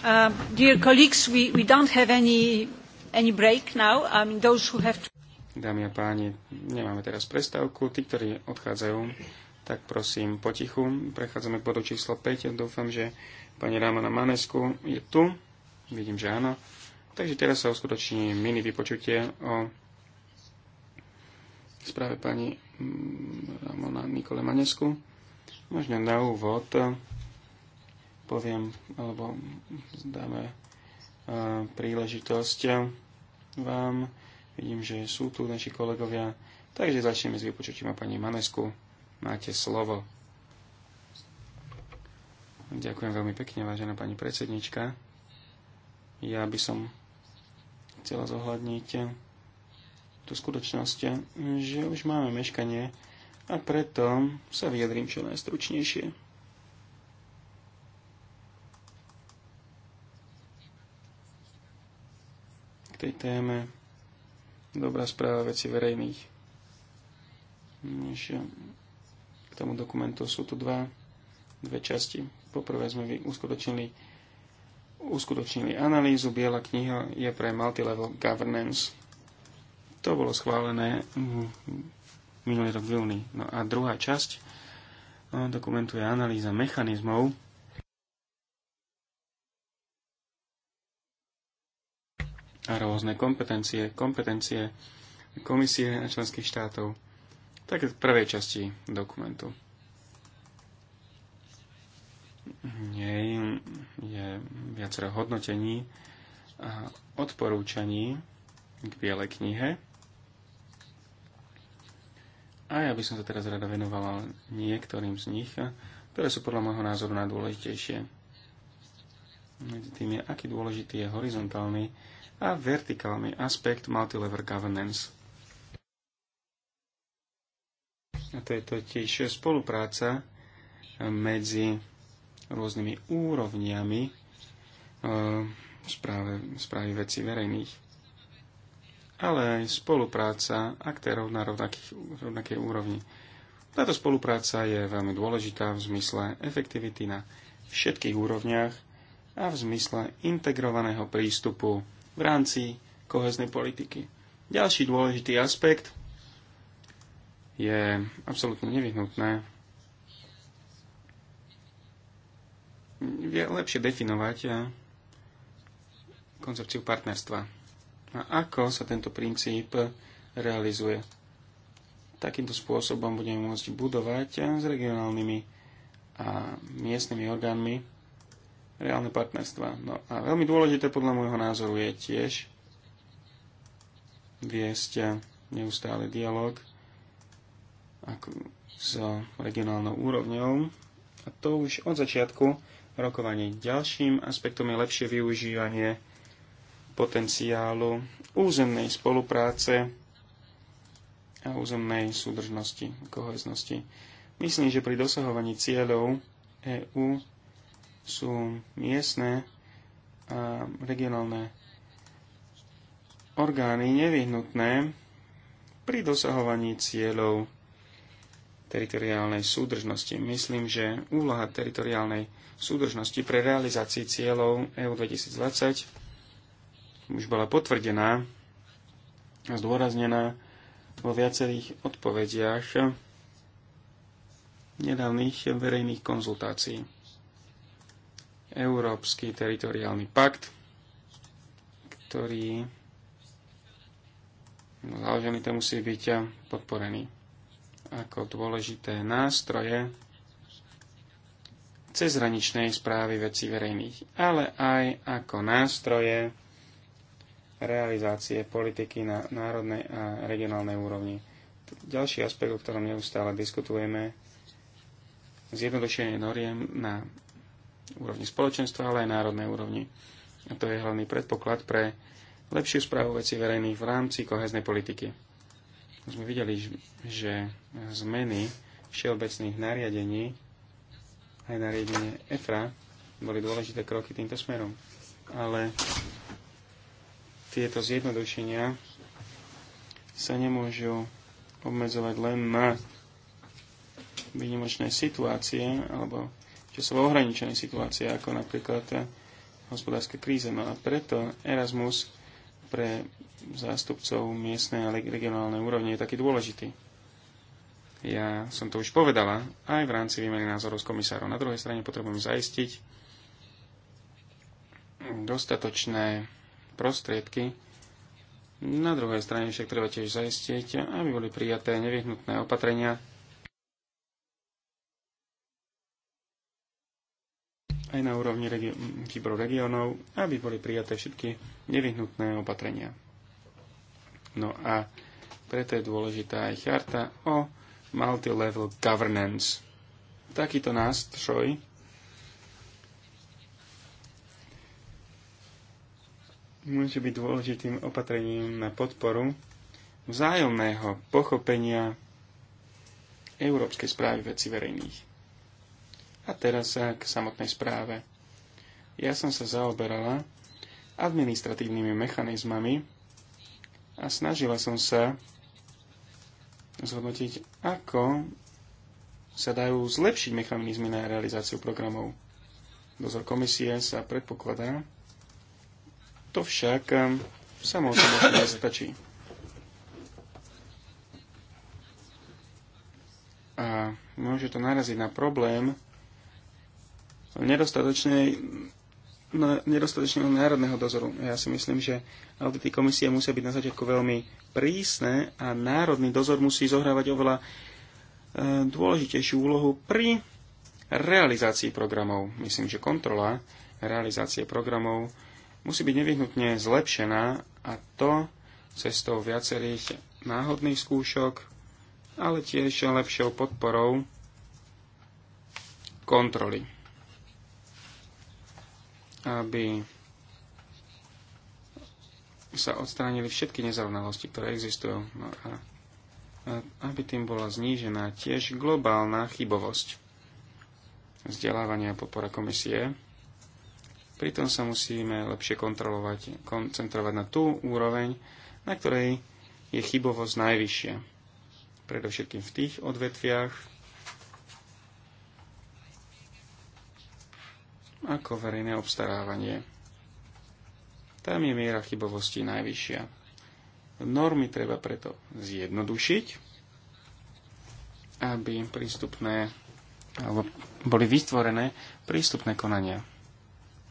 Um, Dámy a páni, nemáme teraz prestávku. Tí, ktorí odchádzajú, tak prosím potichu. Prechádzame k bodu číslo 5. Dúfam, že pani Ramana Manesku je tu. Vidím, že áno. Takže teraz sa uskutoční mini vypočutie o správe pani mm, Ramona Nikole Manesku. Možno na úvod poviem, alebo dáme príležitosť vám. Vidím, že sú tu naši kolegovia. Takže začneme s vypočutím a pani Manesku. Máte slovo. Ďakujem veľmi pekne, vážená pani predsednička. Ja by som chcela zohľadniť tú skutočnosť, že už máme meškanie a preto sa vyjadrím čo najstručnejšie. tej téme. Dobrá správa veci verejných. Eh, k tomu dokumentu sú tu dva, dve časti. Poprvé sme uskutočnili, uskutočnili analýzu. Biela kniha je pre multilevel governance. To bolo schválené hm, minulý rok v júni. No a druhá časť eh, dokumentu je analýza mechanizmov, a rôzne kompetencie, kompetencie komisie a členských štátov. Tak v prvej časti dokumentu. Nie, je viacero hodnotení a odporúčaní k Bielej knihe. A ja by som sa teraz rada venovala niektorým z nich, ktoré sú podľa môjho názoru najdôležitejšie. Medzi tým je, aký dôležitý je horizontálny a vertikálny aspekt multilevel governance. A to je totiž spolupráca medzi rôznymi úrovniami e, správe, správy veci verejných, ale aj spolupráca aktérov na rovnakej úrovni. Táto spolupráca je veľmi dôležitá v zmysle efektivity na všetkých úrovniach a v zmysle integrovaného prístupu v rámci koheznej politiky. Ďalší dôležitý aspekt je absolútne nevyhnutné je lepšie definovať eh, koncepciu partnerstva. A ako sa tento princíp realizuje? Takýmto spôsobom budeme môcť budovať eh, s regionálnymi a miestnymi orgánmi reálne partnerstva. No a veľmi dôležité podľa môjho názoru je tiež viesť neustály dialog ako s regionálnou úrovňou. A to už od začiatku rokovanie. Ďalším aspektom je lepšie využívanie potenciálu územnej spolupráce a územnej súdržnosti, kohoznosti. Myslím, že pri dosahovaní cieľov EÚ sú miestne a regionálne orgány nevyhnutné pri dosahovaní cieľov teritoriálnej súdržnosti. Myslím, že úloha teritoriálnej súdržnosti pre realizácii cieľov EU 2020 už bola potvrdená a zdôraznená vo viacerých odpovediach nedávnych verejných konzultácií. Európsky teritoriálny pakt, ktorý no, založený to musí byť podporený ako dôležité nástroje cezhraničnej správy vecí verejných, ale aj ako nástroje realizácie politiky na národnej a regionálnej úrovni. Ďalší aspekt, o ktorom neustále diskutujeme, zjednodušenie noriem na úrovni spoločenstva, ale aj národnej úrovni. A to je hlavný predpoklad pre lepšiu správu veci verejných v rámci koheznej politiky. Sme videli, že zmeny všeobecných nariadení aj nariadenie EFRA boli dôležité kroky týmto smerom. Ale tieto zjednodušenia sa nemôžu obmedzovať len na výnimočné situácie alebo sú ohraničené situácie, ako napríklad hospodárska kríze. No a preto Erasmus pre zástupcov miestnej a regionálnej úrovne je taký dôležitý. Ja som to už povedala aj v rámci výmeny názorov s komisárom. Na druhej strane potrebujem zaistiť dostatočné prostriedky. Na druhej strane však treba tiež zaistiť, aby boli prijaté nevyhnutné opatrenia, aj na úrovni regi- regiónov, aby boli prijaté všetky nevyhnutné opatrenia. No a preto je dôležitá aj charta o multilevel governance. Takýto nástroj môže byť dôležitým opatrením na podporu vzájomného pochopenia európskej správy veci verejných. A teraz k samotnej správe. Ja som sa zaoberala administratívnymi mechanizmami a snažila som sa zhodnotiť, ako sa dajú zlepšiť mechanizmy na realizáciu programov. Dozor komisie sa predpokladá, to však um, samozrejme o tom A môže to naraziť na problém, nedostatočného národného dozoru. Ja si myslím, že audity komisie musia byť na začiatku veľmi prísne a národný dozor musí zohrávať oveľa e, dôležitejšiu úlohu pri realizácii programov. Myslím, že kontrola realizácie programov musí byť nevyhnutne zlepšená a to cestou viacerých náhodných skúšok, ale tiež lepšou podporou kontroly aby sa odstránili všetky nezrovnalosti, ktoré existujú no a aby tým bola znížená tiež globálna chybovosť vzdelávania a podpora komisie. Pritom sa musíme lepšie kontrolovať, koncentrovať na tú úroveň, na ktorej je chybovosť najvyššia. Predovšetkým v tých odvetviach, ako verejné obstarávanie. Tam je miera chybovosti najvyššia. Normy treba preto zjednodušiť, aby prístupné, alebo boli vytvorené prístupné konania.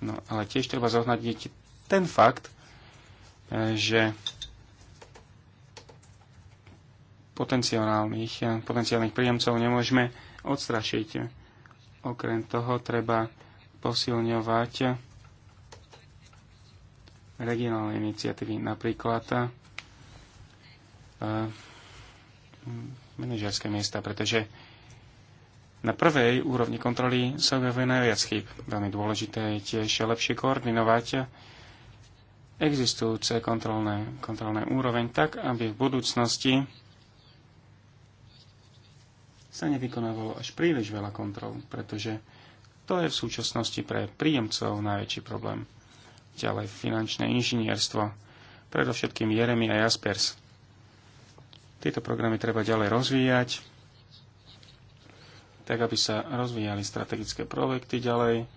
No ale tiež treba zohľadniť ten fakt, že potenciálnych, potenciálnych príjemcov nemôžeme odstrašiť. Okrem toho treba posilňovať regionálne iniciatívy, napríklad e, manažerské miesta, pretože na prvej úrovni kontroly sa objavuje najviac chyb. Veľmi dôležité je tiež lepšie koordinovať existujúce kontrolné, kontrolné úroveň tak, aby v budúcnosti sa nevykonávalo až príliš veľa kontrol, pretože to je v súčasnosti pre príjemcov najväčší problém. Ďalej finančné inžinierstvo, predovšetkým Jeremy a Jaspers. Tieto programy treba ďalej rozvíjať, tak aby sa rozvíjali strategické projekty ďalej,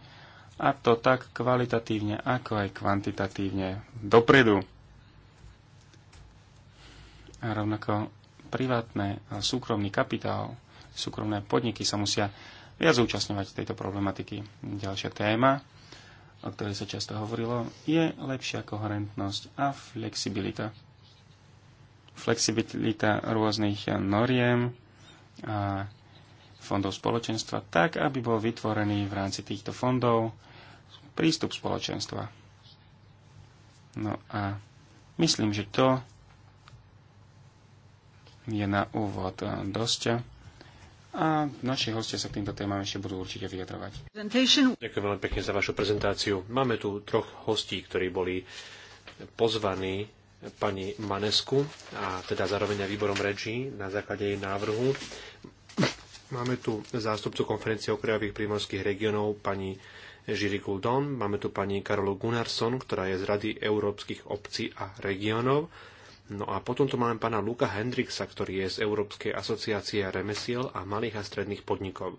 a to tak kvalitatívne, ako aj kvantitatívne dopredu. A rovnako privátne a súkromný kapitál, súkromné podniky sa musia viac zúčastňovať tejto problematiky. Ďalšia téma, o ktorej sa často hovorilo, je lepšia koherentnosť a flexibilita. Flexibilita rôznych noriem a fondov spoločenstva tak, aby bol vytvorený v rámci týchto fondov prístup spoločenstva. No a myslím, že to je na úvod dosť a naši hostia sa k týmto témam ešte budú určite vyjadrovať. Ďakujem veľmi pekne za vašu prezentáciu. Máme tu troch hostí, ktorí boli pozvaní pani Manesku a teda zároveň aj výborom rečí na základe jej návrhu. Máme tu zástupcu konferencie okrajových prímorských regionov pani Žiri Guldon, máme tu pani Karolu Gunnarsson, ktorá je z Rady európskych obcí a regionov No a potom tu máme pána Luka Hendrixa, ktorý je z Európskej asociácie remesiel a malých a stredných podnikov.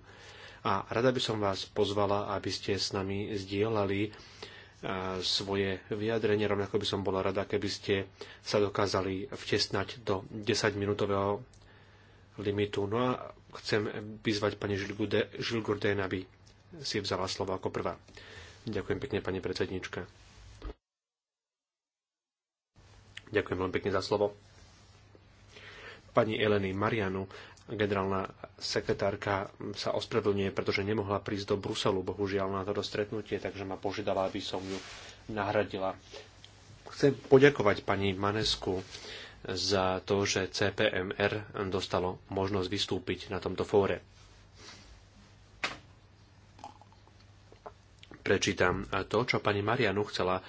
A rada by som vás pozvala, aby ste s nami zdieľali e, svoje vyjadrenie, rovnako by som bola rada, keby ste sa dokázali vtesnať do 10-minútového limitu. No a chcem vyzvať pani Žilgurdén, aby si vzala slovo ako prvá. Ďakujem pekne, pani predsednička. Ďakujem veľmi pekne za slovo. Pani Eleny Marianu, generálna sekretárka sa ospravedlňuje, pretože nemohla prísť do Bruselu, bohužiaľ, na toto stretnutie, takže ma požiadala, aby som ju nahradila. Chcem poďakovať pani Manesku za to, že CPMR dostalo možnosť vystúpiť na tomto fóre. Prečítam to, čo pani Marianu chcela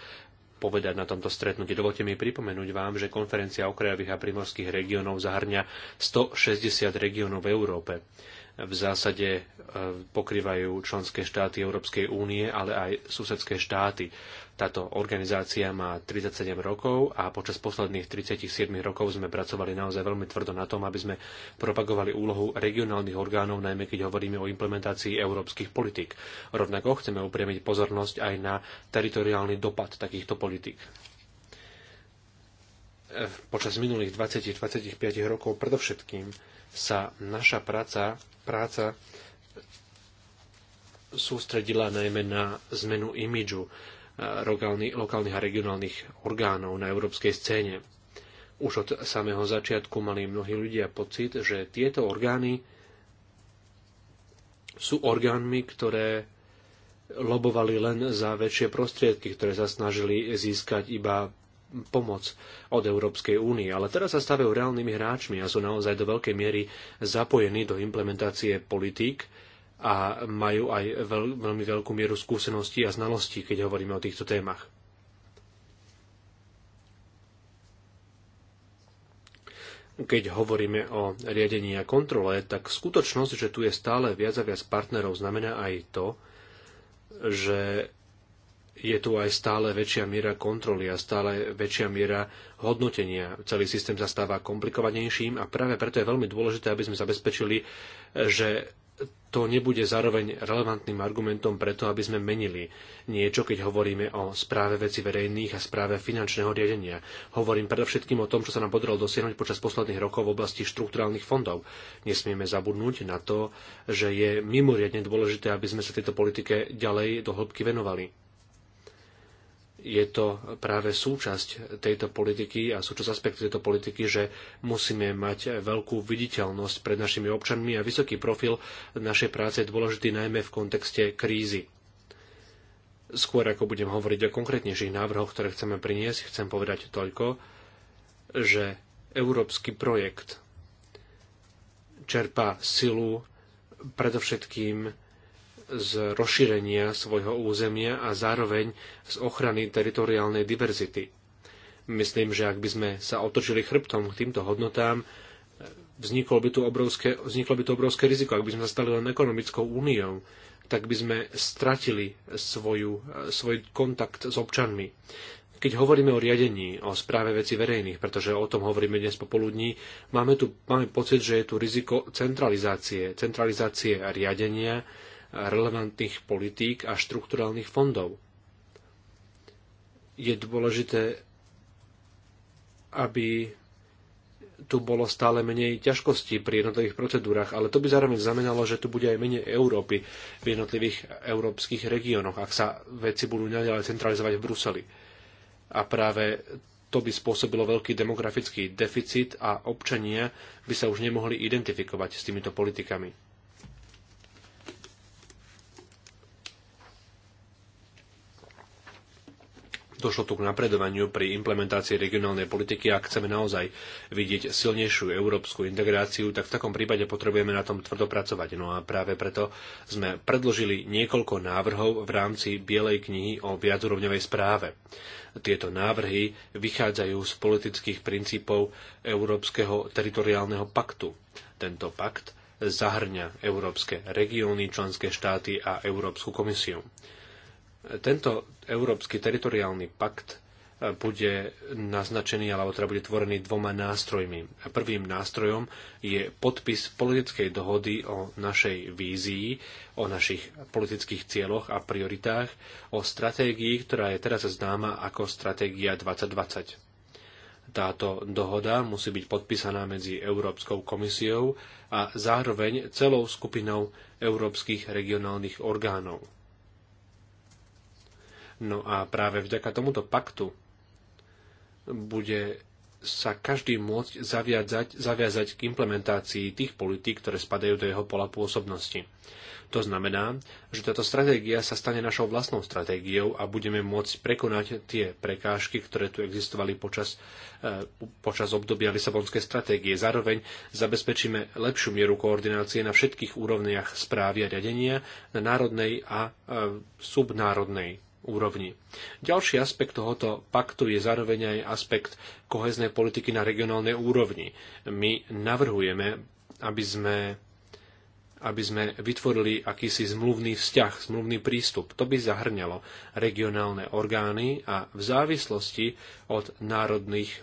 povedať na tomto stretnutí. Dovolte mi pripomenúť vám, že konferencia okrajových a primorských regiónov zahrňa 160 regiónov v Európe v zásade e, pokrývajú členské štáty Európskej únie, ale aj susedské štáty. Táto organizácia má 37 rokov a počas posledných 37 rokov sme pracovali naozaj veľmi tvrdo na tom, aby sme propagovali úlohu regionálnych orgánov, najmä keď hovoríme o implementácii európskych politik. Rovnako chceme upriamiť pozornosť aj na teritoriálny dopad takýchto politik e, počas minulých 20-25 rokov predovšetkým sa naša práca, práca sústredila najmä na zmenu imidžu e, lokálnych a regionálnych orgánov na európskej scéne. Už od samého začiatku mali mnohí ľudia pocit, že tieto orgány sú orgánmi, ktoré lobovali len za väčšie prostriedky, ktoré sa snažili získať iba pomoc od Európskej únie, ale teraz sa stavajú reálnymi hráčmi a sú naozaj do veľkej miery zapojení do implementácie politík a majú aj veľ, veľmi veľkú mieru skúseností a znalostí, keď hovoríme o týchto témach. Keď hovoríme o riadení a kontrole, tak skutočnosť, že tu je stále viac a viac partnerov, znamená aj to, že je tu aj stále väčšia miera kontroly a stále väčšia miera hodnotenia. Celý systém sa stáva komplikovanejším a práve preto je veľmi dôležité, aby sme zabezpečili, že to nebude zároveň relevantným argumentom preto, aby sme menili niečo, keď hovoríme o správe veci verejných a správe finančného riadenia. Hovorím predovšetkým o tom, čo sa nám podarilo dosiahnuť počas posledných rokov v oblasti štruktúrálnych fondov. Nesmieme zabudnúť na to, že je mimoriadne dôležité, aby sme sa tejto politike ďalej do hĺbky venovali je to práve súčasť tejto politiky a súčasť aspektu tejto politiky, že musíme mať veľkú viditeľnosť pred našimi občanmi a vysoký profil našej práce je dôležitý najmä v kontexte krízy. Skôr ako budem hovoriť o konkrétnejších návrhoch, ktoré chceme priniesť, chcem povedať toľko, že európsky projekt čerpá silu predovšetkým z rozšírenia svojho územia a zároveň z ochrany teritoriálnej diverzity. Myslím, že ak by sme sa otočili chrbtom k týmto hodnotám, vzniklo by tu obrovské, vzniklo by tu obrovské riziko. Ak by sme sa stali len ekonomickou úniou, tak by sme stratili svoju, svoj kontakt s občanmi. Keď hovoríme o riadení, o správe veci verejných, pretože o tom hovoríme dnes popoludní, máme tu máme pocit, že je tu riziko centralizácie, centralizácie riadenia, relevantných politík a štrukturálnych fondov. Je dôležité, aby tu bolo stále menej ťažkostí pri jednotlivých procedúrach, ale to by zároveň znamenalo, že tu bude aj menej Európy v jednotlivých európskych regiónoch, ak sa veci budú naďalej centralizovať v Bruseli. A práve to by spôsobilo veľký demografický deficit a občania by sa už nemohli identifikovať s týmito politikami. došlo tu k napredovaniu pri implementácii regionálnej politiky a chceme naozaj vidieť silnejšiu európsku integráciu, tak v takom prípade potrebujeme na tom tvrdo pracovať. No a práve preto sme predložili niekoľko návrhov v rámci Bielej knihy o viacúrovňovej správe. Tieto návrhy vychádzajú z politických princípov Európskeho teritoriálneho paktu. Tento pakt zahrňa európske regióny, členské štáty a Európsku komisiu. Tento Európsky teritoriálny pakt e, bude naznačený, alebo teda bude tvorený dvoma nástrojmi. Prvým nástrojom je podpis politickej dohody o našej vízii, o našich politických cieľoch a prioritách, o stratégii, ktorá je teraz známa ako Stratégia 2020. Táto dohoda musí byť podpísaná medzi Európskou komisiou a zároveň celou skupinou európskych regionálnych orgánov. No a práve vďaka tomuto paktu bude sa každý môcť zaviazať, zaviazať k implementácii tých politík, ktoré spadajú do jeho pola pôsobnosti. To znamená, že táto stratégia sa stane našou vlastnou stratégiou a budeme môcť prekonať tie prekážky, ktoré tu existovali počas, eh, počas obdobia Lisabonskej stratégie. Zároveň zabezpečíme lepšiu mieru koordinácie na všetkých úrovniach správy a riadenia na národnej a eh, subnárodnej úrovni. Ďalší aspekt tohoto paktu je zároveň aj aspekt koheznej politiky na regionálnej úrovni. My navrhujeme, aby sme aby sme vytvorili akýsi zmluvný vzťah, zmluvný prístup. To by zahrňalo regionálne orgány a v závislosti od národných e,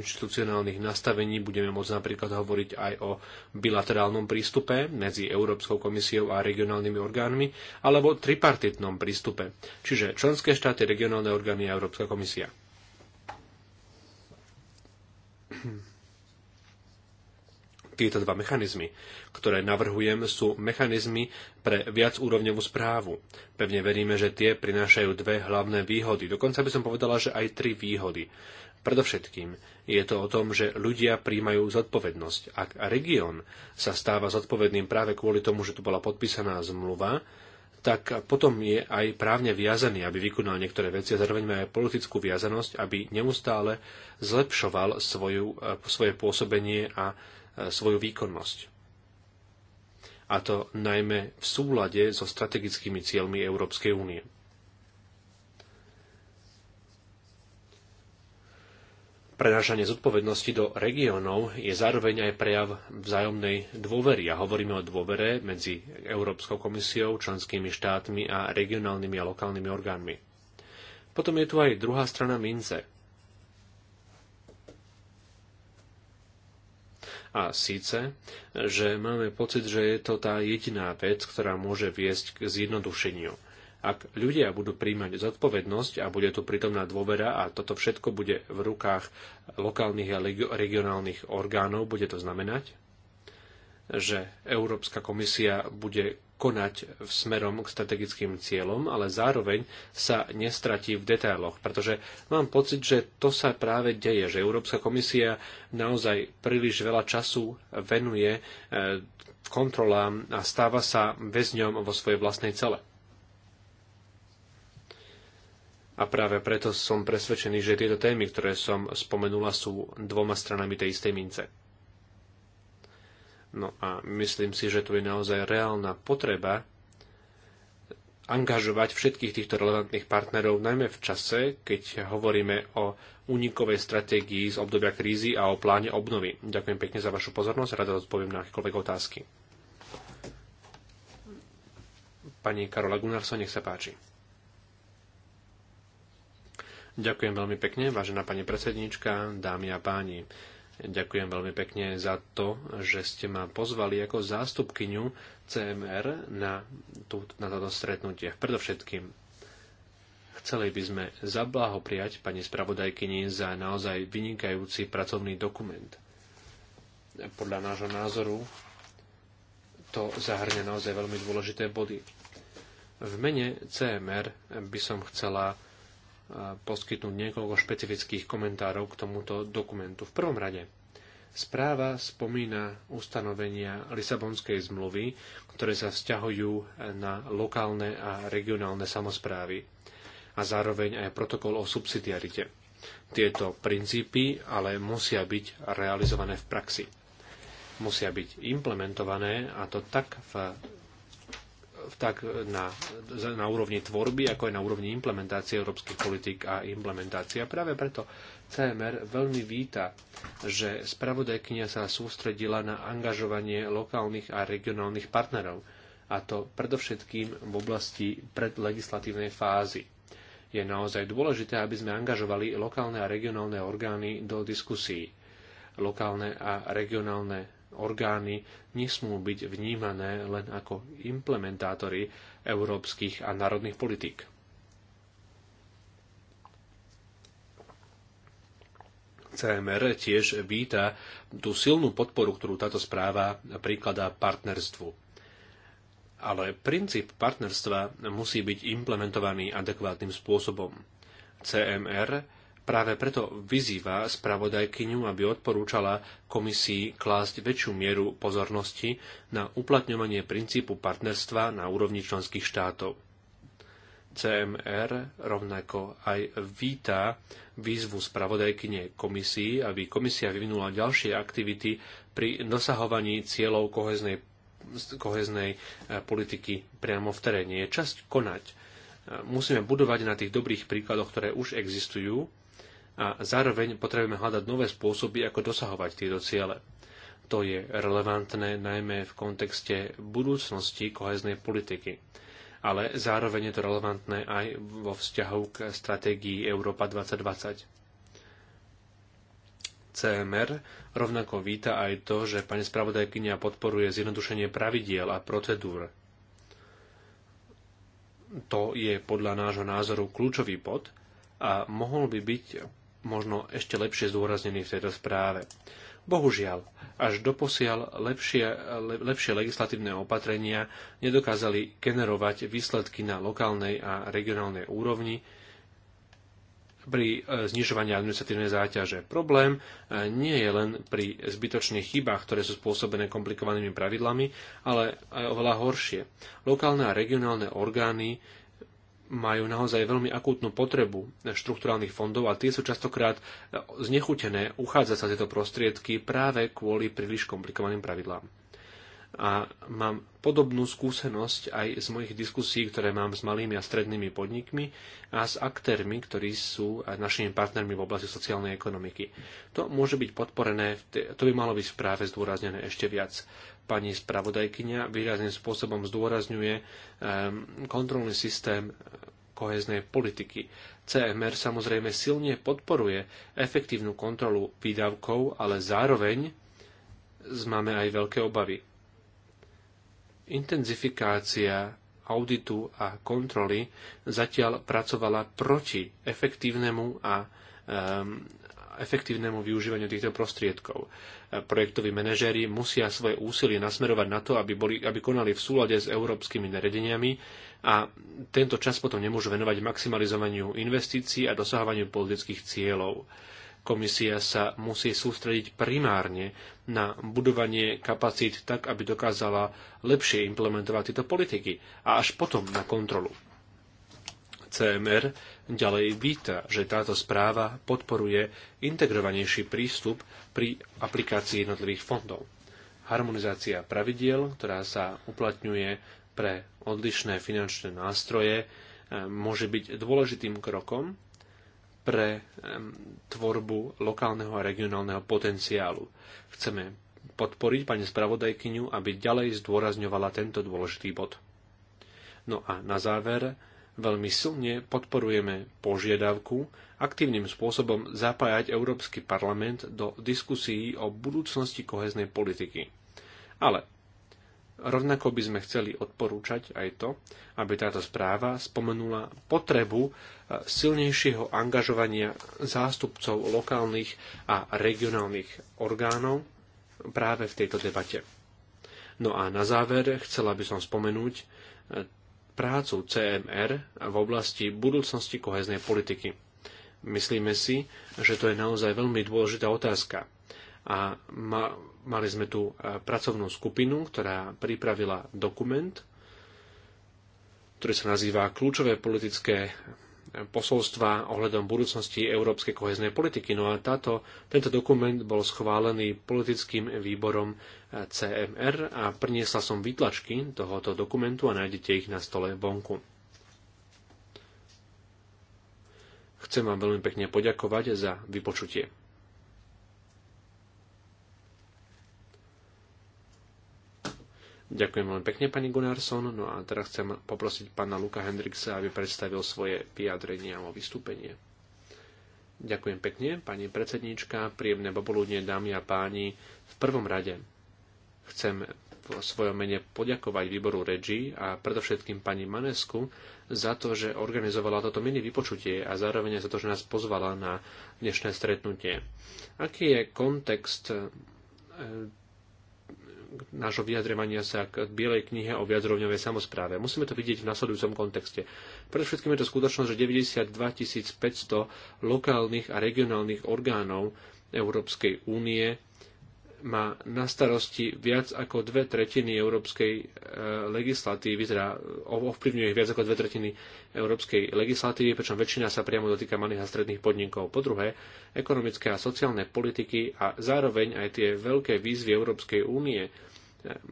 inštitucionálnych nastavení budeme môcť napríklad hovoriť aj o bilaterálnom prístupe medzi Európskou komisiou a regionálnymi orgánmi alebo tripartitnom prístupe, čiže členské štáty, regionálne orgány a Európska komisia. Tieto dva mechanizmy, ktoré navrhujem, sú mechanizmy pre viacúrovňovú správu. Pevne veríme, že tie prinášajú dve hlavné výhody. Dokonca by som povedala, že aj tri výhody. Predovšetkým je to o tom, že ľudia príjmajú zodpovednosť. Ak región sa stáva zodpovedným práve kvôli tomu, že tu bola podpísaná zmluva, tak potom je aj právne viazaný, aby vykonal niektoré veci a zároveň má aj politickú viazanosť, aby neustále zlepšoval svoju, eh, svoje pôsobenie a svoju výkonnosť. A to najmä v súlade so strategickými cieľmi Európskej únie. Prenášanie zodpovednosti do regiónov je zároveň aj prejav vzájomnej dôvery. A hovoríme o dôvere medzi Európskou komisiou, členskými štátmi a regionálnymi a lokálnymi orgánmi. Potom je tu aj druhá strana mince, A síce, že máme pocit, že je to tá jediná vec, ktorá môže viesť k zjednodušeniu. Ak ľudia budú príjmať zodpovednosť a bude tu prítomná dôvera a toto všetko bude v rukách lokálnych a regionálnych orgánov, bude to znamenať, že Európska komisia bude konať smerom k strategickým cieľom, ale zároveň sa nestratí v detailoch, pretože mám pocit, že to sa práve deje, že Európska komisia naozaj príliš veľa času venuje e, kontrolám a stáva sa väzňom vo svojej vlastnej cele. A práve preto som presvedčený, že tieto témy, ktoré som spomenula, sú dvoma stranami tej istej mince. No a myslím si, že tu je naozaj reálna potreba angažovať všetkých týchto relevantných partnerov, najmä v čase, keď hovoríme o únikovej stratégii z obdobia krízy a o pláne obnovy. Ďakujem pekne za vašu pozornosť, a rada odpoviem na akékoľvek otázky. Pani Karola Gunnarsson, nech sa páči. Ďakujem veľmi pekne, vážená pani predsedníčka, dámy a páni. Ďakujem veľmi pekne za to, že ste ma pozvali ako zástupkyňu CMR na, tú, na toto stretnutie. Predovšetkým chceli by sme zablahopriať pani spravodajkyni za naozaj vynikajúci pracovný dokument. Podľa nášho názoru to zahrňa naozaj veľmi dôležité body. V mene CMR by som chcela poskytnúť niekoľko špecifických komentárov k tomuto dokumentu. V prvom rade, správa spomína ustanovenia Lisabonskej zmluvy, ktoré sa vzťahujú na lokálne a regionálne samozprávy a zároveň aj protokol o subsidiarite. Tieto princípy ale musia byť realizované v praxi. Musia byť implementované a to tak v tak na, na úrovni tvorby, ako aj na úrovni implementácie európskych politik a implementácia. Práve preto CMR veľmi víta, že spravodajkynia sa sústredila na angažovanie lokálnych a regionálnych partnerov, a to predovšetkým v oblasti predlegislatívnej fázy. Je naozaj dôležité, aby sme angažovali lokálne a regionálne orgány do diskusí. Lokálne a regionálne orgány nesmú byť vnímané len ako implementátory európskych a národných politík. CMR tiež víta tú silnú podporu, ktorú táto správa prikladá partnerstvu. Ale princíp partnerstva musí byť implementovaný adekvátnym spôsobom. CMR Práve preto vyzýva spravodajkyňu, aby odporúčala komisii klásť väčšiu mieru pozornosti na uplatňovanie princípu partnerstva na úrovni členských štátov. CMR rovnako aj víta výzvu spravodajkyne komisii, aby komisia vyvinula ďalšie aktivity pri dosahovaní cieľov koheznej, koheznej eh, politiky priamo v teréne. Je časť konať. Eh, musíme budovať na tých dobrých príkladoch, ktoré už existujú a zároveň potrebujeme hľadať nové spôsoby, ako dosahovať tieto ciele. To je relevantné najmä v kontexte budúcnosti koheznej politiky, ale zároveň je to relevantné aj vo vzťahu k stratégii Európa 2020. CMR rovnako víta aj to, že pani spravodajkynia podporuje zjednodušenie pravidiel a procedúr. To je podľa nášho názoru kľúčový bod a mohol by byť možno ešte lepšie zdôraznený v tejto správe. Bohužiaľ, až doposiaľ lepšie, lepšie legislatívne opatrenia nedokázali generovať výsledky na lokálnej a regionálnej úrovni pri e, znižovaní administratívnej záťaže. Problém e, nie je len pri zbytočných chybách, ktoré sú spôsobené komplikovanými pravidlami, ale aj oveľa horšie. Lokálne a regionálne orgány majú naozaj veľmi akútnu potrebu štrukturálnych fondov a tie sú častokrát znechutené uchádzať sa tieto prostriedky práve kvôli príliš komplikovaným pravidlám a mám podobnú skúsenosť aj z mojich diskusí, ktoré mám s malými a strednými podnikmi a s aktérmi, ktorí sú našimi partnermi v oblasti sociálnej ekonomiky. To môže byť podporené, to by malo byť v správe zdôraznené ešte viac. Pani spravodajkyňa výrazným spôsobom zdôrazňuje ehm, kontrolný systém eh, koheznej politiky. CMR samozrejme silne podporuje efektívnu kontrolu výdavkov, ale zároveň máme aj veľké obavy. Intenzifikácia auditu a kontroly zatiaľ pracovala proti efektívnemu a um, efektívnemu využívaniu týchto prostriedkov. Projektoví manažéri musia svoje úsilie nasmerovať na to, aby, boli, aby konali v súlade s európskymi nariadeniami a tento čas potom nemôžu venovať maximalizovaniu investícií a dosahovaniu politických cieľov. Komisia sa musí sústrediť primárne na budovanie kapacít tak, aby dokázala lepšie implementovať tieto politiky a až potom na kontrolu. CMR ďalej víta, že táto správa podporuje integrovanejší prístup pri aplikácii jednotlivých fondov. Harmonizácia pravidiel, ktorá sa uplatňuje pre odlišné finančné nástroje, môže byť dôležitým krokom pre tvorbu lokálneho a regionálneho potenciálu. Chceme podporiť pani spravodajkyňu, aby ďalej zdôrazňovala tento dôležitý bod. No a na záver veľmi silne podporujeme požiadavku aktívnym spôsobom zapájať Európsky parlament do diskusí o budúcnosti koheznej politiky. Ale Rovnako by sme chceli odporúčať aj to, aby táto správa spomenula potrebu e, silnejšieho angažovania zástupcov lokálnych a regionálnych orgánov práve v tejto debate. No a na záver chcela by som spomenúť e, prácu CMR v oblasti budúcnosti koheznej politiky. Myslíme si, že to je naozaj veľmi dôležitá otázka a mali sme tu e, pracovnú skupinu, ktorá pripravila dokument, ktorý sa nazýva Kľúčové politické e, posolstva ohľadom budúcnosti európskej koheznej politiky. No a táto, tento dokument bol schválený politickým výborom e, CMR a priniesla som výtlačky tohoto dokumentu a nájdete ich na stole vonku. Chcem vám veľmi pekne poďakovať za vypočutie. Ďakujem veľmi pekne, pani Gunnarsson. No a teraz chcem poprosiť pána Luka Hendriksa, aby predstavil svoje vyjadrenie alebo vystúpenie. Ďakujem pekne, pani predsedníčka, príjemné popoludne, dámy a páni. V prvom rade chcem v svojom mene poďakovať výboru Regi a predovšetkým pani Manesku za to, že organizovala toto mini vypočutie a zároveň za to, že nás pozvala na dnešné stretnutie. Aký je kontext eh, nášho vyjadrovania sa k Bielej knihe o viacrovňovej samozpráve. Musíme to vidieť v nasledujúcom kontexte. Predovšetkým je to skutočnosť, že 92 500 lokálnych a regionálnych orgánov Európskej únie má na starosti viac ako dve tretiny európskej e, legislatívy, teda ovplyvňuje viac ako dve tretiny európskej legislatívy, pričom väčšina sa priamo dotýka malých a stredných podnikov. Po druhé, ekonomické a sociálne politiky a zároveň aj tie veľké výzvy Európskej únie,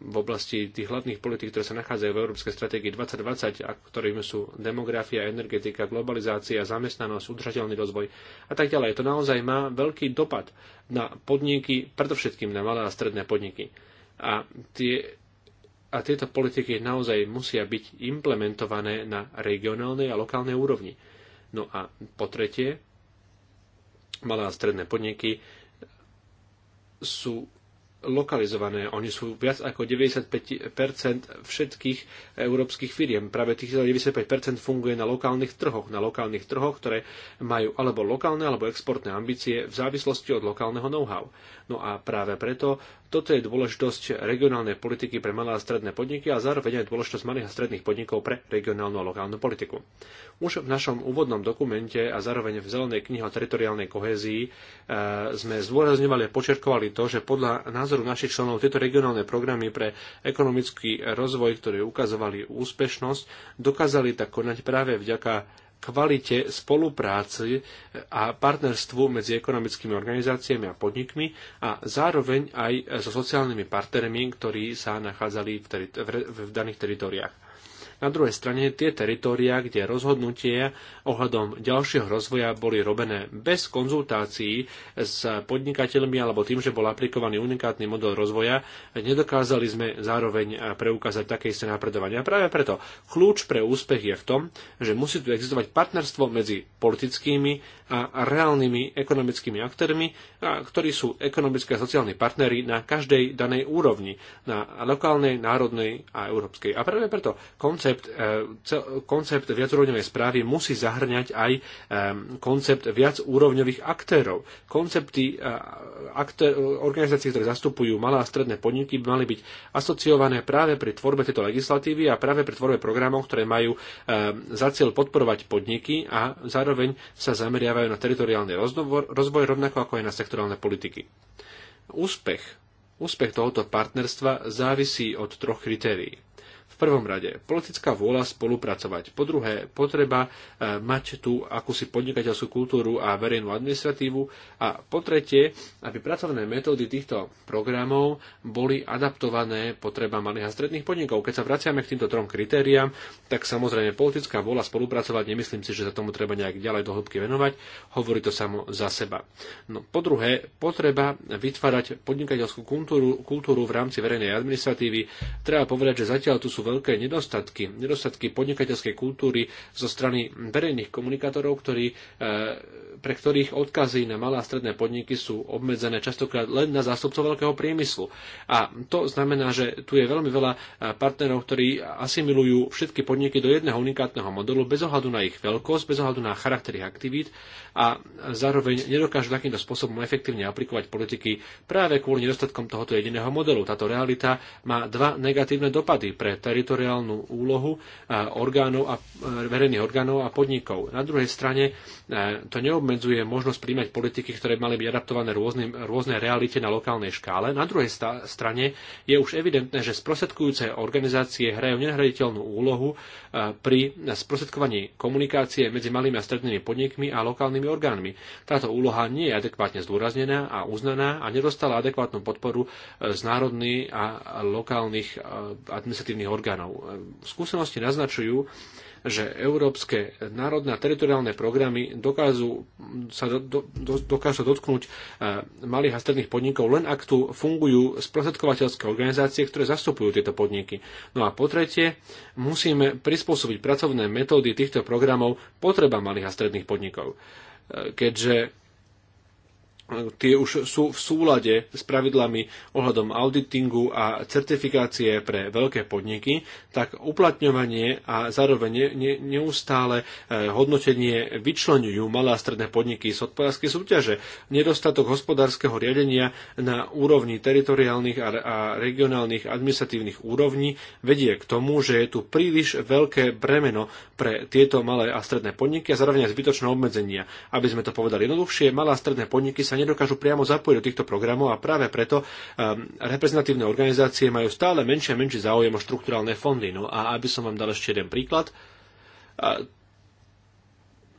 v oblasti tých hlavných politik, ktoré sa nachádzajú v Európskej stratégii 2020, a ktorými sú demografia, energetika, globalizácia, zamestnanosť, udržateľný rozvoj a tak ďalej. To naozaj má veľký dopad na podniky, predovšetkým na malé a stredné podniky. A, tie, a tieto politiky naozaj musia byť implementované na regionálnej a lokálnej úrovni. No a po tretie, malé a stredné podniky sú lokalizované. Oni sú viac ako 95% všetkých európskych firiem. Práve týchto 95% funguje na lokálnych trhoch. Na lokálnych trhoch, ktoré majú alebo lokálne, alebo exportné ambície v závislosti od lokálneho know-how. No a práve preto toto je dôležitosť regionálnej politiky pre malé a stredné podniky a zároveň aj dôležitosť malých a stredných podnikov pre regionálnu a lokálnu politiku. Už v našom úvodnom dokumente a zároveň v Zelenej knihe o teritoriálnej kohézii e, sme zdôrazňovali a počerkovali to, že podľa názoru našich členov tieto regionálne programy pre ekonomický rozvoj, ktoré ukazovali úspešnosť, dokázali tak konať práve vďaka kvalite spolupráce a partnerstvu medzi ekonomickými organizáciami a podnikmi a zároveň aj so sociálnymi partnermi, ktorí sa nachádzali v, teri- v daných teritoriách. Na druhej strane tie teritória, kde rozhodnutie ohľadom ďalšieho rozvoja boli robené bez konzultácií s podnikateľmi alebo tým, že bol aplikovaný unikátny model rozvoja, nedokázali sme zároveň preukázať také isté napredovanie. A práve preto kľúč pre úspech je v tom, že musí tu existovať partnerstvo medzi politickými a reálnymi ekonomickými aktérmi, ktorí sú ekonomické a sociálni partnery na každej danej úrovni, na lokálnej, národnej a európskej. A práve preto koncept koncept, e, koncept viacúrovňovej správy musí zahrňať aj e, koncept viacúrovňových aktérov. Koncepty e, aktér, organizácií, ktoré zastupujú malé a stredné podniky, by mali byť asociované práve pri tvorbe tejto legislatívy a práve pri tvorbe programov, ktoré majú za cieľ podporovať podniky a zároveň sa zameriavajú na teritoriálny rozvoj, rovnako ako aj na sektorálne politiky. Úspech Úspech tohoto partnerstva závisí od troch kritérií prvom rade politická vôľa spolupracovať, po druhé potreba e, mať tú akúsi podnikateľskú kultúru a verejnú administratívu a po tretie, aby pracovné metódy týchto programov boli adaptované potreba malých a stredných podnikov. Keď sa vraciame k týmto trom kritériám, tak samozrejme politická vôľa spolupracovať, nemyslím si, že sa tomu treba nejak ďalej do hĺbky venovať, hovorí to samo za seba. No, po druhé, potreba vytvárať podnikateľskú kultúru, kultúru v rámci verejnej administratívy. Treba povedať, že zatiaľ tu sú veľké nedostatky. Nedostatky podnikateľskej kultúry zo strany verejných komunikátorov, ktorí, e, pre ktorých odkazy na malé a stredné podniky sú obmedzené častokrát len na zástupcov veľkého priemyslu. A to znamená, že tu je veľmi veľa e, partnerov, ktorí asimilujú všetky podniky do jedného unikátneho modelu bez ohľadu na ich veľkosť, bez ohľadu na charakter ich aktivít a zároveň nedokážu takýmto spôsobom efektívne aplikovať politiky práve kvôli nedostatkom tohoto jediného modelu. Táto realita má dva negatívne dopady pre teritoriálnu úlohu e, orgánov a e, verejných orgánov a podnikov. Na druhej strane e, to neobmedzuje možnosť príjmať politiky, ktoré mali byť adaptované rôzne, rôzne realite na lokálnej škále. Na druhej strane je už evidentné, že sprostredkujúce organizácie hrajú nenahraditeľnú úlohu pri sprostredkovaní komunikácie medzi malými a strednými podnikmi a lokálnymi orgánmi. Táto úloha nie je adekvátne zdôraznená a uznaná a nedostala adekvátnu podporu z národných a lokálnych administratívnych orgánov orgánov. E, skúsenosti naznačujú, že európske národné a teritoriálne programy dokážu sa, do, do, dokážu dotknúť e, malých a stredných podnikov len ak tu fungujú sprostredkovateľské organizácie, ktoré zastupujú tieto podniky. No a po tretie, musíme prispôsobiť pracovné metódy týchto programov potreba malých a stredných podnikov. E, keďže tie už sú v súlade s pravidlami ohľadom auditingu a certifikácie pre veľké podniky, tak uplatňovanie a zároveň neustále e, hodnotenie vyčlenujú malé a stredné podniky z hospodárskej súťaže. Nedostatok hospodárskeho riadenia na úrovni teritoriálnych a regionálnych administratívnych úrovní vedie k tomu, že je tu príliš veľké bremeno pre tieto malé a stredné podniky a zároveň aj zbytočné obmedzenia. Aby sme to povedali jednoduchšie, malé a stredné podniky sa nedokážu priamo zapojiť do týchto programov a práve preto um, reprezentatívne organizácie majú stále menšie a menší záujem o štrukturálne fondy. No a aby som vám dal ešte jeden príklad,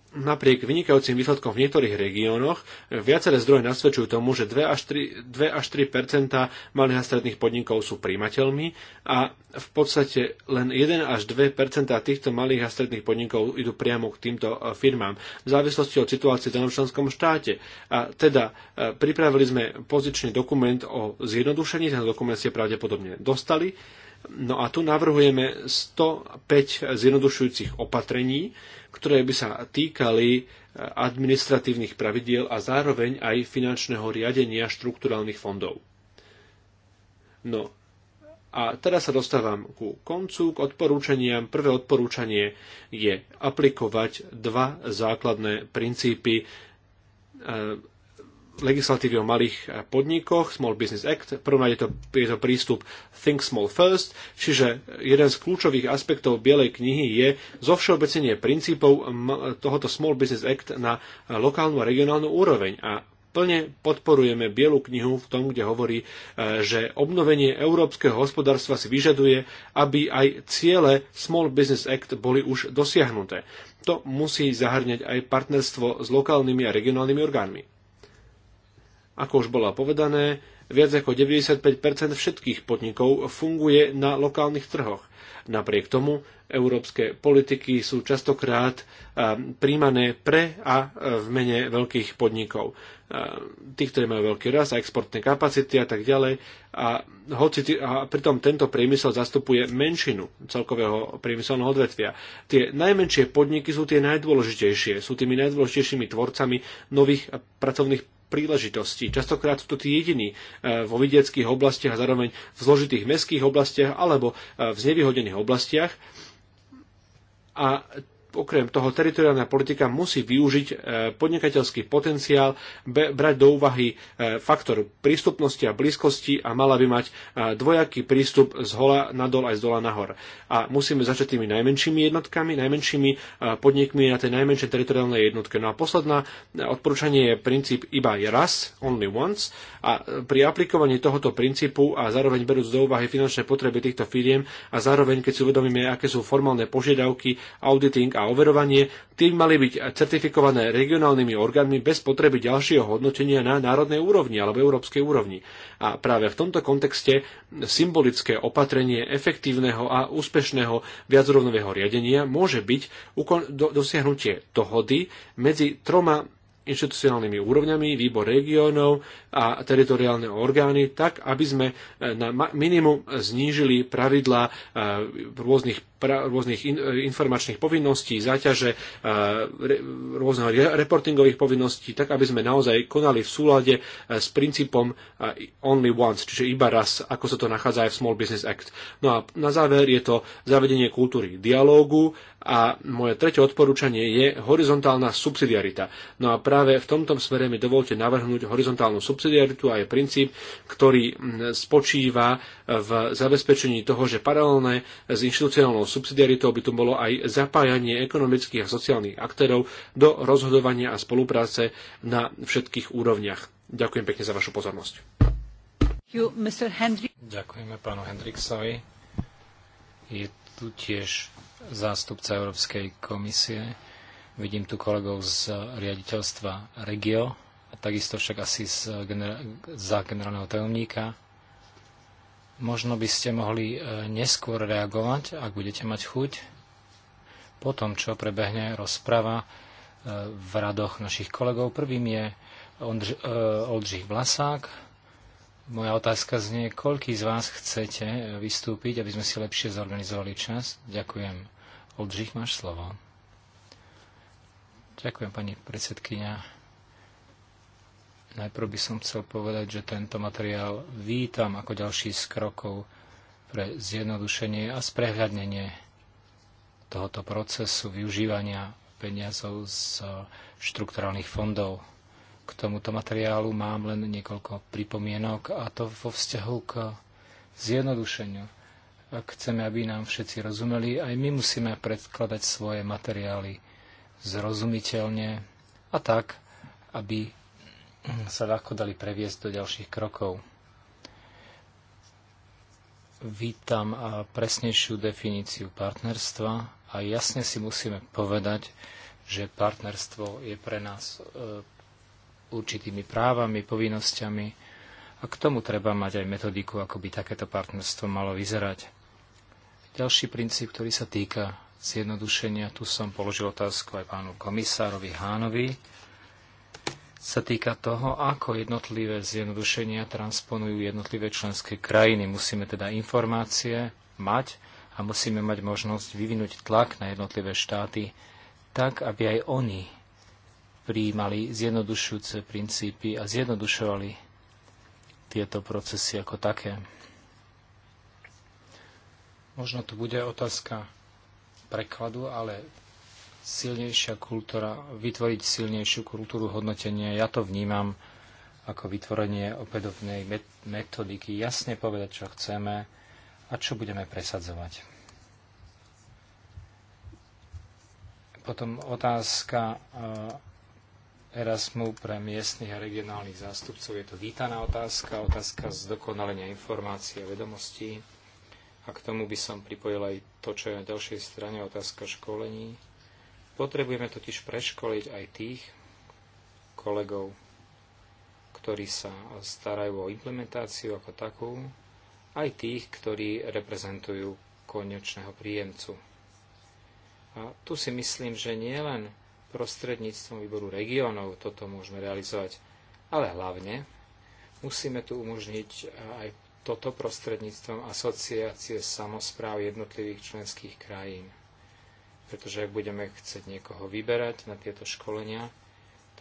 Napriek vynikajúcim výsledkom v niektorých regiónoch, viaceré zdroje nasvedčujú tomu, že 2 až 3, 2 až 3 malých a stredných podnikov sú príjmateľmi a v podstate len 1 až 2 týchto malých a stredných podnikov idú priamo k týmto e, firmám v závislosti od situácie v danom členskom štáte. A teda e, pripravili sme pozičný dokument o zjednodušení, ten dokument ste pravdepodobne dostali. No a tu navrhujeme 105 zjednodušujúcich opatrení, ktoré by sa týkali e, administratívnych pravidiel a zároveň aj finančného riadenia štrukturálnych fondov. No a teraz sa dostávam ku koncu, k odporúčaniam. Prvé odporúčanie je aplikovať dva základné princípy e, legislatívy o malých e, podnikoch, Small Business Act. V prvom je to, je to prístup Think Small First, čiže jeden z kľúčových aspektov Bielej knihy je zovšeobecenie princípov tohoto Small Business Act na lokálnu a regionálnu úroveň. A plne podporujeme Bielu knihu v tom, kde hovorí, e, že obnovenie európskeho hospodárstva si vyžaduje, aby aj ciele Small Business Act boli už dosiahnuté. To musí zahrňať aj partnerstvo s lokálnymi a regionálnymi orgánmi. Ako už bola povedané, viac ako 95 všetkých podnikov funguje na lokálnych trhoch. Napriek tomu európske politiky sú častokrát e, príjmané pre a e, v mene veľkých podnikov. E, Tých, ktorí majú veľký rast a exportné kapacity a tak ďalej. A, hoci, a pritom tento priemysel zastupuje menšinu celkového priemyselného odvetvia. Tie najmenšie podniky sú tie najdôležitejšie, sú tými najdôležitejšími tvorcami nových pracovných príležitosti. Častokrát sú to tí jediní e, vo vidieckých oblastiach a zároveň v zložitých mestských oblastiach alebo e, v znevýhodených oblastiach. A okrem toho teritoriálna politika musí využiť e, podnikateľský potenciál, brať do úvahy e, faktor prístupnosti a blízkosti a mala by mať e, dvojaký prístup z hola nadol aj z dola nahor. A musíme začať tými najmenšími jednotkami, najmenšími podnikmi na tej najmenšej teritoriálnej jednotke. No a posledná odporúčanie je princíp iba raz, only once. A pri aplikovaní tohoto princípu a zároveň berúc do úvahy finančné potreby týchto firiem a zároveň, keď si uvedomíme, aké sú formálne požiadavky, auditing a overovanie, tie mali byť certifikované regionálnymi orgánmi bez potreby ďalšieho hodnotenia na národnej úrovni alebo európskej úrovni. A práve v tomto kontexte symbolické opatrenie efektívneho a úspešného viacrovnového riadenia môže byť dosiahnutie dohody medzi troma inštitucionálnymi úrovňami, výbor regiónov a teritoriálne orgány, tak aby sme eh, na minimum znížili pravidlá eh, rôznych rôznych e, informačných povinností, záťaže, e, rôzneho reportingových povinností, tak aby sme naozaj konali v súlade e, s princípom only once, čiže iba raz, ako sa to nachádza aj v Small Business Act. No a na záver je to zavedenie kultúry dialógu a moje tretie odporúčanie je horizontálna subsidiarita. No a práve v tomto smere mi dovolte navrhnúť horizontálnu subsidiaritu a je princíp, ktorý spočíva v zabezpečení toho, že paralelne s inštitucionálnou subsidiaritou by tu bolo aj zapájanie ekonomických a sociálnych aktérov do rozhodovania a spolupráce na všetkých úrovniach. Ďakujem pekne za vašu pozornosť. Ďakujeme pánu Hendriksovi. Je tu tiež zástupca Európskej komisie. Vidím tu kolegov z riaditeľstva Regio a takisto však asi z, za generálneho tajomníka Možno by ste mohli e, neskôr reagovať, ak budete mať chuť, po tom, čo prebehne rozprava e, v radoch našich kolegov. Prvým je Ondř- e, Oldřich Vlasák. Moja otázka znie, koľký z vás chcete vystúpiť, aby sme si lepšie zorganizovali čas? Ďakujem. Oldřich, máš slovo. Ďakujem, pani predsedkynia. Najprv by som chcel povedať, že tento materiál vítam ako ďalší z krokov pre zjednodušenie a sprehľadnenie tohoto procesu využívania peniazov z štrukturálnych fondov. K tomuto materiálu mám len niekoľko pripomienok a to vo vzťahu k zjednodušeniu. Ak chceme, aby nám všetci rozumeli, aj my musíme predkladať svoje materiály zrozumiteľne a tak, aby sa ľahko dali previesť do ďalších krokov. Vítam a presnejšiu definíciu partnerstva a jasne si musíme povedať, že partnerstvo je pre nás e, určitými právami, povinnosťami a k tomu treba mať aj metodiku, ako by takéto partnerstvo malo vyzerať. Ďalší princíp, ktorý sa týka zjednodušenia, tu som položil otázku aj pánu komisárovi Hánovi sa týka toho, ako jednotlivé zjednodušenia transponujú jednotlivé členské krajiny. Musíme teda informácie mať a musíme mať možnosť vyvinúť tlak na jednotlivé štáty, tak aby aj oni prijímali zjednodušujúce princípy a zjednodušovali tieto procesy ako také. Možno tu bude otázka prekladu, ale silnejšia kultúra, vytvoriť silnejšiu kultúru hodnotenia. Ja to vnímam ako vytvorenie opätovnej metodiky, jasne povedať, čo chceme a čo budeme presadzovať. Potom otázka eh, Erasmu pre miestnych a regionálnych zástupcov. Je to vítaná otázka, otázka zdokonalenia informácií a vedomostí. A k tomu by som pripojil aj to, čo je na ďalšej strane, otázka školení. Potrebujeme totiž preškoliť aj tých kolegov, ktorí sa starajú o implementáciu ako takú, aj tých, ktorí reprezentujú konečného príjemcu. A tu si myslím, že nielen prostredníctvom výboru regiónov toto môžeme realizovať, ale hlavne musíme tu umožniť aj toto prostredníctvom asociácie samozpráv jednotlivých členských krajín pretože ak budeme chcieť niekoho vyberať na tieto školenia,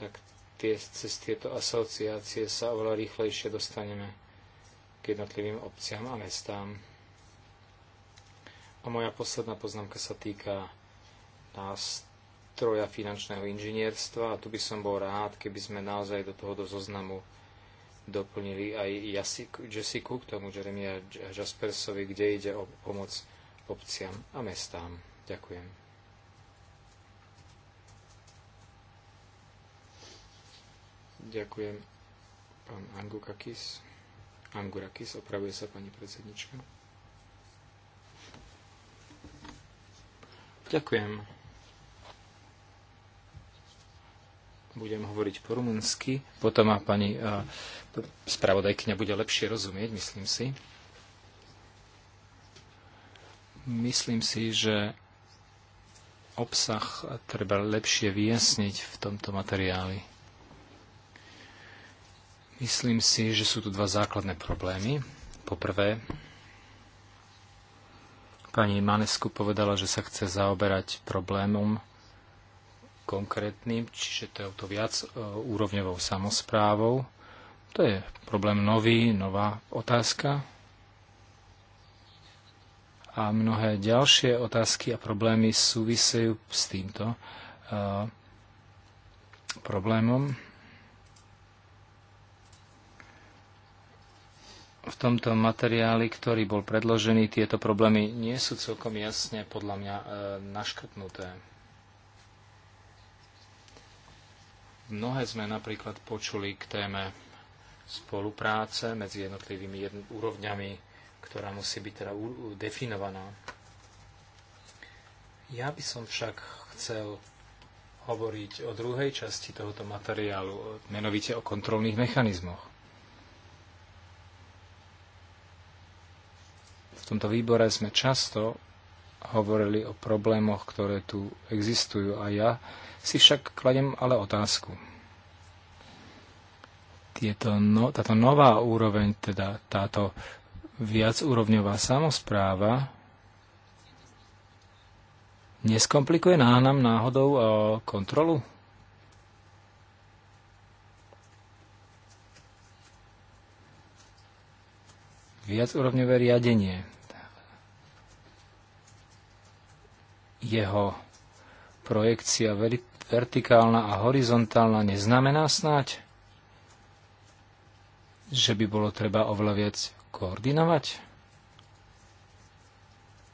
tak tie, cez tieto asociácie sa oveľa rýchlejšie dostaneme k jednotlivým obciam a mestám. A moja posledná poznámka sa týka nástroja finančného inžinierstva a tu by som bol rád, keby sme naozaj do toho do zoznamu doplnili aj Jessiku k tomu Jeremia Jaspersovi, kde ide o pomoc obciam a mestám. Ďakujem. Ďakujem pán Angukakis. Angurakis, opravuje sa pani predsednička. Ďakujem. Budem hovoriť po rumunsky, potom ma pani a, eh, spravodajkyňa bude lepšie rozumieť, myslím si. Myslím si, že obsah treba lepšie vyjasniť v tomto materiáli. Myslím si, že sú tu dva základné problémy. Poprvé, pani Manesku povedala, že sa chce zaoberať problémom konkrétnym, čiže to je to viac e, úrovňovou samozprávou. To je problém nový, nová otázka. A mnohé ďalšie otázky a problémy súvisejú s týmto e, problémom v tomto materiáli, ktorý bol predložený, tieto problémy nie sú celkom jasne podľa mňa e, naškrtnuté. Mnohé sme napríklad počuli k téme spolupráce medzi jednotlivými jedn- úrovňami, ktorá musí byť teda definovaná. Ja by som však chcel hovoriť o druhej časti tohoto materiálu, menovite o kontrolných mechanizmoch. V tomto výbore sme často hovorili o problémoch, ktoré tu existujú a ja si však kladem ale otázku. Tieto no, táto nová úroveň, teda táto viacúrovňová samozpráva neskomplikuje nám náhodou o kontrolu? Viacúrovňové riadenie jeho projekcia vertikálna a horizontálna neznamená snáď, že by bolo treba oveľa viac koordinovať,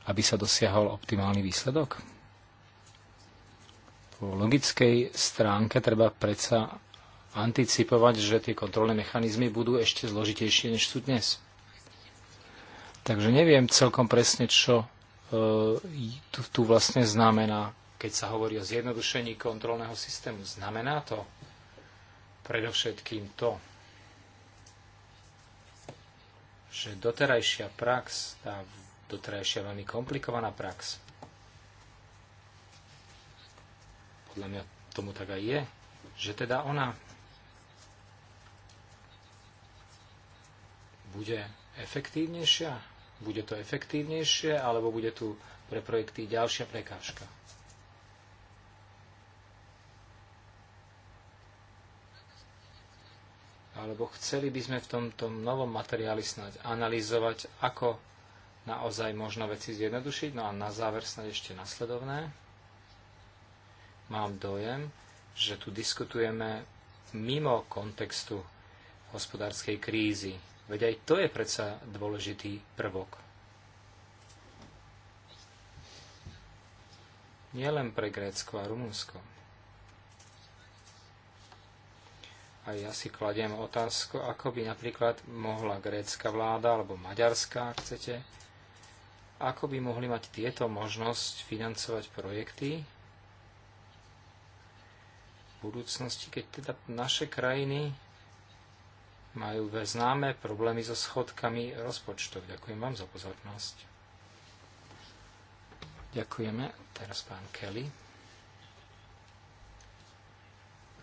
aby sa dosiahol optimálny výsledok? Po logickej stránke treba predsa anticipovať, že tie kontrolné mechanizmy budú ešte zložitejšie, než sú dnes. Takže neviem celkom presne, čo E, tu, tu vlastne znamená, keď sa hovorí o zjednodušení kontrolného systému, znamená to predovšetkým to, že doterajšia prax, tá doterajšia veľmi komplikovaná prax, podľa mňa tomu tak aj je, že teda ona bude efektívnejšia, bude to efektívnejšie, alebo bude tu pre projekty ďalšia prekážka? Alebo chceli by sme v tomto novom materiáli snáď analyzovať, ako naozaj možno veci zjednodušiť. No a na záver snáď ešte nasledovné. Mám dojem, že tu diskutujeme mimo kontextu hospodárskej krízy, Veď aj to je predsa dôležitý prvok. Nie len pre Grécko a Rumunsko. A ja si kladiem otázku, ako by napríklad mohla grécka vláda, alebo maďarská, ak chcete, ako by mohli mať tieto možnosť financovať projekty v budúcnosti, keď teda naše krajiny majú známe problémy so schodkami rozpočtov. Ďakujem vám za pozornosť. Ďakujeme. Teraz pán Kelly.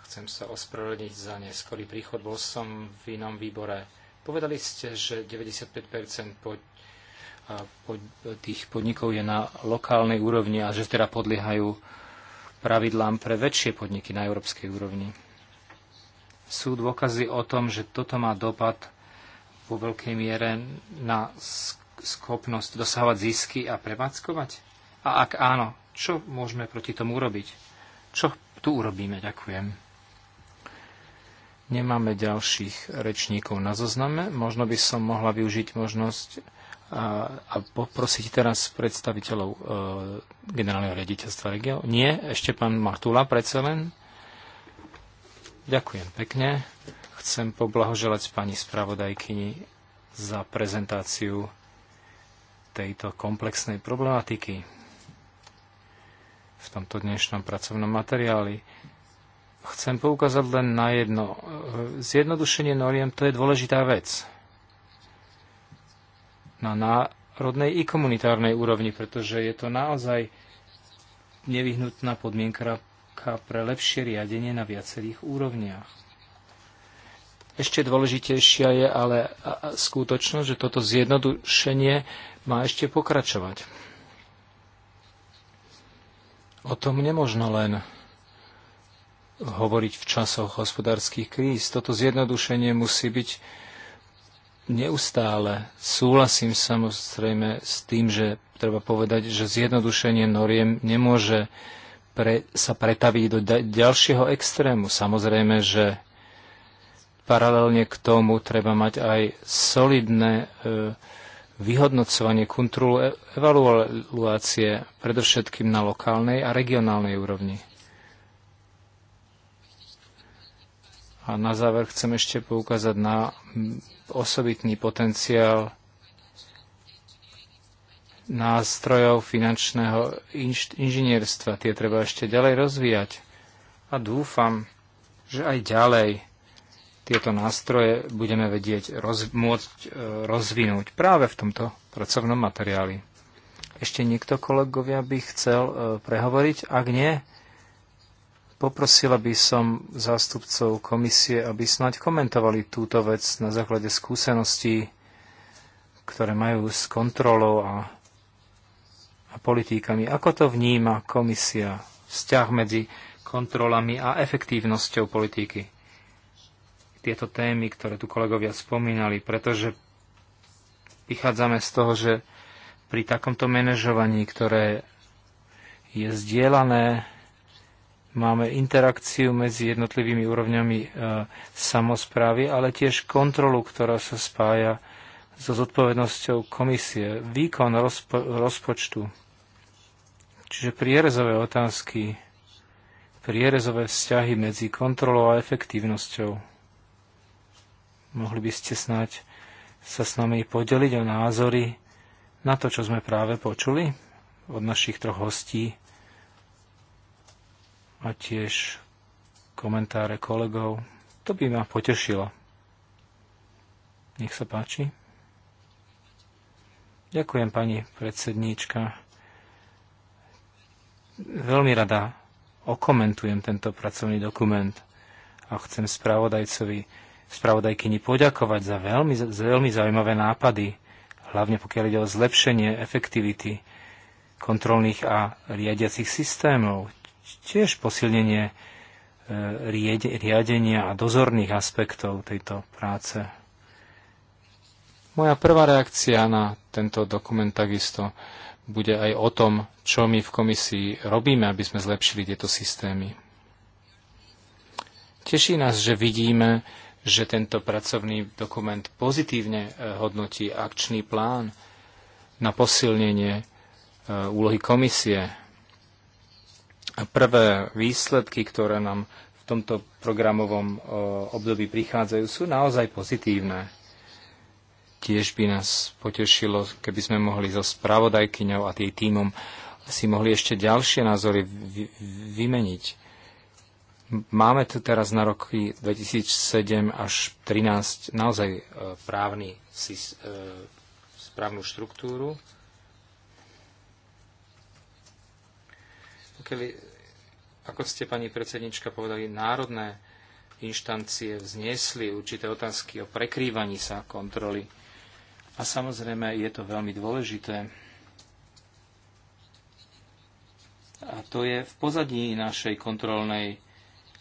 Chcem sa ospravedlniť za neskorý príchod. Bol som v inom výbore. Povedali ste, že 95 po, po, tých podnikov je na lokálnej úrovni a že teda podliehajú pravidlám pre väčšie podniky na európskej úrovni sú dôkazy o tom, že toto má dopad vo veľkej miere na schopnosť dosahovať zisky a prevádzkovať? A ak áno, čo môžeme proti tomu urobiť? Čo tu urobíme? Ďakujem. Nemáme ďalších rečníkov na zozname. Možno by som mohla využiť možnosť a, a poprosiť teraz predstaviteľov e, generálneho riaditeľstva regionu. Nie, ešte pán Martula, predsa len. Ďakujem pekne. Chcem poblahoželať pani spravodajkyni za prezentáciu tejto komplexnej problematiky v tomto dnešnom pracovnom materiáli. Chcem poukázať len na jedno. Zjednodušenie noriem to je dôležitá vec. Na národnej i komunitárnej úrovni, pretože je to naozaj nevyhnutná podmienka páka pre lepšie riadenie na viacerých úrovniach. Ešte dôležitejšia je ale skutočnosť, že toto zjednodušenie má ešte pokračovať. O tom nemožno len hovoriť v časoch hospodárskych kríz. Toto zjednodušenie musí byť neustále. Súhlasím samozrejme s tým, že treba povedať, že zjednodušenie noriem nemôže pre, sa pretaví do ďalšieho extrému. Samozrejme, že paralelne k tomu treba mať aj solidné e, vyhodnocovanie, kontrolu e- evaluácie, predovšetkým na lokálnej a regionálnej úrovni. A na záver chcem ešte poukázať na osobitný potenciál nástrojov finančného inž, inžinierstva. Tie treba ešte ďalej rozvíjať. A dúfam, že aj ďalej tieto nástroje budeme vedieť roz, môcť e, rozvinúť práve v tomto pracovnom materiáli. Ešte niekto kolegovia by chcel e, prehovoriť? Ak nie, poprosila by som zástupcov komisie, aby snáď komentovali túto vec na základe skúseností, ktoré majú s kontrolou a a politikami. Ako to vníma komisia? Vzťah medzi kontrolami a efektívnosťou politiky. Tieto témy, ktoré tu kolegovia spomínali, pretože vychádzame z toho, že pri takomto manažovaní, ktoré je zdieľané, máme interakciu medzi jednotlivými úrovňami e, samozprávy, ale tiež kontrolu, ktorá sa spája so zodpovednosťou komisie. Výkon rozpo- rozpočtu, čiže prierezové otázky, prierezové vzťahy medzi kontrolou a efektívnosťou. Mohli by ste snáď sa s nami podeliť o názory na to, čo sme práve počuli od našich troch hostí a tiež komentáre kolegov. To by ma potešilo. Nech sa páči. Ďakujem, pani predsedníčka. Veľmi rada okomentujem tento pracovný dokument a chcem spravodajcovi, spravodajkyni poďakovať za veľmi, za veľmi zaujímavé nápady, hlavne pokiaľ ide o zlepšenie efektivity kontrolných a riadiacich systémov, tiež posilnenie e, riadenia a dozorných aspektov tejto práce. Moja prvá reakcia na tento dokument takisto bude aj o tom, čo my v komisii robíme, aby sme zlepšili tieto systémy. Teší nás, že vidíme, že tento pracovný dokument pozitívne e, hodnotí akčný plán na posilnenie e, úlohy komisie. A Prvé výsledky, ktoré nám v tomto programovom e, období prichádzajú, sú naozaj pozitívne. Tiež by nás potešilo, keby sme mohli so spravodajkyňou a tým týmom si mohli ešte ďalšie názory vymeniť. Máme tu teraz na roky 2007 až 2013 naozaj e, právny, e, správnu štruktúru. Keby, ako ste, pani predsednička, povedali, národné inštancie vzniesli určité otázky o prekrývaní sa kontroly. A samozrejme je to veľmi dôležité. A to je v pozadí našej kontrolnej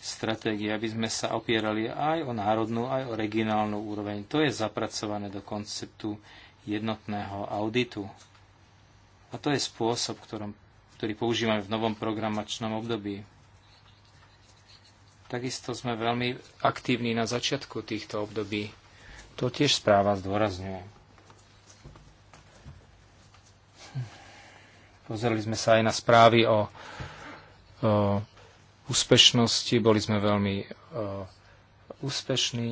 stratégie, aby sme sa opierali aj o národnú, aj o regionálnu úroveň. To je zapracované do konceptu jednotného auditu. A to je spôsob, ktorom, ktorý používame v novom programačnom období. Takisto sme veľmi aktívni na začiatku týchto období. To tiež správa zdôrazňuje. Pozreli sme sa aj na správy o, o úspešnosti, boli sme veľmi o, úspešní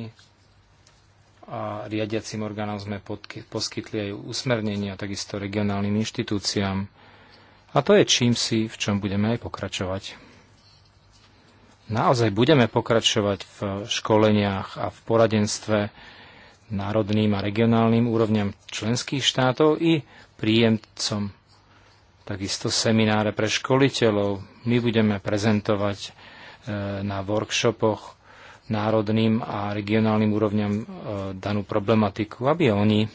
a riadiacim orgánom sme poskytli aj usmernenia takisto regionálnym inštitúciám. A to je čím si, v čom budeme aj pokračovať. Naozaj budeme pokračovať v školeniach a v poradenstve národným a regionálnym úrovňam členských štátov i príjemcom takisto semináre pre školiteľov. My budeme prezentovať e, na workshopoch národným a regionálnym úrovňam e, danú problematiku, aby oni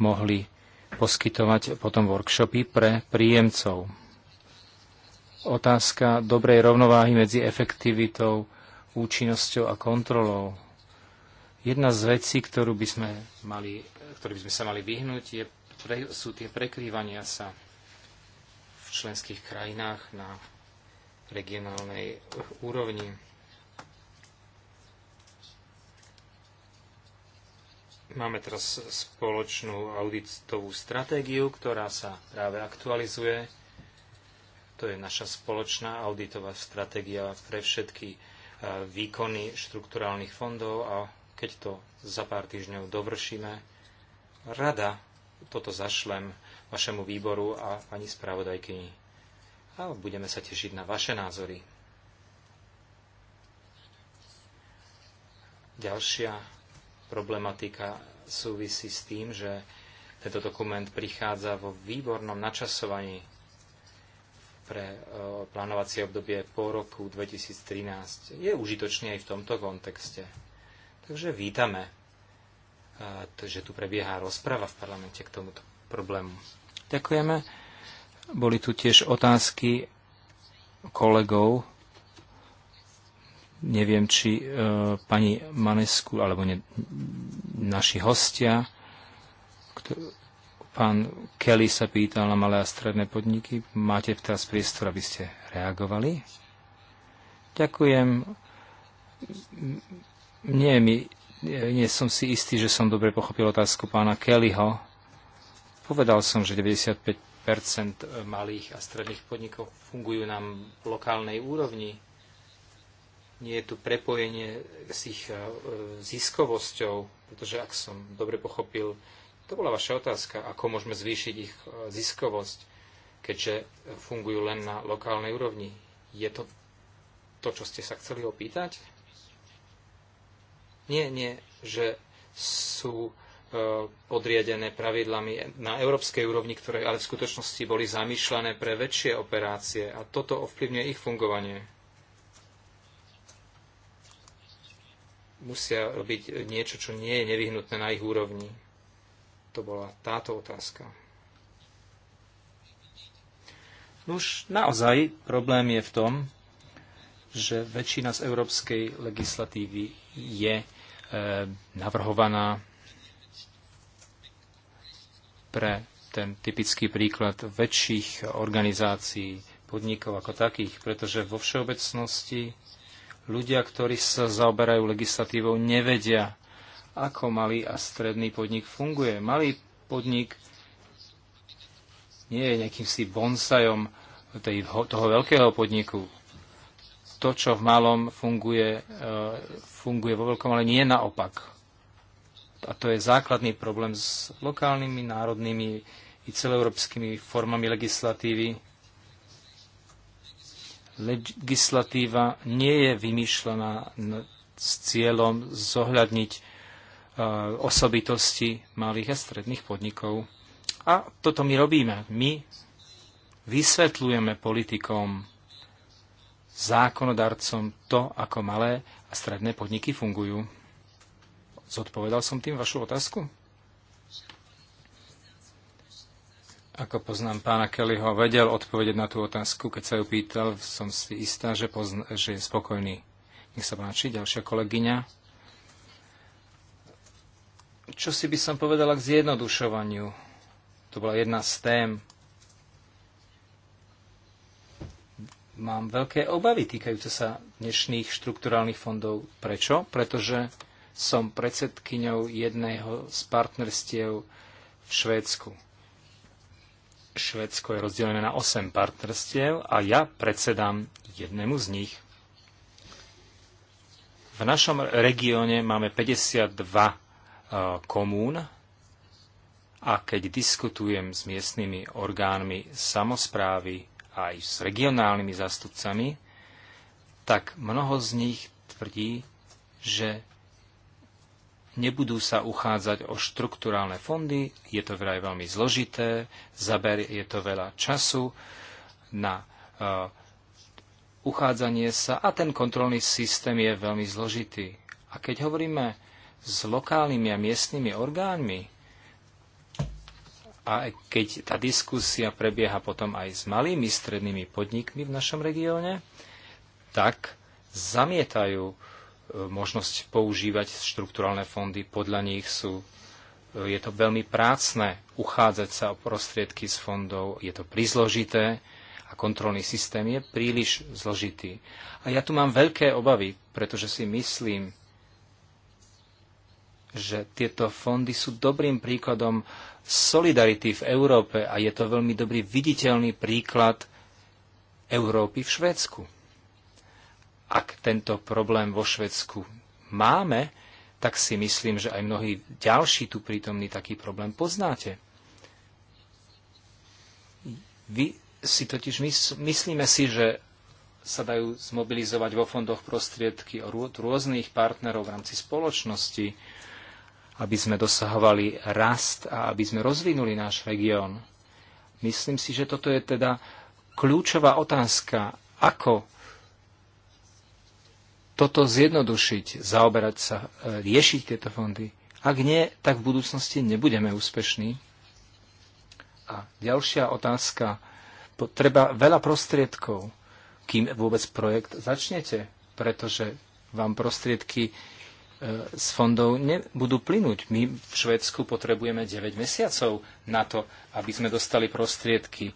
mohli poskytovať potom workshopy pre príjemcov. Otázka dobrej rovnováhy medzi efektivitou, účinnosťou a kontrolou. Jedna z vecí, ktorú by sme mali, ktorú by sme sa mali vyhnúť, je, sú tie prekrývania sa členských krajinách na regionálnej úrovni. Máme teraz spoločnú auditovú stratégiu, ktorá sa práve aktualizuje. To je naša spoločná auditová stratégia pre všetky e, výkony štrukturálnych fondov a keď to za pár týždňov dovršíme, rada toto zašlem vašemu výboru a pani spravodajkyni. A budeme sa tešiť na vaše názory. Ďalšia problematika súvisí s tým, že tento dokument prichádza vo výbornom načasovaní pre e, plánovacie obdobie po roku 2013. Je užitočný aj v tomto kontexte. Takže vítame, e, že tu prebieha rozprava v parlamente k tomuto problému. Ďakujeme. Boli tu tiež otázky kolegov. Neviem, či e, pani Manesku alebo ne, naši hostia. Kto, pán Kelly sa pýtal na malé a stredné podniky. Máte teraz priestor, aby ste reagovali? Ďakujem. Nie, nie, nie som si istý, že som dobre pochopil otázku pána Kellyho Povedal som, že 95 malých a stredných podnikov fungujú na lokálnej úrovni. Nie je tu prepojenie s ich e, ziskovosťou, pretože ak som dobre pochopil, to bola vaša otázka, ako môžeme zvýšiť ich e, ziskovosť, keďže fungujú len na lokálnej úrovni. Je to to, čo ste sa chceli opýtať? Nie, nie, že sú E, podriadené pravidlami na európskej úrovni, ktoré ale v skutočnosti boli zamýšľané pre väčšie operácie a toto ovplyvňuje ich fungovanie. Musia robiť niečo, čo nie je nevyhnutné na ich úrovni. To bola táto otázka. Už naozaj problém je v tom, že väčšina z európskej legislatívy je e, navrhovaná pre ten typický príklad väčších organizácií, podnikov ako takých, pretože vo všeobecnosti ľudia, ktorí sa zaoberajú legislatívou, nevedia, ako malý a stredný podnik funguje. Malý podnik nie je nejakým si bonsajom tej, toho veľkého podniku. To, čo v malom funguje, e, funguje vo veľkom, ale nie naopak a to je základný problém s lokálnymi, národnými i celoeurópskymi formami legislatívy. Legislatíva nie je vymýšľaná s cieľom zohľadniť e, osobitosti malých a stredných podnikov. A toto my robíme. My vysvetľujeme politikom, zákonodarcom to, ako malé a stredné podniky fungujú. Zodpovedal som tým vašu otázku? Ako poznám pána Kellyho, vedel odpovedať na tú otázku, keď sa ju pýtal, som si istá, že, pozna, že je spokojný. Nech sa páči, ďalšia kolegyňa. Čo si by som povedala k zjednodušovaniu? To bola jedna z tém. Mám veľké obavy týkajúce sa dnešných štrukturálnych fondov. Prečo? Pretože som predsedkyňou jedného z partnerstiev v Švédsku. Švédsko je rozdelené na 8 partnerstiev a ja predsedám jednému z nich. V našom regióne máme 52 e, komún a keď diskutujem s miestnymi orgánmi samozprávy aj s regionálnymi zastupcami, tak mnoho z nich tvrdí, že nebudú sa uchádzať o štrukturálne fondy, je to vraj veľmi zložité, zaberie to veľa času na eh, uchádzanie sa a ten kontrolný systém je veľmi zložitý. A keď hovoríme s lokálnymi a miestnymi orgánmi, a keď tá diskusia prebieha potom aj s malými strednými podnikmi v našom regióne, tak zamietajú možnosť používať štrukturálne fondy, podľa nich sú, je to veľmi prácne uchádzať sa o prostriedky z fondov, je to prizložité a kontrolný systém je príliš zložitý. A ja tu mám veľké obavy, pretože si myslím, že tieto fondy sú dobrým príkladom solidarity v Európe a je to veľmi dobrý viditeľný príklad Európy v Švédsku. Ak tento problém vo Švedsku máme, tak si myslím, že aj mnohí ďalší tu prítomní taký problém poznáte. Vy si totiž myslíme si, že sa dajú zmobilizovať vo fondoch prostriedky od rôznych partnerov v rámci spoločnosti, aby sme dosahovali rast a aby sme rozvinuli náš región. Myslím si, že toto je teda kľúčová otázka, ako toto zjednodušiť, zaoberať sa, e, riešiť tieto fondy. Ak nie, tak v budúcnosti nebudeme úspešní. A ďalšia otázka. Treba veľa prostriedkov, kým vôbec projekt začnete, pretože vám prostriedky e, z fondov nebudú plynúť. My v Švedsku potrebujeme 9 mesiacov na to, aby sme dostali prostriedky.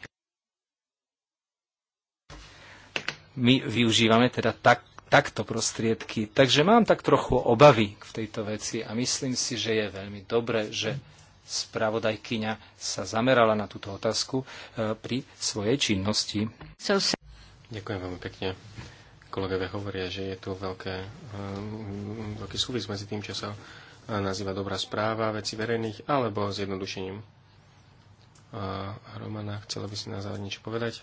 My využívame teda tak, takto prostriedky. Takže mám tak trochu obavy v tejto veci a myslím si, že je veľmi dobré, že spravodajkyňa sa zamerala na túto otázku e, pri svojej činnosti. Ďakujem veľmi pekne. Kolegovia hovoria, že je tu veľké, e, veľký súvis medzi tým, čo sa e, nazýva dobrá správa veci verejných alebo zjednodušením. Romana, chcela by si na záver niečo povedať?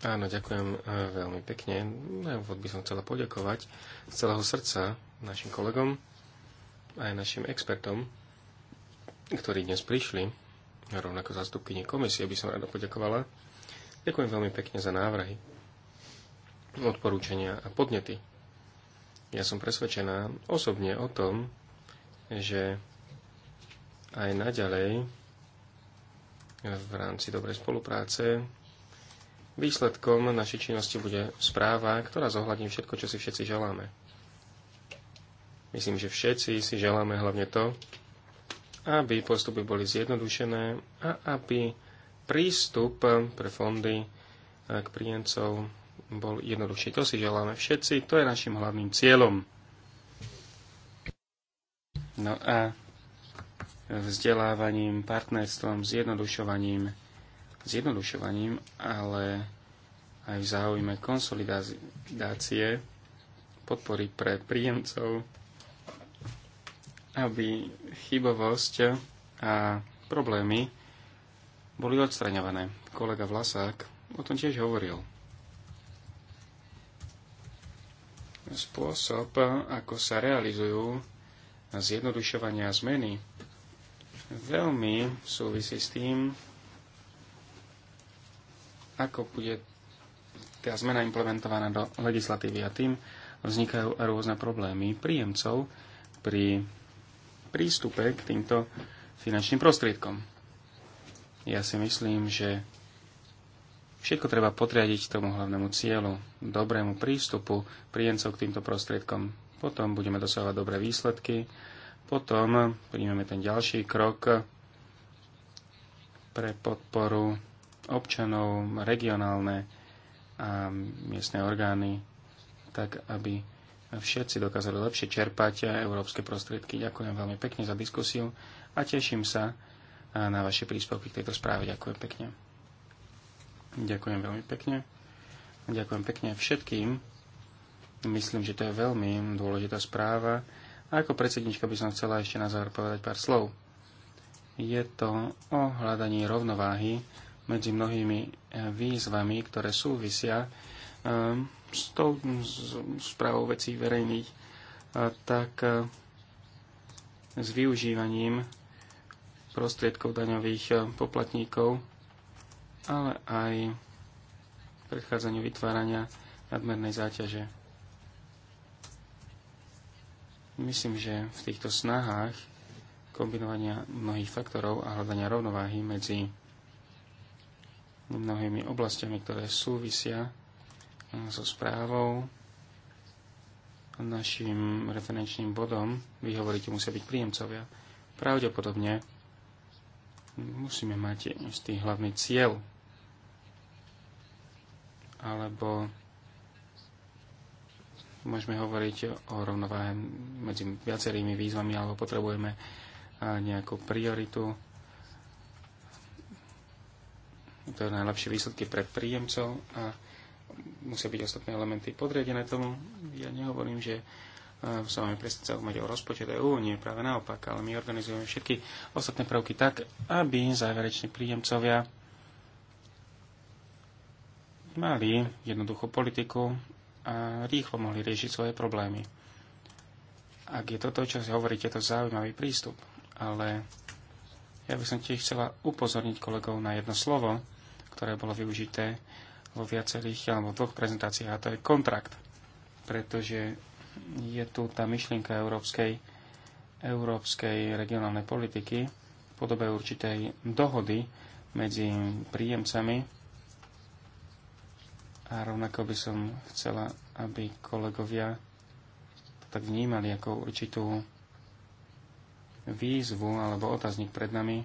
Áno, ďakujem e, veľmi pekne. Na úvod by som chcela poďakovať z celého srdca našim kolegom aj našim expertom, ktorí dnes prišli, rovnako zastupkyni komisie by som rada poďakovala. Ďakujem veľmi pekne za návrhy, odporúčania a podnety. Ja som presvedčená osobne o tom, že aj naďalej v rámci dobrej spolupráce Výsledkom našej činnosti bude správa, ktorá zohľadní všetko, čo si všetci želáme. Myslím, že všetci si želáme hlavne to, aby postupy boli zjednodušené a aby prístup pre fondy eh, k príjemcov bol jednoduchší. To si želáme všetci, to je našim hlavným cieľom. No a vzdelávaním, partnerstvom, zjednodušovaním zjednodušovaním, ale aj v záujme konsolidácie podpory pre príjemcov, aby chybovosť a problémy boli odstraňované. Kolega Vlasák o tom tiež hovoril. Spôsob, ako sa realizujú zjednodušovania zmeny, veľmi súvisí s tým, ako bude tá zmena implementovaná do legislatívy a tým vznikajú rôzne problémy príjemcov pri prístupe k týmto finančným prostriedkom. Ja si myslím, že všetko treba podriadiť tomu hlavnému cieľu, dobrému prístupu príjemcov k týmto prostriedkom. Potom budeme dosahovať dobré výsledky, potom príjmeme ten ďalší krok pre podporu občanov, regionálne a miestne orgány, tak aby všetci dokázali lepšie čerpať európske prostriedky. Ďakujem veľmi pekne za diskusiu a teším sa na vaše príspevky k tejto správe. Ďakujem pekne. Ďakujem veľmi pekne. Ďakujem pekne všetkým. Myslím, že to je veľmi dôležitá správa. A ako predsednička by som chcela ešte na záver povedať pár slov. Je to o hľadaní rovnováhy medzi mnohými eh, výzvami, ktoré súvisia eh, s tou správou vecí verejných, eh, tak s využívaním prostriedkov daňových poplatníkov, ale aj predchádzaniu vytvárania nadmernej záťaže. Myslím, že v týchto snahách kombinovania mnohých faktorov a hľadania rovnováhy medzi mnohými oblastiami, ktoré súvisia e, so správou. Našim referenčným bodom, vy hovoríte, musia byť príjemcovia. Pravdepodobne musíme mať istý hlavný cieľ alebo môžeme hovoriť o rovnováhe medzi viacerými výzvami alebo potrebujeme e, nejakú prioritu to najlepšie výsledky pre príjemcov a musia byť ostatné elementy podriadené tomu. Ja nehovorím, že e, sa máme prestať mať o rozpočet EU, nie práve naopak, ale my organizujeme všetky ostatné prvky tak, aby záverečne príjemcovia mali jednoduchú politiku a rýchlo mohli riešiť svoje problémy. Ak je toto, čo si hovoríte, to zaujímavý prístup, ale ja by som tiež chcela upozorniť kolegov na jedno slovo, ktoré bolo využité vo viacerých, alebo dvoch prezentáciách, a to je kontrakt. Pretože je tu tá myšlienka európskej, európskej regionálnej politiky v podobe určitej dohody medzi príjemcami. A rovnako by som chcela, aby kolegovia to tak vnímali ako určitú výzvu alebo otáznik pred nami,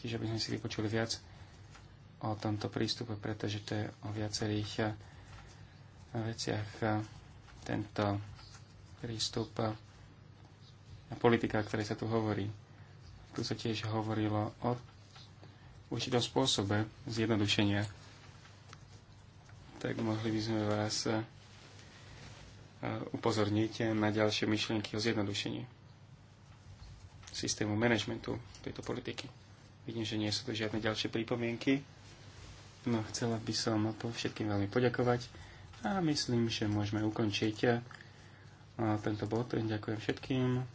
čiže aby sme si vypočuli viac o tomto prístupe, pretože to je o viacerých eh, veciach eh, tento prístup a eh, politika, o ktorej sa tu hovorí. Tu sa tiež hovorilo o určitom spôsobe zjednodušenia. Tak mohli by sme vás upozorniť na ďalšie myšlienky o zjednodušení systému manažmentu tejto politiky. Vidím, že nie sú tu žiadne ďalšie pripomienky. No, chcela by som po všetkým veľmi poďakovať a myslím, že môžeme ukončiť eh, tento bod. Ďakujem všetkým.